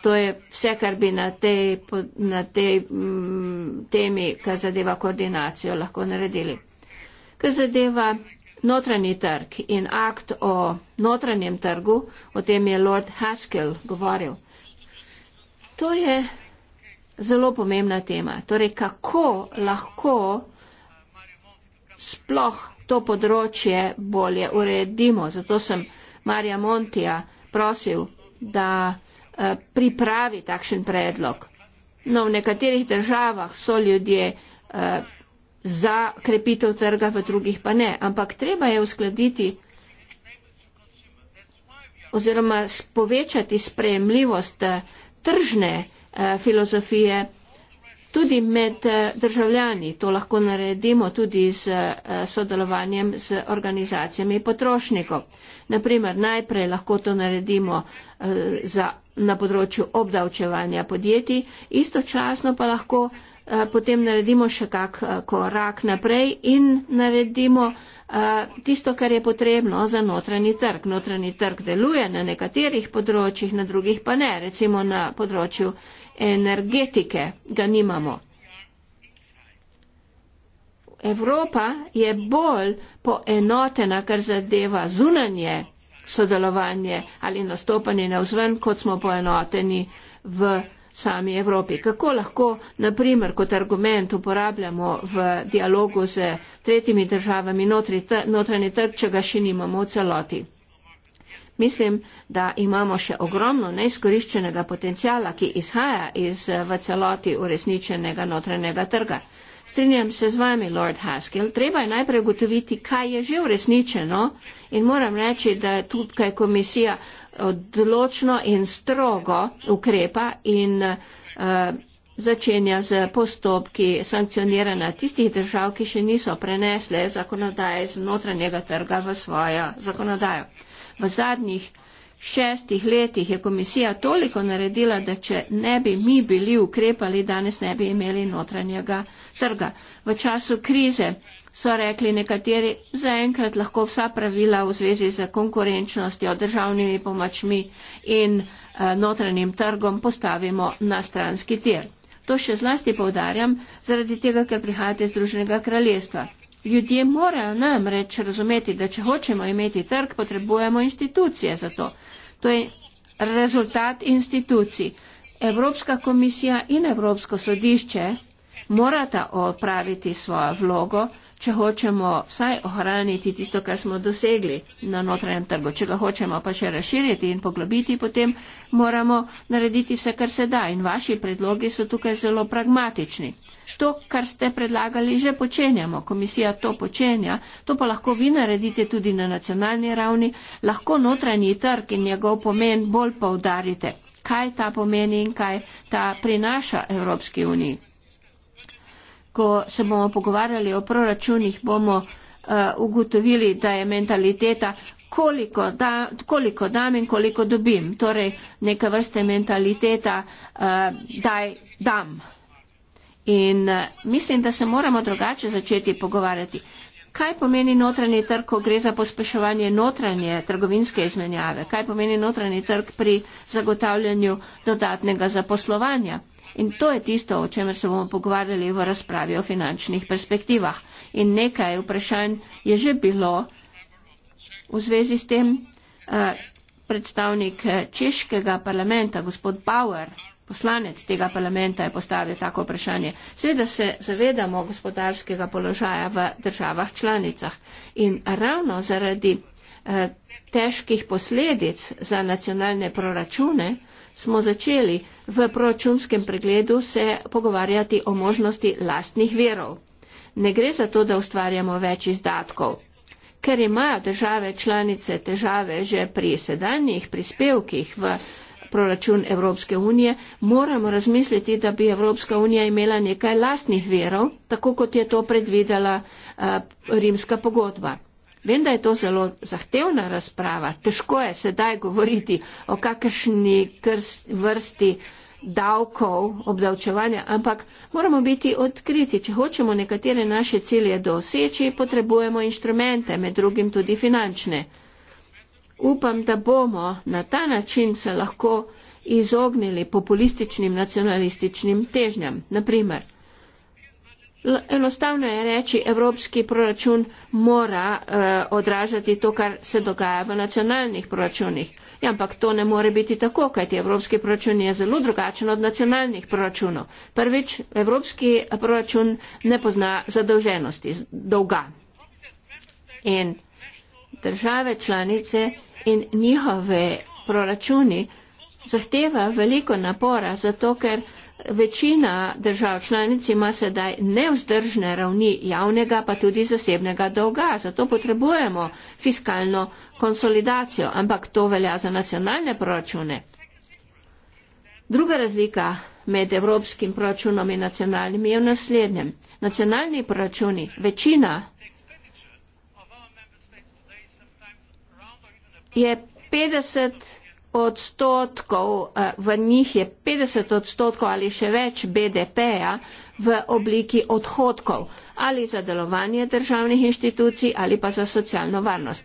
[SPEAKER 3] To je vse, kar bi na tej, na tej mm, temi, kar zadeva koordinacijo, lahko naredili. Kar zadeva notranji trg in akt o notranjem trgu, o tem je Lord Haskell govoril. To je zelo pomembna tema. Torej, kako lahko sploh to področje bolje uredimo. Zato sem Marija Montija prosil, da eh, pripravi takšen predlog. No, v nekaterih državah so ljudje eh, za krepitev trga, v drugih pa ne. Ampak treba je uskladiti oziroma povečati spremljivost eh, tržne filozofije. Tudi med eh, državljani to lahko naredimo tudi z eh, sodelovanjem z organizacijami potrošnikov. Naprimer, najprej lahko to naredimo eh, za, na področju obdavčevanja podjetij, istočasno pa lahko potem naredimo še kak korak naprej in naredimo tisto, kar je potrebno za notranji trg. Notranji trg deluje na nekaterih področjih, na drugih pa ne, recimo na področju energetike ga nimamo. Evropa je bolj poenotena, kar zadeva zunanje sodelovanje ali nastopanje na vzven, kot smo poenoteni v sami Evropi. Kako lahko, na primer, kot argument uporabljamo v dialogu z tretjimi državami notri, notranji trg, če ga še nimamo v celoti? Mislim, da imamo še ogromno neizkoriščenega potencijala, ki izhaja iz eh, v celoti uresničenega notranjega trga. Strinjam se z vami, Lord Haskell, treba je najprej ugotoviti, kaj je že uresničeno in moram reči, da je tukaj komisija eh, odločno in strogo ukrepa in uh, začenja z postopki sankcioniranja tistih držav, ki še niso prenesle zakonodaje z notranjega trga v svojo zakonodajo v zadnjih šestih letih je komisija toliko naredila, da če ne bi mi bili ukrepali, danes ne bi imeli notranjega trga. V času krize so rekli nekateri, zaenkrat lahko vsa pravila v zvezi z konkurenčnostjo, državnimi pomočmi in eh, notranjim trgom postavimo na stranski tir. To še zlasti povdarjam, zaradi tega, ker prihajate iz Združenega kraljestva. Ljudje morajo nam reč razumeti, da če hočemo imeti trg, potrebujemo institucije za to. To je rezultat institucij. Evropska komisija in Evropsko sodišče morata opraviti svojo vlogo če hočemo vsaj ohraniti tisto, kar smo dosegli na notranjem trgu. Če ga hočemo pa še razširiti in poglobiti, potem moramo narediti vse, kar se da. In vaši predlogi so tukaj zelo pragmatični. To, kar ste predlagali, že počenjamo. Komisija to počenja. To pa lahko vi naredite tudi na nacionalni ravni. Lahko notranji trg in njegov pomen bolj poudarite. Kaj ta pomeni in kaj ta prinaša Evropski uniji? ko se bomo pogovarjali o proračunih, bomo uh, ugotovili, da je mentaliteta, koliko, da, koliko dam in koliko dobim. Torej, neka vrste mentaliteta, uh, daj dam. In uh, mislim, da se moramo drugače začeti pogovarjati. Kaj pomeni notranji trg, ko gre za pospeševanje notranje trgovinske izmenjave? Kaj pomeni notranji trg pri zagotavljanju dodatnega zaposlovanja? In to je tisto, o čemer se bomo pogovarjali v razpravi o finančnih perspektivah. In nekaj vprašanj je že bilo v zvezi s tem. Eh, predstavnik eh, češkega parlamenta, gospod Bauer, poslanec tega parlamenta, je postavil tako vprašanje. Seveda se zavedamo gospodarskega položaja v državah članicah in ravno zaradi eh, težkih posledic za nacionalne proračune, smo začeli v proračunskem pregledu se pogovarjati o možnosti lastnih verov. Ne gre za to, da ustvarjamo več izdatkov. Ker imajo države članice težave že pri sedanjih prispevkih v proračun Evropske unije, moramo razmisliti, da bi Evropska unija imela nekaj lastnih verov, tako kot je to predvidela uh, rimska pogodba. Vem, da je to zelo zahtevna razprava, težko je sedaj govoriti o kakršni vrsti davkov, obdavčevanja, ampak moramo biti odkriti. Če hočemo nekatere naše cilje doseči, potrebujemo inštrumente, med drugim tudi finančne. Upam, da bomo na ta način se lahko izognili populističnim nacionalističnim težnjam. Naprimer, Enostavno je reči, evropski proračun mora uh, odražati to, kar se dogaja v nacionalnih proračunih. Ja, ampak to ne more biti tako, kajti evropski proračun je zelo drugačen od nacionalnih proračunov. Prvič, evropski proračun ne pozna zadolženosti, dolga. In države članice in njihove proračuni zahteva veliko napora, zato ker. Večina držav članic ima sedaj nevzdržne ravni javnega pa tudi zasebnega dolga, zato potrebujemo fiskalno konsolidacijo, ampak to velja za nacionalne proračune. Druga razlika med evropskim proračunom in nacionalnim je v naslednjem. Nacionalni proračuni, večina je 50 odstotkov, eh, v njih je 50 odstotkov ali še več BDP-ja v obliki odhodkov ali za delovanje državnih inštitucij ali pa za socialno varnost.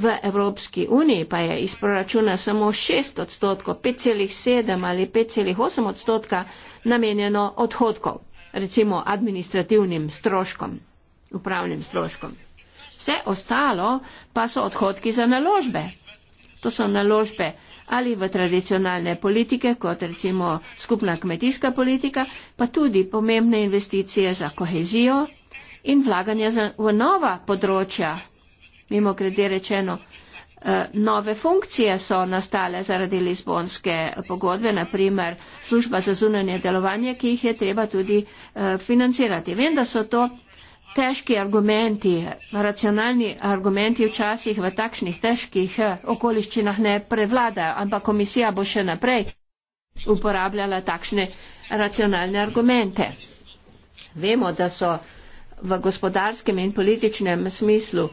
[SPEAKER 3] V Evropski uniji pa je iz proračuna samo 6 odstotkov, 5,7 ali 5,8 odstotka namenjeno odhodkov, recimo administrativnim stroškom, upravnim stroškom. Vse ostalo pa so odhodki za naložbe. To so naložbe ali v tradicionalne politike, kot recimo skupna kmetijska politika, pa tudi pomembne investicije za kohezijo in vlaganje v nova področja. Mimo grede rečeno, eh, nove funkcije so nastale zaradi Lizbonske pogodbe, naprimer služba za zunanje delovanje, ki jih je treba tudi eh, financirati. Vem, da so to težki argumenti, racionalni argumenti včasih v takšnih težkih eh, okoliščinah ne prevladajo, ampak komisija bo še naprej uporabljala takšne racionalne argumente. Vemo, da so v gospodarskem in političnem smislu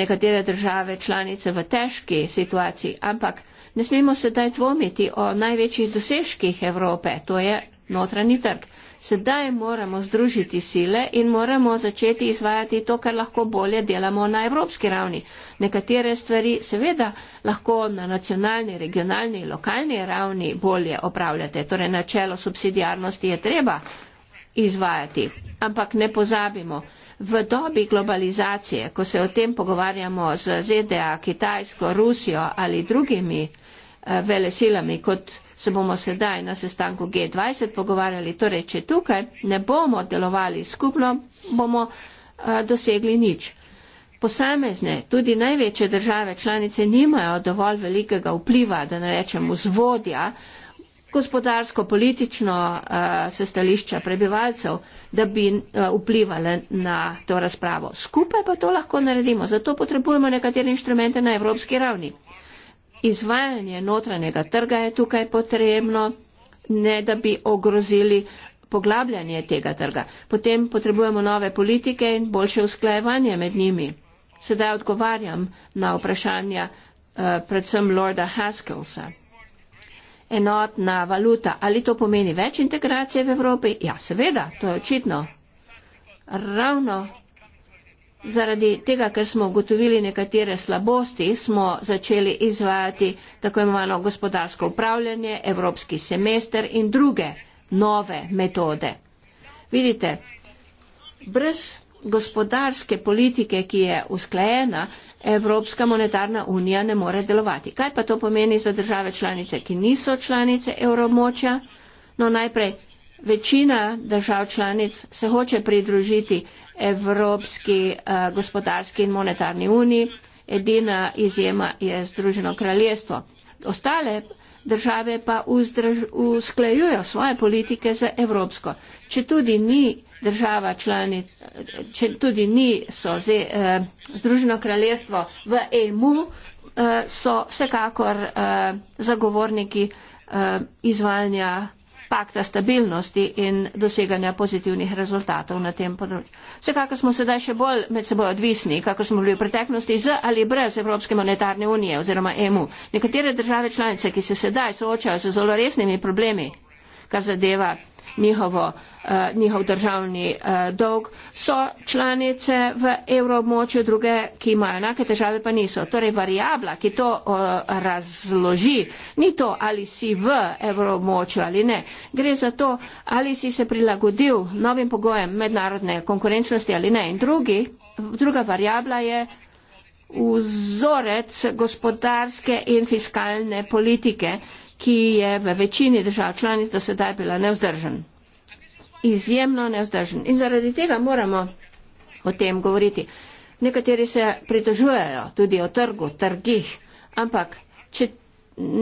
[SPEAKER 3] nekatere države članice v težki situaciji, ampak ne smemo sedaj dvomiti o največjih dosežkih Evrope, to je notranji trg. Sedaj moramo združiti sile in moramo začeti izvajati to, kar lahko bolje delamo na evropski ravni. Nekatere stvari seveda lahko na nacionalni, regionalni, lokalni ravni bolje opravljate. Torej, načelo subsidijarnosti je treba izvajati. Ampak ne pozabimo, v dobi globalizacije, ko se o tem pogovarjamo z ZDA, Kitajsko, Rusijo ali drugimi eh, velesilami kot se bomo sedaj na sestanku G20 pogovarjali. Torej, če tukaj ne bomo delovali skupno, bomo a, eh, dosegli nič. Posamezne, tudi največje države članice nimajo dovolj velikega vpliva, da ne rečem vzvodja, gospodarsko-politično eh, sestališča prebivalcev, da bi eh, vplivali na to razpravo. Skupaj pa to lahko naredimo, zato potrebujemo nekatere inštrumente na evropski ravni izvajanje notranjega trga je tukaj potrebno, ne da bi ogrozili poglabljanje tega trga. Potem potrebujemo nove politike in boljše usklajevanje med njimi. Sedaj odgovarjam na vprašanja eh, predvsem Lorda Haskellsa. Enotna valuta. Ali to pomeni več integracije v Evropi? Ja, seveda, to je očitno. Ravno Zaradi tega, ker smo ugotovili nekatere slabosti, smo začeli izvajati tako imenovano gospodarsko upravljanje, evropski semester in druge nove metode. Vidite, brez gospodarske politike, ki je usklajena, Evropska monetarna unija ne more delovati. Kaj pa to pomeni za države članice, ki niso članice evromoča? No najprej, večina držav članic se hoče pridružiti Evropski eh, gospodarski in monetarni uniji. Edina izjema je Združeno kraljestvo. Ostale države pa usklajujo svoje politike za Evropsko. Če tudi ni država člani, če tudi ni so z, eh, Združeno kraljestvo v EMU, eh, so vsekakor eh, zagovorniki eh, izvajanja pakta stabilnosti in doseganja pozitivnih rezultatov na tem področju. Vsekakor smo sedaj še bolj med seboj odvisni, kako smo bili v preteklosti z ali brez Evropske monetarne unije oziroma EMU. Nekatere države članice, ki se sedaj soočajo z zelo resnimi problemi, kar zadeva njihovo, eh, njihov državni eh, dolg, so članice v evroobmočju, druge, ki imajo enake težave, pa niso. Torej, variabla, ki to eh, razloži, ni to, ali si v evroobmočju ali ne. Gre za to, ali si se prilagodil novim pogojem mednarodne konkurenčnosti ali ne. In drugi, druga variabla je vzorec gospodarske in fiskalne politike ki je v večini držav članic do sedaj bila nevzdržen. Izjemno nevzdržen. In zaradi tega moramo o tem govoriti. Nekateri se pritožujejo tudi o trgu, trgih, ampak če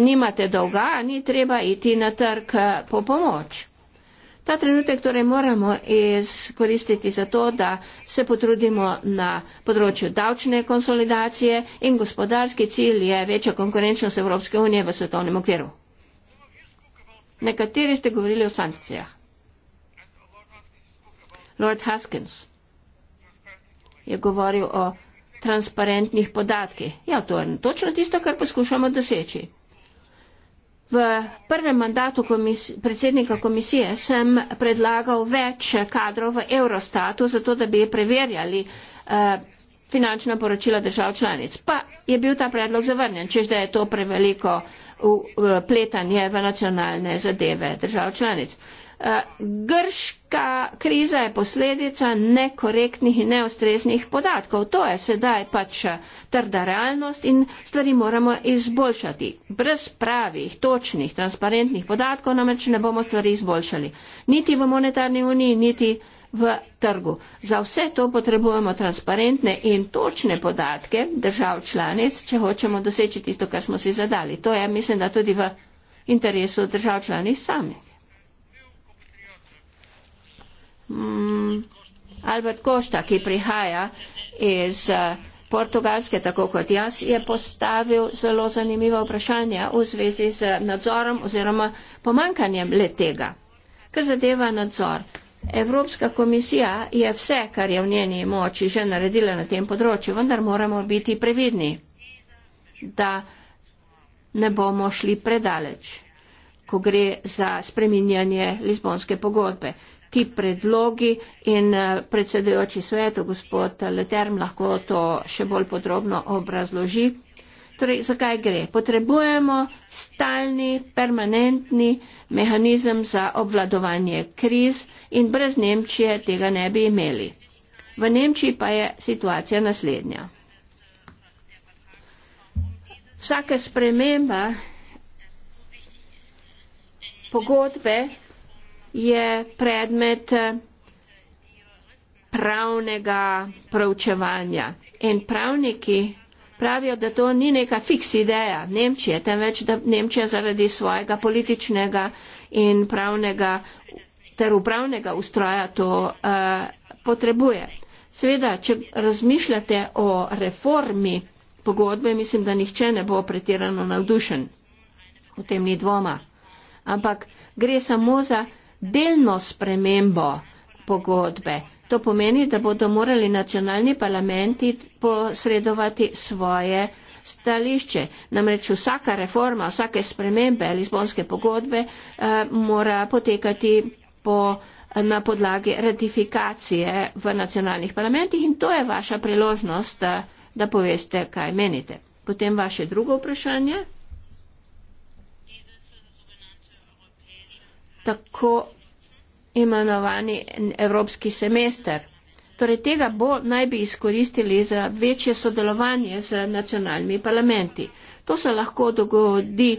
[SPEAKER 3] nimate dolga, ni treba iti na trg eh, po pomoč. Ta trenutek torej moramo izkoristiti za to, da se potrudimo na področju davčne konsolidacije in gospodarski cilj je večja konkurenčnost Evropske unije v svetovnem okviru. Nekateri ste govorili o sankcijah. Lord Haskins je govoril o transparentnih podatkih. Ja, to je točno tisto, kar poskušamo doseči. V prvem mandatu komis predsednika komisije sem predlagal več kadrov v Eurostatu, zato da bi preverjali uh, finančna poročila držav članic. Pa je bil ta predlog zavrnjen, čež da je to preveliko uh, vpletanje v nacionalne zadeve držav članic. Eh, grška kriza je posledica nekorektnih in neostreznih podatkov. To je sedaj pač trda realnost in stvari moramo izboljšati. Brez pravih, točnih, transparentnih podatkov namreč ne bomo stvari izboljšali. Niti v monetarni uniji, niti v trgu. Za vse to potrebujemo transparentne in točne podatke držav članic, če hočemo doseči tisto, kar smo si zadali. To je, mislim, da tudi v interesu držav članic sami. Mm, Albert Košta, ki prihaja iz eh, Portugalske, tako kot jaz, je postavil zelo zanimivo vprašanje v zvezi z nadzorom oziroma pomankanjem letega. Kar zadeva nadzor, Evropska komisija je vse, kar je v njeni moči, že naredila na tem področju, vendar moramo biti previdni, da ne bomo šli predaleč, ko gre za spreminjanje Lizbonske pogodbe. Ti predlogi in eh, predsedujoči svetu, gospod Leterm, lahko to še bolj podrobno obrazloži. Torej, zakaj gre? Potrebujemo stalni, permanentni mehanizem za obvladovanje kriz in brez Nemčije tega ne bi imeli. V Nemčiji pa je situacija naslednja. Vsaka sprememba pogodbe je predmet eh, pravnega pravčevanja in pravniki pravijo, da to ni neka fiks ideja Nemčije, temveč da Nemčija zaradi svojega političnega in pravnega ter upravnega ustroja to uh, potrebuje. Sveda, če razmišljate o reformi pogodbe, mislim, da nihče ne bo pretirano navdušen. O tem ni dvoma. Ampak gre samo za delno spremembo pogodbe. To pomeni, da bodo morali nacionalni parlamenti posredovati svoje stališče. Namreč vsaka reforma, vsake spremembe Lizbonske pogodbe eh, mora potekati po, na podlagi ratifikacije v nacionalnih parlamentih in to je vaša priložnost, da, eh, da poveste, kaj menite. Potem vaše drugo vprašanje. Tako imenovani evropski semester. Torej tega bo naj bi izkoristili za večje sodelovanje z nacionalnimi parlamenti. To se lahko dogodi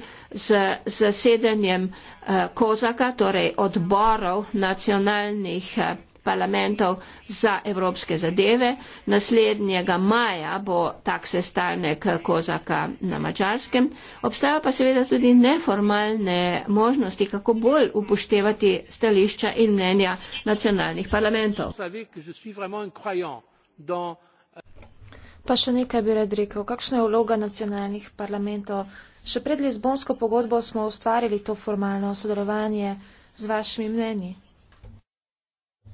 [SPEAKER 3] z zasedanjem eh, kozaka, torej odborov nacionalnih eh, parlamentov za evropske zadeve. Naslednjega maja bo tak sestanek Kozaka na Mačarskem. Obstajajo pa seveda tudi neformalne možnosti, kako bolj upoštevati stališča in mnenja nacionalnih parlamentov. Pa še nekaj bi rad rekel. Kakšna je vloga nacionalnih
[SPEAKER 1] parlamentov? Še pred Lizbonsko pogodbo smo ustvarili to formalno sodelovanje z vašimi mnenji.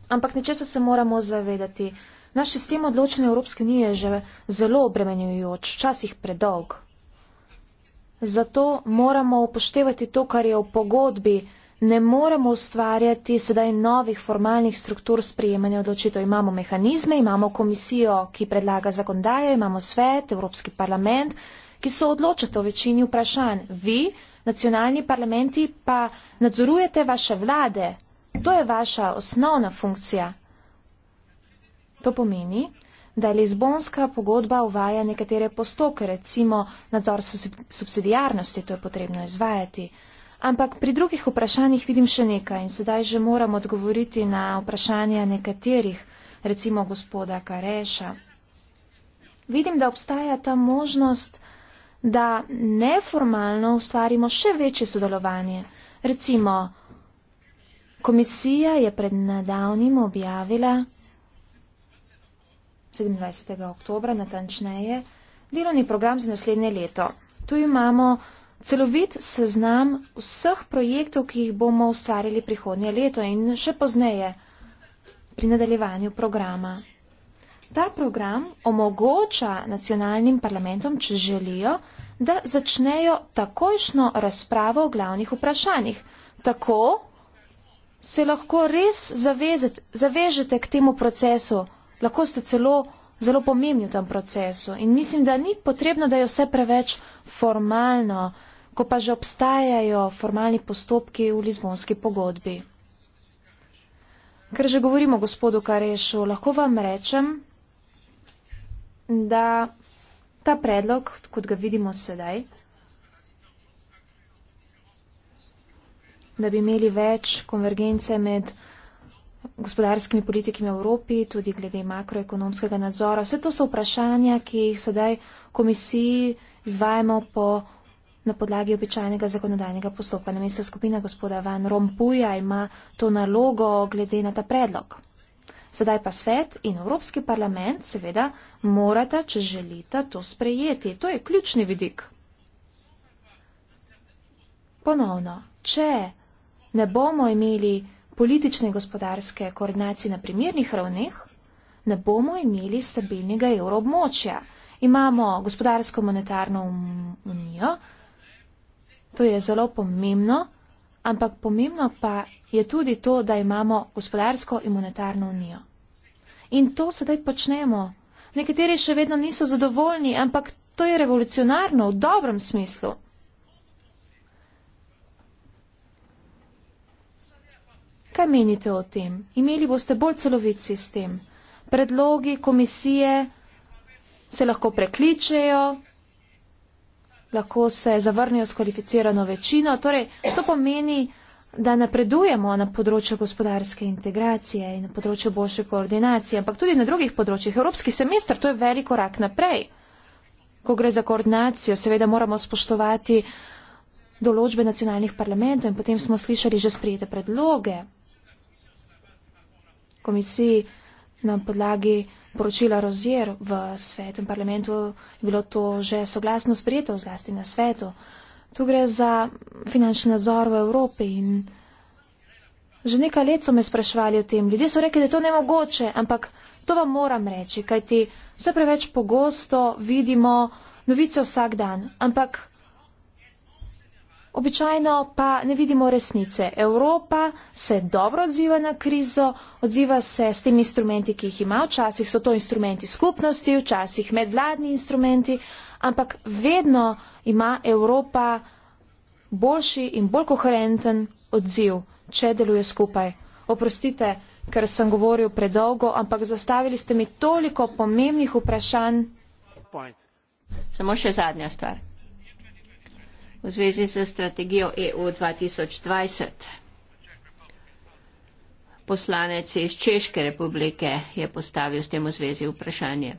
[SPEAKER 1] Ampak nečesa se moramo zavedati. Naš sistem odločene Evropske unije je že zelo obremenjujoč, včasih predolg. Zato moramo upoštevati to, kar je v pogodbi. Ne moremo ustvarjati sedaj novih formalnih struktur sprejemanja odločitev. Imamo mehanizme, imamo komisijo, ki predlaga zakondajo, imamo svet, Evropski parlament, ki so odločati o večini vprašanj. Vi, nacionalni parlamenti, pa nadzorujete vaše vlade, To je vaša osnovna funkcija. To pomeni, da Lizbonska pogodba uvaja nekatere postoke, recimo nadzor subsidijarnosti, to je potrebno izvajati. Ampak pri drugih vprašanjih vidim še nekaj in sedaj že moram odgovoriti na vprašanja nekaterih, recimo gospoda Kareša. Vidim, da obstaja ta možnost, da neformalno ustvarimo še večje sodelovanje. Recimo, Komisija je pred nedavnim objavila 27. oktobra natančneje delovni program za naslednje leto. Tu imamo celovit seznam vseh projektov, ki jih bomo ustvarili prihodnje leto in še pozneje pri nadaljevanju programa. Ta program omogoča nacionalnim parlamentom, če želijo, da začnejo takojšno razpravo o glavnih vprašanjih. Tako se lahko res zavezet, zavežete k temu procesu, lahko ste celo zelo pomembni v tem procesu. In mislim, da ni potrebno, da je vse preveč formalno, ko pa že obstajajo formalni postopki v Lizbonski pogodbi. Ker že govorimo gospodu Karešu, lahko vam rečem, da ta predlog, kot ga vidimo sedaj, da bi imeli več konvergence med gospodarskimi politikami v Evropi, tudi glede makroekonomskega nadzora. Vse to so vprašanja, ki jih sedaj komisiji izvajamo po, na podlagi običajnega zakonodajnega postopka. Namesto skupina gospoda Van Rompuja ima to nalogo glede na ta predlog. Sedaj pa svet in Evropski parlament seveda morata, če želita, to sprejeti. To je ključni vidik. Ponovno, če ne bomo imeli politične in gospodarske koordinacije na primernih ravneh, ne bomo imeli stabilnega evroobmočja. Imamo gospodarsko monetarno um, unijo, to je zelo pomembno, ampak pomembno pa je tudi to, da imamo gospodarsko in monetarno unijo. In to sedaj počnemo. Nekateri še vedno niso zadovoljni, ampak to je revolucionarno v dobrem smislu. Kaj menite o tem? Imeli boste bolj celovit sistem. Predlogi komisije se lahko prekličejo, lahko se zavrnijo s kvalificirano večino. Torej, to pomeni, da napredujemo na področju gospodarske integracije in na področju boljše koordinacije, ampak tudi na drugih področjih. Evropski semester, to je velik korak naprej. Ko gre za koordinacijo, seveda moramo spoštovati določbe nacionalnih parlamentov in potem smo slišali že sprejete predloge komisiji na podlagi poročila Rozier v svetu in parlamentu bilo to že soglasno sprejeto, zlasti na svetu. Tu gre za finančni nadzor v Evropi in že nekaj let so me spraševali o tem. Ljudje so rekli, da je to nemogoče, ampak to vam moram reči, kajti vse preveč pogosto vidimo novice vsak dan. Ampak Običajno pa ne vidimo resnice. Evropa se dobro odziva na krizo, odziva se s temi instrumenti, ki jih ima, včasih so to instrumenti skupnosti, včasih medvladni instrumenti, ampak vedno ima Evropa boljši in bolj koherenten odziv, če deluje skupaj. Oprostite, ker sem govoril predolgo, ampak zastavili ste mi toliko
[SPEAKER 3] pomembnih vprašanj. Samo še zadnja stvar v zvezi s strategijo EU 2020. Poslanec iz Češke republike je postavil s tem v zvezi vprašanje.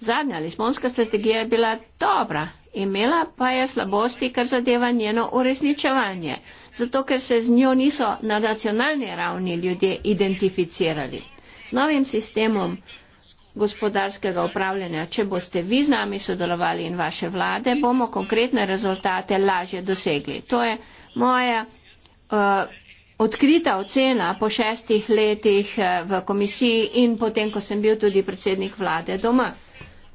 [SPEAKER 3] Zadnja lisbonska strategija je bila dobra, imela pa je slabosti, kar zadeva njeno uresničevanje, zato ker se z njo niso na nacionalni ravni ljudje identificirali. S novim sistemom gospodarskega upravljanja. Če boste vi z nami sodelovali in vaše vlade, bomo konkretne rezultate lažje dosegli. To je moja uh, odkrita ocena po šestih letih uh, v komisiji in potem, ko sem bil tudi predsednik vlade doma.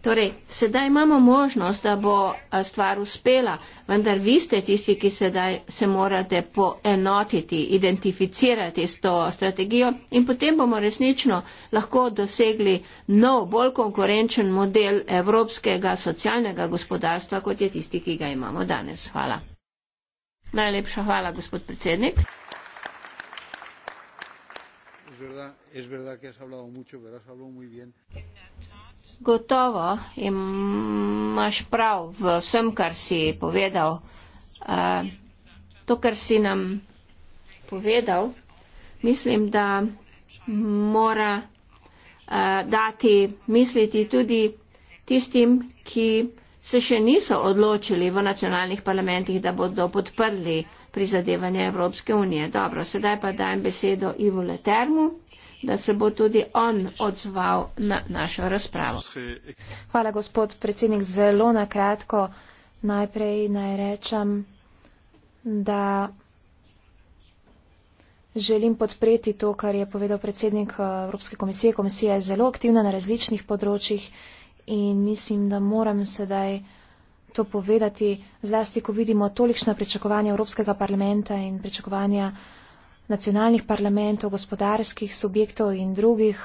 [SPEAKER 3] Torej, sedaj imamo možnost, da bo stvar uspela, vendar vi ste tisti, ki sedaj se morate poenotiti, identificirati s to strategijo in potem bomo resnično lahko dosegli nov, bolj konkurenčen model evropskega socialnega gospodarstva, kot je tisti, ki ga imamo danes. Hvala. Najlepša hvala, gospod predsednik.
[SPEAKER 2] Es verdad, es verdad
[SPEAKER 3] gotovo imaš prav v vsem, kar si povedal. Uh, to, kar si nam povedal, mislim, da mora uh, dati misliti tudi tistim, ki se še niso odločili v nacionalnih parlamentih, da bodo podprli prizadevanje Evropske unije. Dobro, sedaj pa dajem besedo Ivo Letermu da se bo tudi on odzval na našo razpravo. Hvala, gospod predsednik. Zelo na kratko najprej
[SPEAKER 1] naj rečem, da želim podpreti to, kar je povedal predsednik eh, Evropske komisije. Komisija je zelo aktivna na različnih področjih in mislim, da moram sedaj to povedati, zlasti ko vidimo tolikšna pričakovanja Evropskega parlamenta in pričakovanja uh, nacionalnih parlamentov, gospodarskih subjektov in drugih.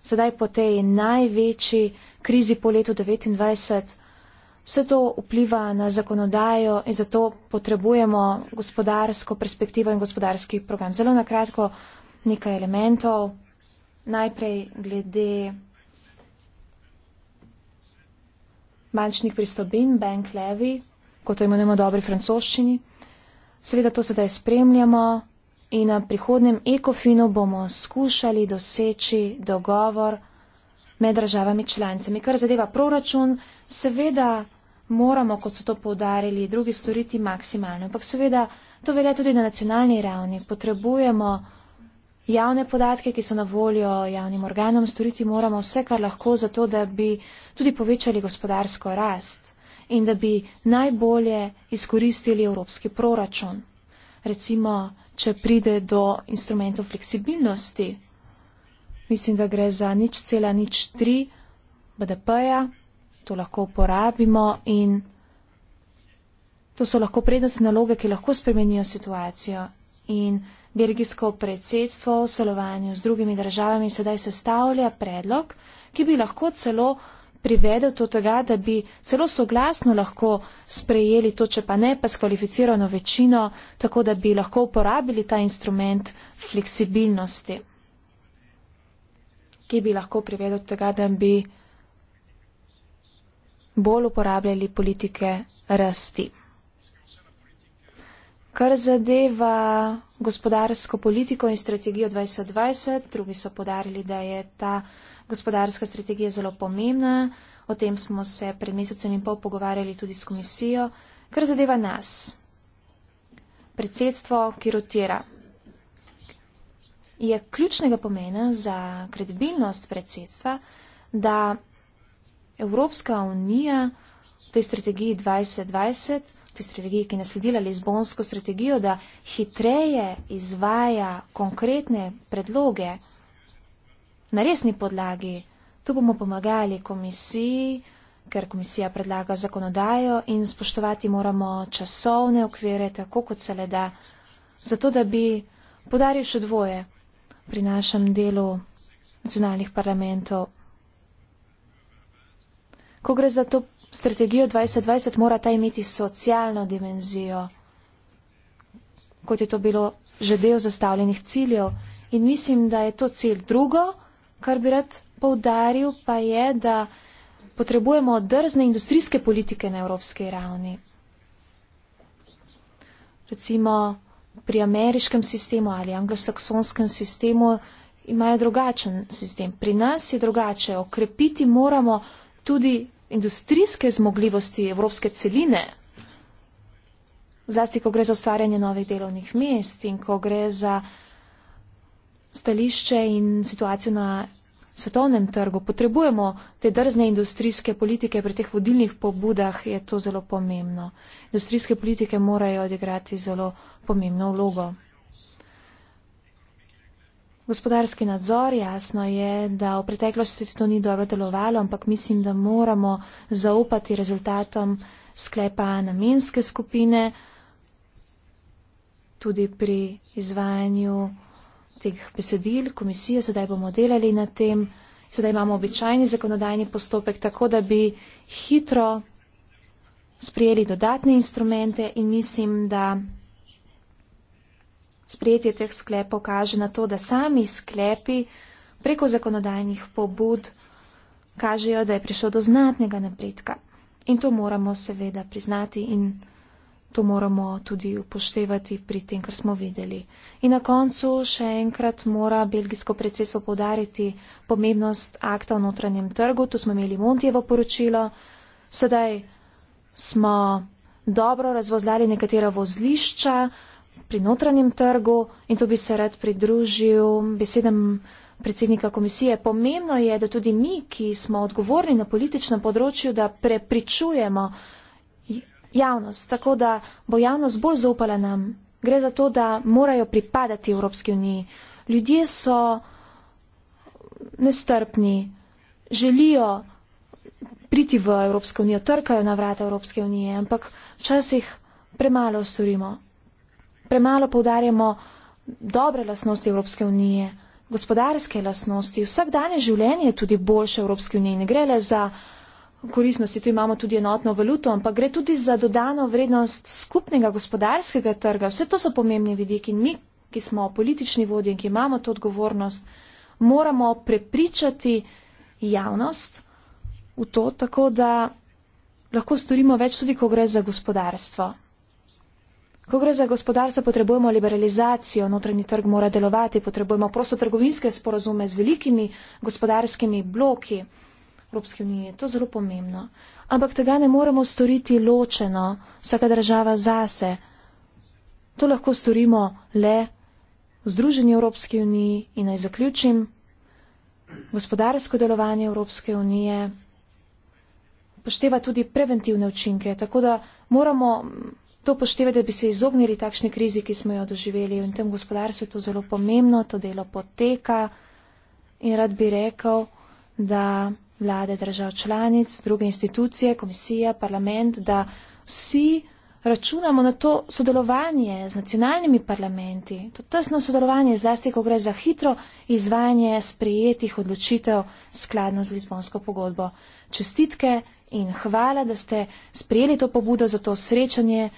[SPEAKER 1] Sedaj po tej največji krizi po letu 1929 vse to vpliva na zakonodajo in zato potrebujemo gospodarsko perspektivo in gospodarski program. Zelo na kratko nekaj elementov. Najprej glede bančnih pristobin, bank levy, kot to imenujemo dobri francoščini. Seveda to sedaj spremljamo in na prihodnem ekofinu bomo skušali doseči dogovor med državami članicami. Kar zadeva proračun, seveda moramo, kot so to povdarili drugi, storiti maksimalno. Ampak seveda to velja tudi na nacionalni ravni. Potrebujemo javne podatke, ki so na voljo javnim organom, storiti moramo vse, kar lahko, zato da bi tudi povečali gospodarsko rast in da bi najbolje izkoristili evropski proračun. Recimo če pride do instrumentov fleksibilnosti, mislim, da gre za nič cela nič tri BDP-ja, to lahko uporabimo in to so lahko prednostne naloge, ki lahko spremenijo situacijo. In belgijsko predsedstvo v sodelovanju z drugimi državami sedaj sestavlja predlog, ki bi lahko celo privedel do tega, da bi celo soglasno lahko sprejeli to, če pa ne, pa s kvalificirano večino, tako da bi lahko uporabili ta instrument fleksibilnosti, ki bi lahko privedel do tega, da bi bolj uporabljali politike rasti. Kar zadeva gospodarsko politiko in strategijo 2020, drugi so podarili, da je ta gospodarska strategija je zelo pomembna. O tem smo se pred mesecem in pol pogovarjali tudi s komisijo, kar zadeva nas. Predsedstvo, ki rotira, je ključnega pomena za kredibilnost predsedstva, da Evropska unija v tej strategiji 2020, v tej strategiji, ki je nasledila Lizbonsko strategijo, da hitreje izvaja konkretne predloge na resni podlagi. Tu bomo pomagali komisiji, ker komisija predlaga zakonodajo in spoštovati moramo časovne okvire, tako kot se le da. Zato, da bi podaril še dvoje pri našem delu nacionalnih parlamentov. Ko gre za to strategijo 2020, mora ta imeti socialno dimenzijo, kot je to bilo že del zastavljenih ciljev. In mislim, da je to cilj drugo kar bi rad povdaril, pa je, da potrebujemo drzne industrijske politike na evropski ravni. Recimo pri ameriškem sistemu ali anglosaksonskem sistemu imajo drugačen sistem. Pri nas je drugače. Okrepiti moramo tudi industrijske zmogljivosti evropske celine. Zlasti, ko gre za ustvarjanje novih delovnih mest in ko gre za stališče in situacijo na svetovnem trgu. Potrebujemo te drzne industrijske politike pri teh vodilnih pobudah, je to zelo pomembno. Industrijske politike morajo odigrati zelo pomembno vlogo. Gospodarski nadzor, jasno je, da v preteklosti to ni dobro delovalo, ampak mislim, da moramo zaupati rezultatom sklepa namenske skupine tudi pri izvajanju teh besedil, komisije, sedaj bomo delali na tem, sedaj imamo običajni zakonodajni postopek, tako da bi hitro sprijeli dodatne instrumente in mislim, da sprijetje teh sklepov kaže na to, da sami sklepi preko zakonodajnih pobud kažejo, da je prišlo do znatnega napredka. In to moramo seveda priznati in priznati. To moramo tudi upoštevati pri tem, kar smo videli. In na koncu še enkrat mora belgijsko predsedstvo podariti pomembnost akta o notranjem trgu. Tu smo imeli Montjevo poročilo. Sedaj smo dobro razvozljali nekatera vozlišča pri notranjem trgu in to bi se rad pridružil besedem predsednika komisije. Pomembno je, da tudi mi, ki smo odgovorni na političnem področju, da prepričujemo, javnost, tako da bo javnost bolj zaupala nam. Gre za to, da morajo pripadati Evropski uniji. Ljudje so nestrpni, želijo priti v Evropsko unijo, trkajo na vrata Evropske unije, ampak včasih premalo storimo. Premalo poudarjamo dobre lasnosti Evropske unije, gospodarske lasnosti. Vsak dan je življenje tudi boljše Evropske unije. Ne gre le za koristnosti. Tu imamo tudi enotno valuto, ampak gre tudi za dodano vrednost skupnega gospodarskega trga. Vse to so pomembni vidiki in mi, ki smo politični vodje in ki imamo to odgovornost, moramo prepričati javnost v to, tako da lahko storimo več tudi, ko gre za gospodarstvo. Ko gre za gospodarstvo, potrebujemo liberalizacijo, notranji trg mora delovati, potrebujemo prosto trgovinske sporozume z velikimi gospodarskimi bloki. Evropske unije. To je zelo pomembno. Ampak tega ne moremo storiti ločeno, vsaka država zase. To lahko storimo le v Združeni Evropski uniji in naj zaključim gospodarsko delovanje Evropske unije pošteva tudi preventivne učinke, tako da moramo to poštevati, da bi se izognili takšni krizi, ki smo jo doživeli. In v tem gospodarstvu je to zelo pomembno, to delo poteka in rad bi rekel, da vlade držav članic, druge institucije, komisija, parlament, da vsi računamo na to sodelovanje z nacionalnimi parlamenti, to tesno sodelovanje, zlasti, ko gre za hitro izvajanje sprejetih odločitev skladno z Lizbonsko pogodbo. Čestitke in hvala, da ste sprejeli to pobudo za to srečanje.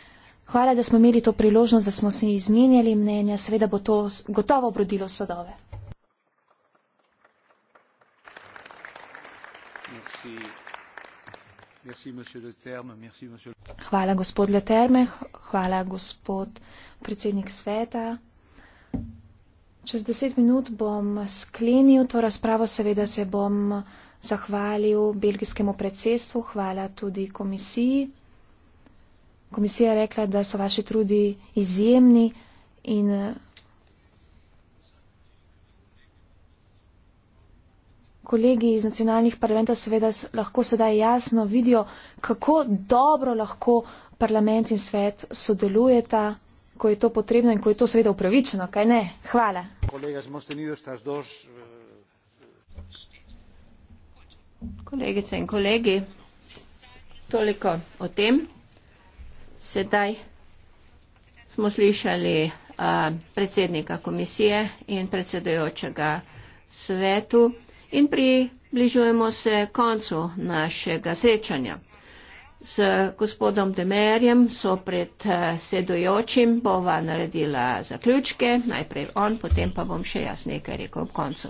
[SPEAKER 1] Hvala, da smo imeli to priložnost, da smo si izmenjali mnenja. Seveda bo to gotovo obrodilo sodove. Hvala, gospod Leterme, hvala, gospod predsednik sveta. Čez deset minut bom sklenil to razpravo, seveda se bom zahvalil belgijskemu predsedstvu, hvala tudi komisiji. Komisija je rekla, da so vaši trudi izjemni in kolegi iz nacionalnih parlamentov seveda lahko sedaj jasno vidijo, kako dobro lahko parlament in svet sodelujeta, ko je to potrebno in ko je to seveda upravičeno, kaj ne? Hvala.
[SPEAKER 2] Eh,
[SPEAKER 3] Kolegice in kolegi, toliko o tem. Sedaj smo slišali uh, predsednika komisije in predsedojočega svetu in približujemo se koncu našega srečanja. S gospodom Demerjem so pred eh, sedujočim bova naredila zaključke, najprej on, potem pa bom še jaz nekaj rekel ob koncu.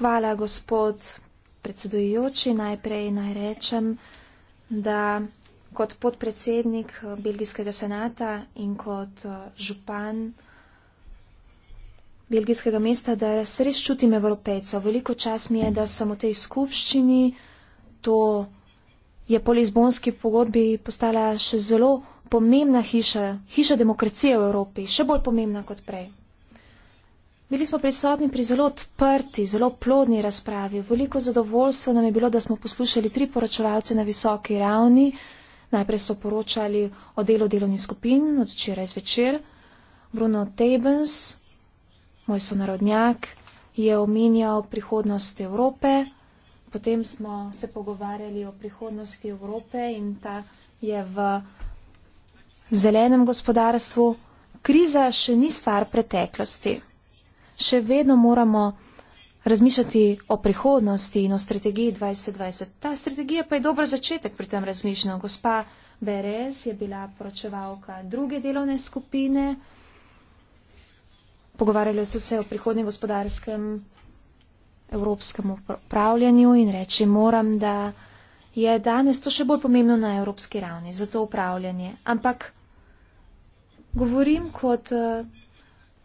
[SPEAKER 1] Hvala, gospod predsedujoči. Najprej naj rečem, da kot podpredsednik Belgijskega senata in kot eh, župan belgijskega mesta, da se res čutim evropejca. Veliko čas mi je, da sem v tej skupščini, to je po Lizbonski pogodbi postala še zelo pomembna hiša, hiša demokracije v Evropi, še bolj pomembna kot prej. Bili smo prisotni pri zelo odprti, zelo plodni razpravi. Veliko zadovoljstvo nam je bilo, da smo poslušali tri poročevalce na visoki ravni. Najprej so poročali o delu delovnih skupin, od včeraj zvečer. Bruno Tebens, moj sonarodnjak, je omenjal prihodnost Evrope. Potem smo se pogovarjali o prihodnosti Evrope in ta je v zelenem gospodarstvu. Kriza še ni stvar preteklosti. Še vedno moramo razmišljati o prihodnosti in o strategiji 2020. Ta strategija pa je dober začetek pri tem razmišljanju. Gospa Berez je bila poročevalka druge delovne skupine pogovarjali so se o prihodnem gospodarskem evropskem upravljanju in reči moram, da je danes to še bolj pomembno na evropski ravni za to upravljanje. Ampak govorim kot eh,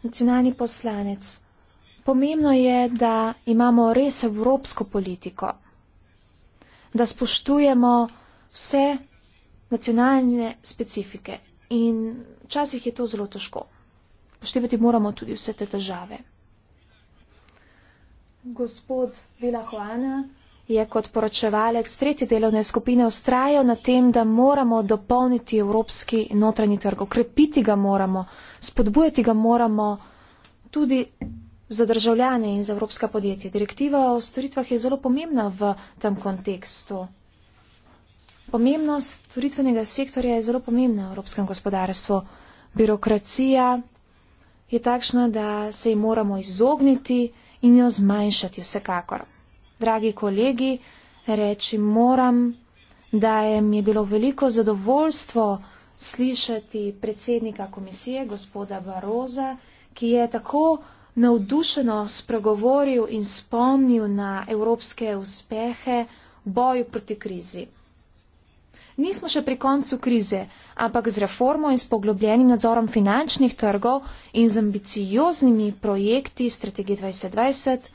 [SPEAKER 1] nacionalni poslanec. Pomembno je, da imamo res evropsko politiko, da spoštujemo vse nacionalne specifike in včasih je to zelo težko. Upoštevati moramo tudi vse te težave. Gospod Vila Hoana je kot poročevalec tretje delovne skupine ustrajal na tem, da moramo dopolniti evropski notranji trg, okrepiti ga moramo, spodbujati ga moramo tudi za državljane in za evropska podjetja. Direktiva o storitvah je zelo pomembna v tem kontekstu. Pomembnost storitvenega sektorja je zelo pomembna v evropskem gospodarstvu. Birokracija je takšna, da se ji moramo izogniti in jo zmanjšati vsekakor. Dragi kolegi, reči moram, da je mi je bilo veliko zadovoljstvo slišati predsednika komisije, gospoda Baroza, ki je tako navdušeno spregovoril in spomnil na evropske uspehe boju proti krizi. Nismo še pri koncu krize ampak z reformo in s poglobljenim nadzorom finančnih trgov in z ambicioznimi projekti strategije 2020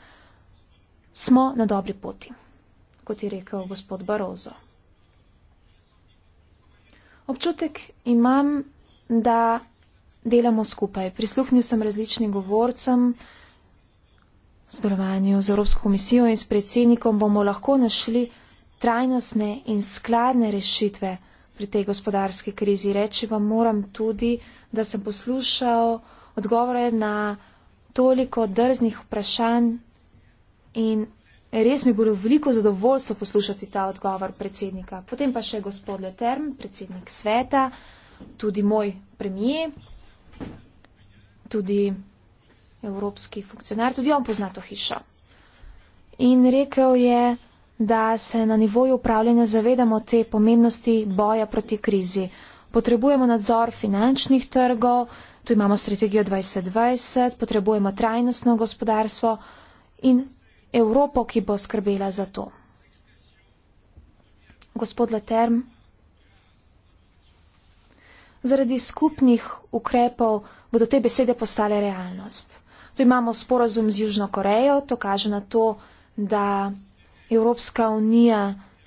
[SPEAKER 1] smo na dobri poti, kot je rekel gospod Barozo. Občutek imam, da delamo skupaj. Prisluhnil sem različnim govorcem, zdravanju z Evropsko komisijo in s predsednikom bomo lahko našli trajnostne in skladne rešitve pri tej gospodarski krizi. Reči vam moram tudi, da sem poslušal odgovore na toliko drznih vprašanj in res mi bilo veliko zadovoljstvo poslušati ta odgovor predsednika. Potem pa še gospod Leterm, predsednik sveta, tudi moj premije, tudi evropski funkcionar, tudi on pozna to hišo. In rekel je, da se na nivoju upravljanja zavedamo te pomembnosti boja proti krizi. Potrebujemo nadzor finančnih trgov, tu imamo strategijo 2020, potrebujemo trajnostno gospodarstvo in Evropo, ki bo skrbela za to. Gospod Leterm, zaradi skupnih ukrepov bodo te besede postale realnost. Tu imamo sporazum z Južno Korejo, to kaže na to, da Evropska unija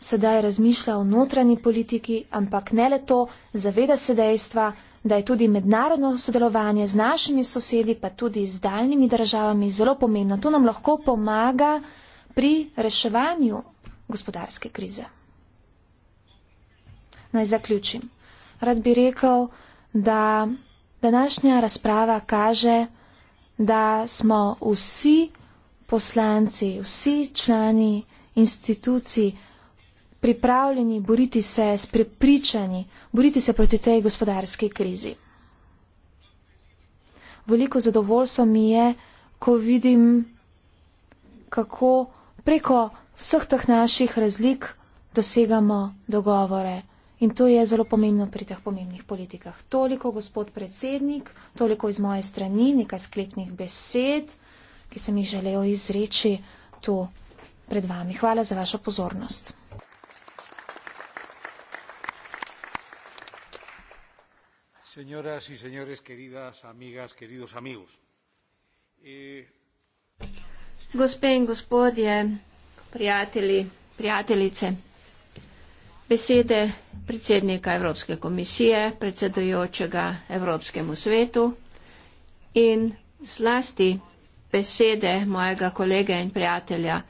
[SPEAKER 1] sedaj razmišlja o notranji politiki, ampak ne le to, zaveda se dejstva, da je tudi mednarodno sodelovanje z našimi sosedi, pa tudi z daljnimi državami zelo pomembno. To nam lahko pomaga pri reševanju gospodarske krize. Naj zaključim. Rad bi rekel, da današnja razprava kaže, da smo vsi poslanci, vsi člani institucij pripravljeni boriti se s prepričanji, boriti se proti tej gospodarski krizi. Veliko zadovoljstvo mi je, ko vidim, kako preko vseh teh naših razlik dosegamo dogovore. In to je zelo pomembno pri teh pomembnih politikah. Toliko, gospod predsednik, toliko iz moje strani, nekaj sklepnih besed, ki sem jih želel izreči tu pred vami. Hvala za vašo pozornost.
[SPEAKER 2] Eh,
[SPEAKER 3] Gospe in gospodje, prijatelji, prijateljice, besede predsednika Evropske komisije, predsedujočega Evropskemu svetu in zlasti besede mojega kolega in prijatelja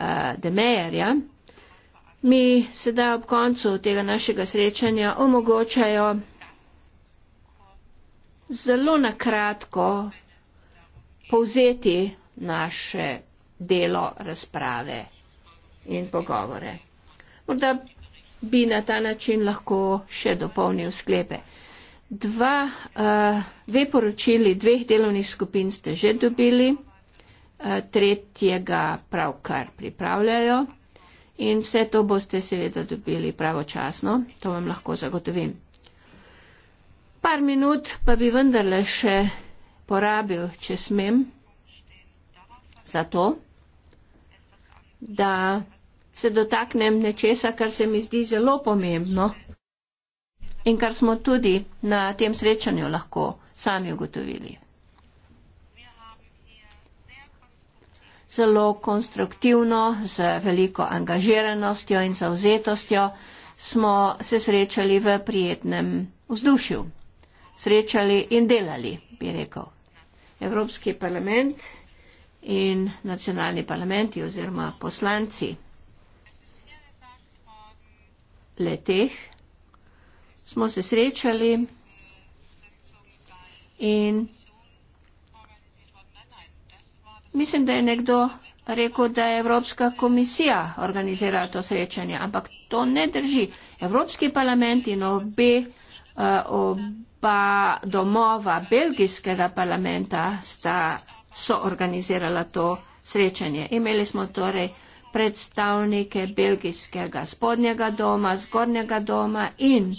[SPEAKER 3] Eh, De Meyerja, mi sedaj ob koncu tega našega srečanja omogočajo zelo nakratko povzeti naše delo razprave in pogovore. Morda bi na ta način lahko še dopolnil sklepe. Dva, uh, dve poročili dveh delovnih skupin ste že dobili. Eh, tretjega pravkar pripravljajo in vse to boste seveda dobili pravočasno, to vam lahko zagotovim. Par minut pa bi vendarle še porabil, če smem, za to, da se dotaknem nečesa, kar se mi zdi zelo pomembno in kar smo tudi na tem srečanju lahko sami ugotovili. zelo konstruktivno, z veliko angažiranostjo in zauzetostjo smo se srečali v prijetnem vzdušju. Srečali in delali, bi rekel. Evropski parlament in nacionalni parlamenti oziroma poslanci leteh smo se srečali in Mislim, da je nekdo rekel, da je Evropska komisija organizirala to srečanje, ampak to ne drži. Evropski parlament in obe, eh, oba domova belgijskega parlamenta sta so organizirala to srečanje. Imeli smo torej predstavnike belgijskega spodnjega doma, zgornjega doma in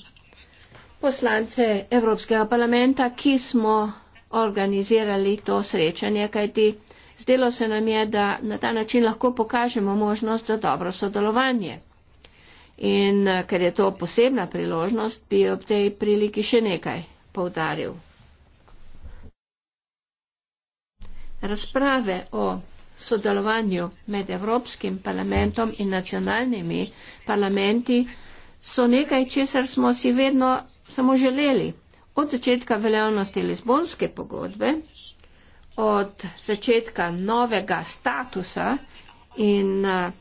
[SPEAKER 3] poslance Evropskega parlamenta, ki smo organizirali to srečanje, kajti Zdelo se nam je, da na ta način lahko pokažemo možnost za dobro sodelovanje. In eh, ker je to posebna priložnost, bi ob tej priliki še nekaj povdaril. Razprave o sodelovanju med Evropskim parlamentom in nacionalnimi parlamenti so nekaj, česar smo si vedno samo želeli. Od začetka veljavnosti Lizbonske pogodbe od začetka novega statusa in eh,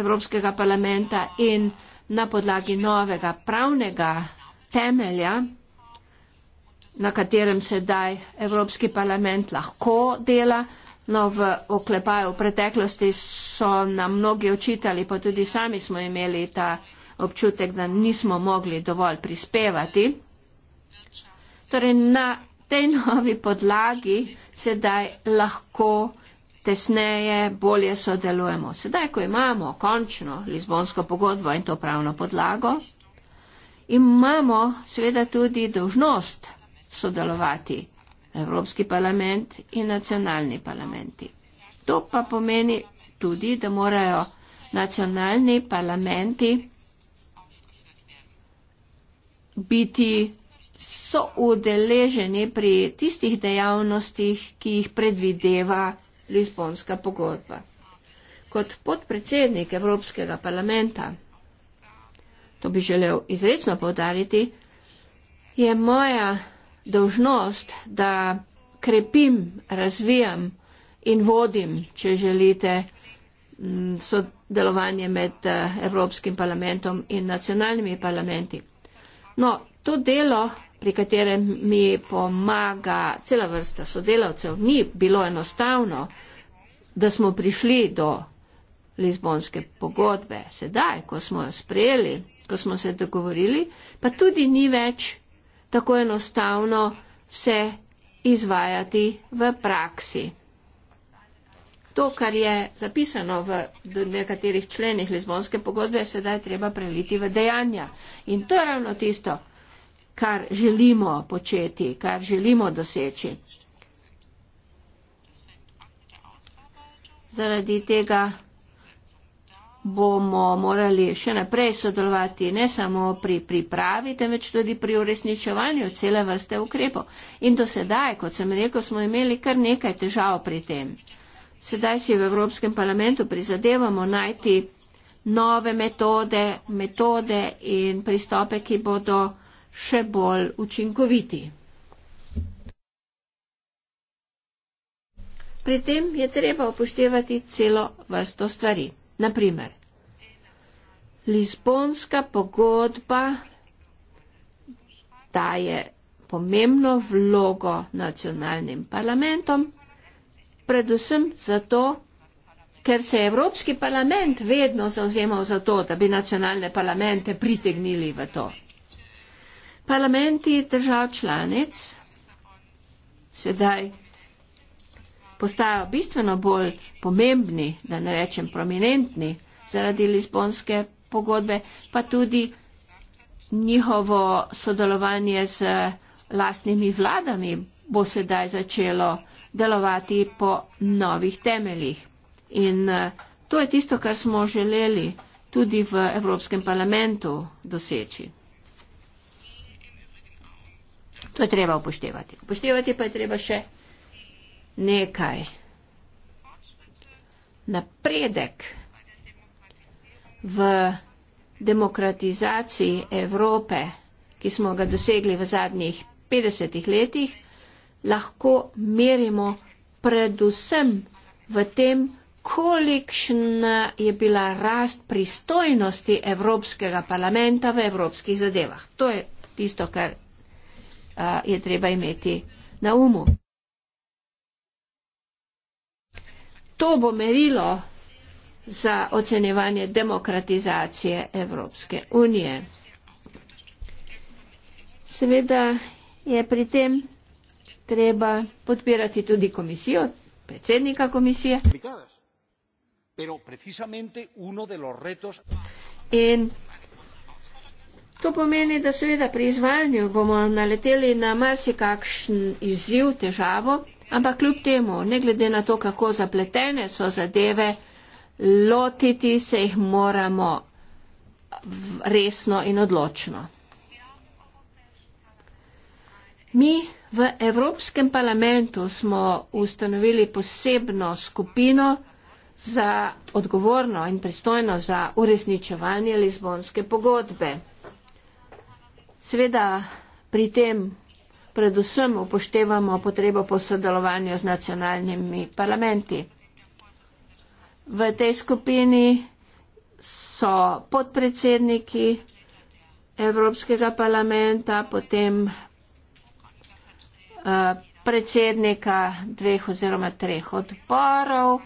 [SPEAKER 3] Evropskega parlamenta in na podlagi novega pravnega temelja, na katerem sedaj Evropski parlament lahko dela, no v oklepaju preteklosti so nam mnogi očitali, pa tudi sami smo imeli ta občutek, da nismo mogli dovolj prispevati. Torej na tej novi podlagi sedaj lahko tesneje, bolje sodelujemo. Sedaj, ko imamo končno Lizbonsko pogodbo in to pravno podlago, imamo seveda tudi dožnost sodelovati Evropski parlament in nacionalni parlamenti. To pa pomeni tudi, da morajo nacionalni parlamenti biti so udeleženi pri tistih dejavnostih, ki jih predvideva Lizbonska pogodba. Kot podpredsednik Evropskega parlamenta, to bi želel izredno povdariti, je moja dožnost, da krepim, razvijam in vodim, če želite, sodelovanje med eh, Evropskim parlamentom in nacionalnimi parlamenti. No, to delo pri katerem mi pomaga cela vrsta sodelavcev. Ni bilo enostavno, da smo prišli do Lizbonske pogodbe. Sedaj, ko smo jo sprejeli, ko smo se dogovorili, pa tudi ni več tako enostavno vse izvajati v praksi. To, kar je zapisano v nekaterih členih Lizbonske pogodbe, sedaj treba preliti v dejanja. In to je ravno tisto, kar želimo početi, kar želimo doseči. Zaradi tega bomo morali še naprej sodelovati ne samo pri pripravi, temveč tudi pri uresničevanju cele vrste ukrepov. In do sedaj, kot sem rekel, smo imeli kar nekaj težav pri tem. Sedaj si v Evropskem parlamentu prizadevamo najti nove metode, metode in pristope, ki bodo še bolj učinkoviti. Pri tem je treba upoštevati celo vrsto stvari. Naprimer, Lisbonska pogodba daje pomembno vlogo nacionalnim parlamentom, predvsem zato, ker se je Evropski parlament vedno zauzemal za to, da bi nacionalne parlamente pritegnili v to. Parlamenti držav članic sedaj postajajo bistveno bolj pomembni, da ne rečem prominentni, zaradi Lizbonske pogodbe, pa tudi njihovo sodelovanje z lastnimi vladami bo sedaj začelo delovati po novih temeljih. In eh, to je tisto, kar smo želeli tudi v Evropskem parlamentu doseči. To je treba upoštevati. Upoštevati pa je treba še nekaj. Napredek v demokratizaciji Evrope, ki smo ga dosegli v zadnjih 50 letih, lahko merimo predvsem v tem, kolikšna je bila rast pristojnosti Evropskega parlamenta v evropskih zadevah. To je tisto, kar je treba imeti na umu. To bo merilo za ocenjevanje demokratizacije Evropske unije. Seveda je pri tem treba podpirati tudi komisijo, predsednika komisije.
[SPEAKER 2] Pero precisamente uno de los retos.
[SPEAKER 3] En To pomeni, da seveda pri izvajanju bomo naleteli na marsikakšen izziv, težavo, ampak kljub temu, ne glede na to, kako zapletene so zadeve, lotiti se jih moramo resno in odločno. Mi v Evropskem parlamentu smo ustanovili posebno skupino za odgovorno in pristojno za uresničevanje Lizbonske pogodbe. Seveda pri tem predvsem upoštevamo potrebo po sodelovanju z nacionalnimi parlamenti. V tej skupini so podpredsedniki Evropskega parlamenta, potem uh, predsednika dveh oziroma treh odborov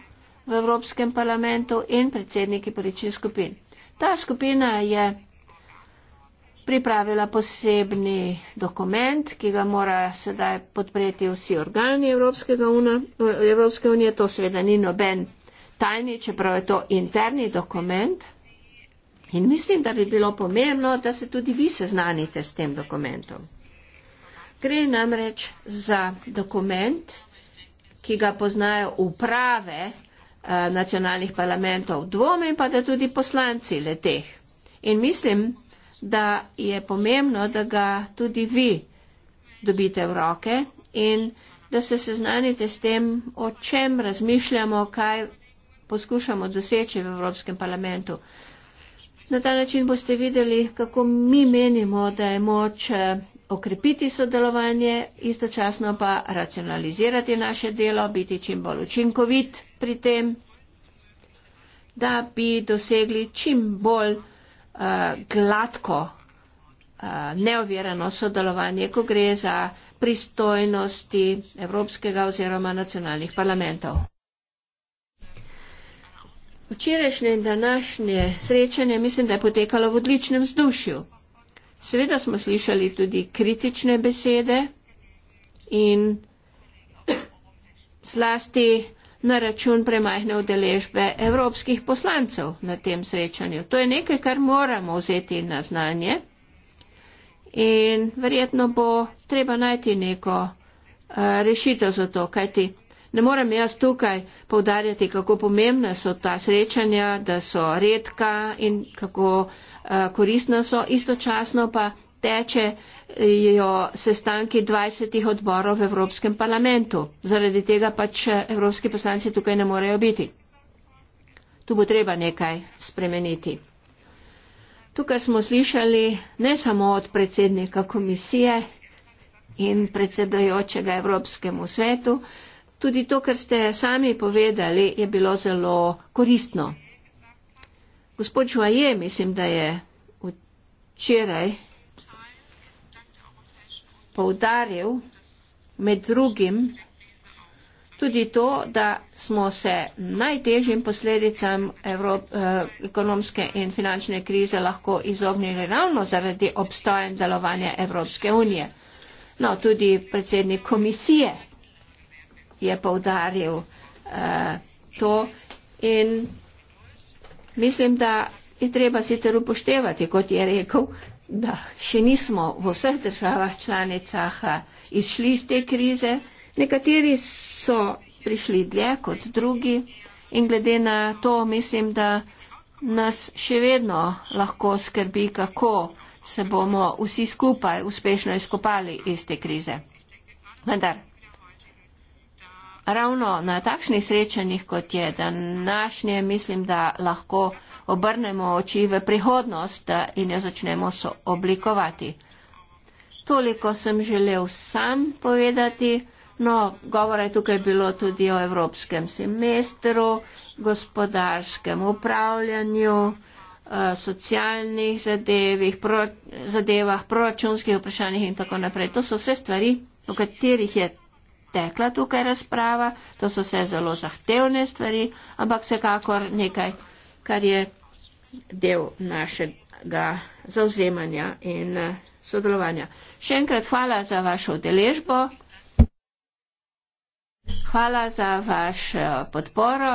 [SPEAKER 3] v Evropskem parlamentu in predsedniki političnih skupin. Ta skupina je pripravila posebni dokument, ki ga mora sedaj podpreti vsi organi Evropske unije. To seveda ni noben tajni, čeprav je to interni dokument. In mislim, da bi bilo pomembno, da se tudi vi seznanite s tem dokumentom. Gre namreč za dokument, ki ga poznajo uprave eh, nacionalnih parlamentov dvome in pa da tudi poslanci le teh. In mislim, da je pomembno, da ga tudi vi dobite v roke in da se seznanite s tem, o čem razmišljamo, kaj poskušamo doseči v Evropskem parlamentu. Na ta način boste videli, kako mi menimo, da je moč eh, okrepiti sodelovanje, istočasno pa racionalizirati naše delo, biti čim bolj učinkovit pri tem, da bi dosegli čim bolj Eh, gladko, eh, neoverjeno sodelovanje, ko gre za pristojnosti evropskega oziroma nacionalnih parlamentov. Včerajšnje in današnje srečanje mislim, da je potekalo v odličnem vzdušju. Seveda smo slišali tudi kritične besede in zlasti na račun premajhne udeležbe evropskih poslancev na tem srečanju. To je nekaj, kar moramo vzeti na znanje in verjetno bo treba najti neko a, eh, rešitev za to, kajti ne morem jaz tukaj povdarjati, kako pomembna so ta srečanja, da so redka in kako a, eh, koristna so, istočasno pa teče jo sestanki 20 odborov v Evropskem parlamentu. Zaradi tega pač evropski poslanci tukaj ne morejo biti. Tu bo treba nekaj spremeniti. Tukaj smo slišali ne samo od predsednika komisije in predsedojočega Evropskemu svetu, tudi to, kar ste sami povedali, je bilo zelo koristno. Gospod Žuaje, mislim, da je včeraj poudaril med drugim tudi to, da smo se najtežjim posledicam Evrop, eh, ekonomske in finančne krize lahko izognili ravno zaradi obstoja in delovanja Evropske unije. No, tudi predsednik komisije je poudaril eh, to in mislim, da je treba sicer upoštevati, kot je rekel, da še nismo v vseh državah članicah izšli iz te krize. Nekateri so prišli dlje kot drugi in glede na to mislim, da nas še vedno lahko skrbi, kako se bomo vsi skupaj uspešno izkopali iz te krize. Vendar, ravno na takšnih srečanjih, kot je današnje, mislim, da lahko obrnemo oči v prihodnost eh, in jo začnemo oblikovati. Toliko sem želel sam povedati, no, govora je tukaj bilo tudi o evropskem semestru, gospodarskem upravljanju, eh, socialnih zadevih, pro, zadevah, proračunskih vprašanjih in tako naprej. To so vse stvari, o katerih je tekla tukaj razprava, to so vse zelo zahtevne stvari, ampak vsekakor nekaj, kar je del našega zauzemanja in eh, sodelovanja. Še enkrat hvala za vašo deležbo. Hvala za vašo podporo.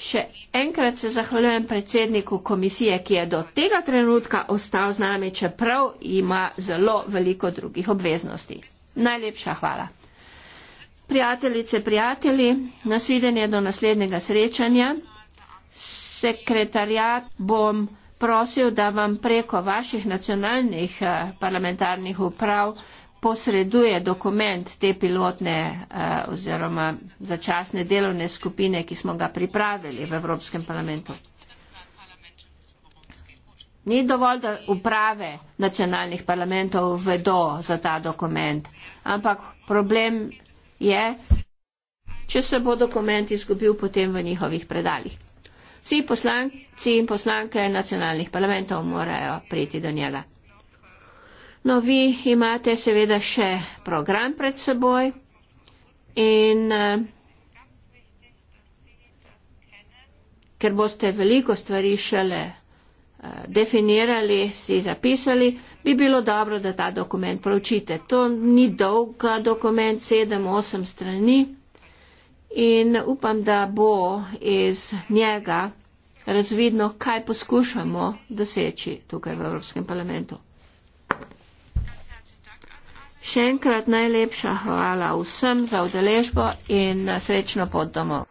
[SPEAKER 3] Še enkrat se zahvaljujem predsedniku komisije, ki je do tega trenutka ostal z nami, čeprav ima zelo veliko drugih obveznosti. Najlepša hvala. Prijateljice, prijatelji, nasvidenje do naslednjega srečanja. S sekretarjat bom prosil, da vam preko vaših nacionalnih eh, parlamentarnih uprav posreduje dokument te pilotne eh, oziroma začasne delovne skupine, ki smo ga pripravili v Evropskem parlamentu. Ni dovolj, da uprave nacionalnih parlamentov vedo za ta dokument, ampak problem je, če se bo dokument izgubil potem v njihovih predaljih. Vsi poslanci in poslanke nacionalnih parlamentov morajo priti do njega. No, vi imate seveda še program pred seboj in eh, ker boste veliko stvari šele eh, definirali, si zapisali, bi bilo dobro, da ta dokument pročite. To ni dolg dokument, sedem, osem strani. In upam, da bo iz njega razvidno, kaj poskušamo doseči tukaj v Evropskem parlamentu. Še enkrat najlepša hvala vsem za udeležbo in srečno pot domov.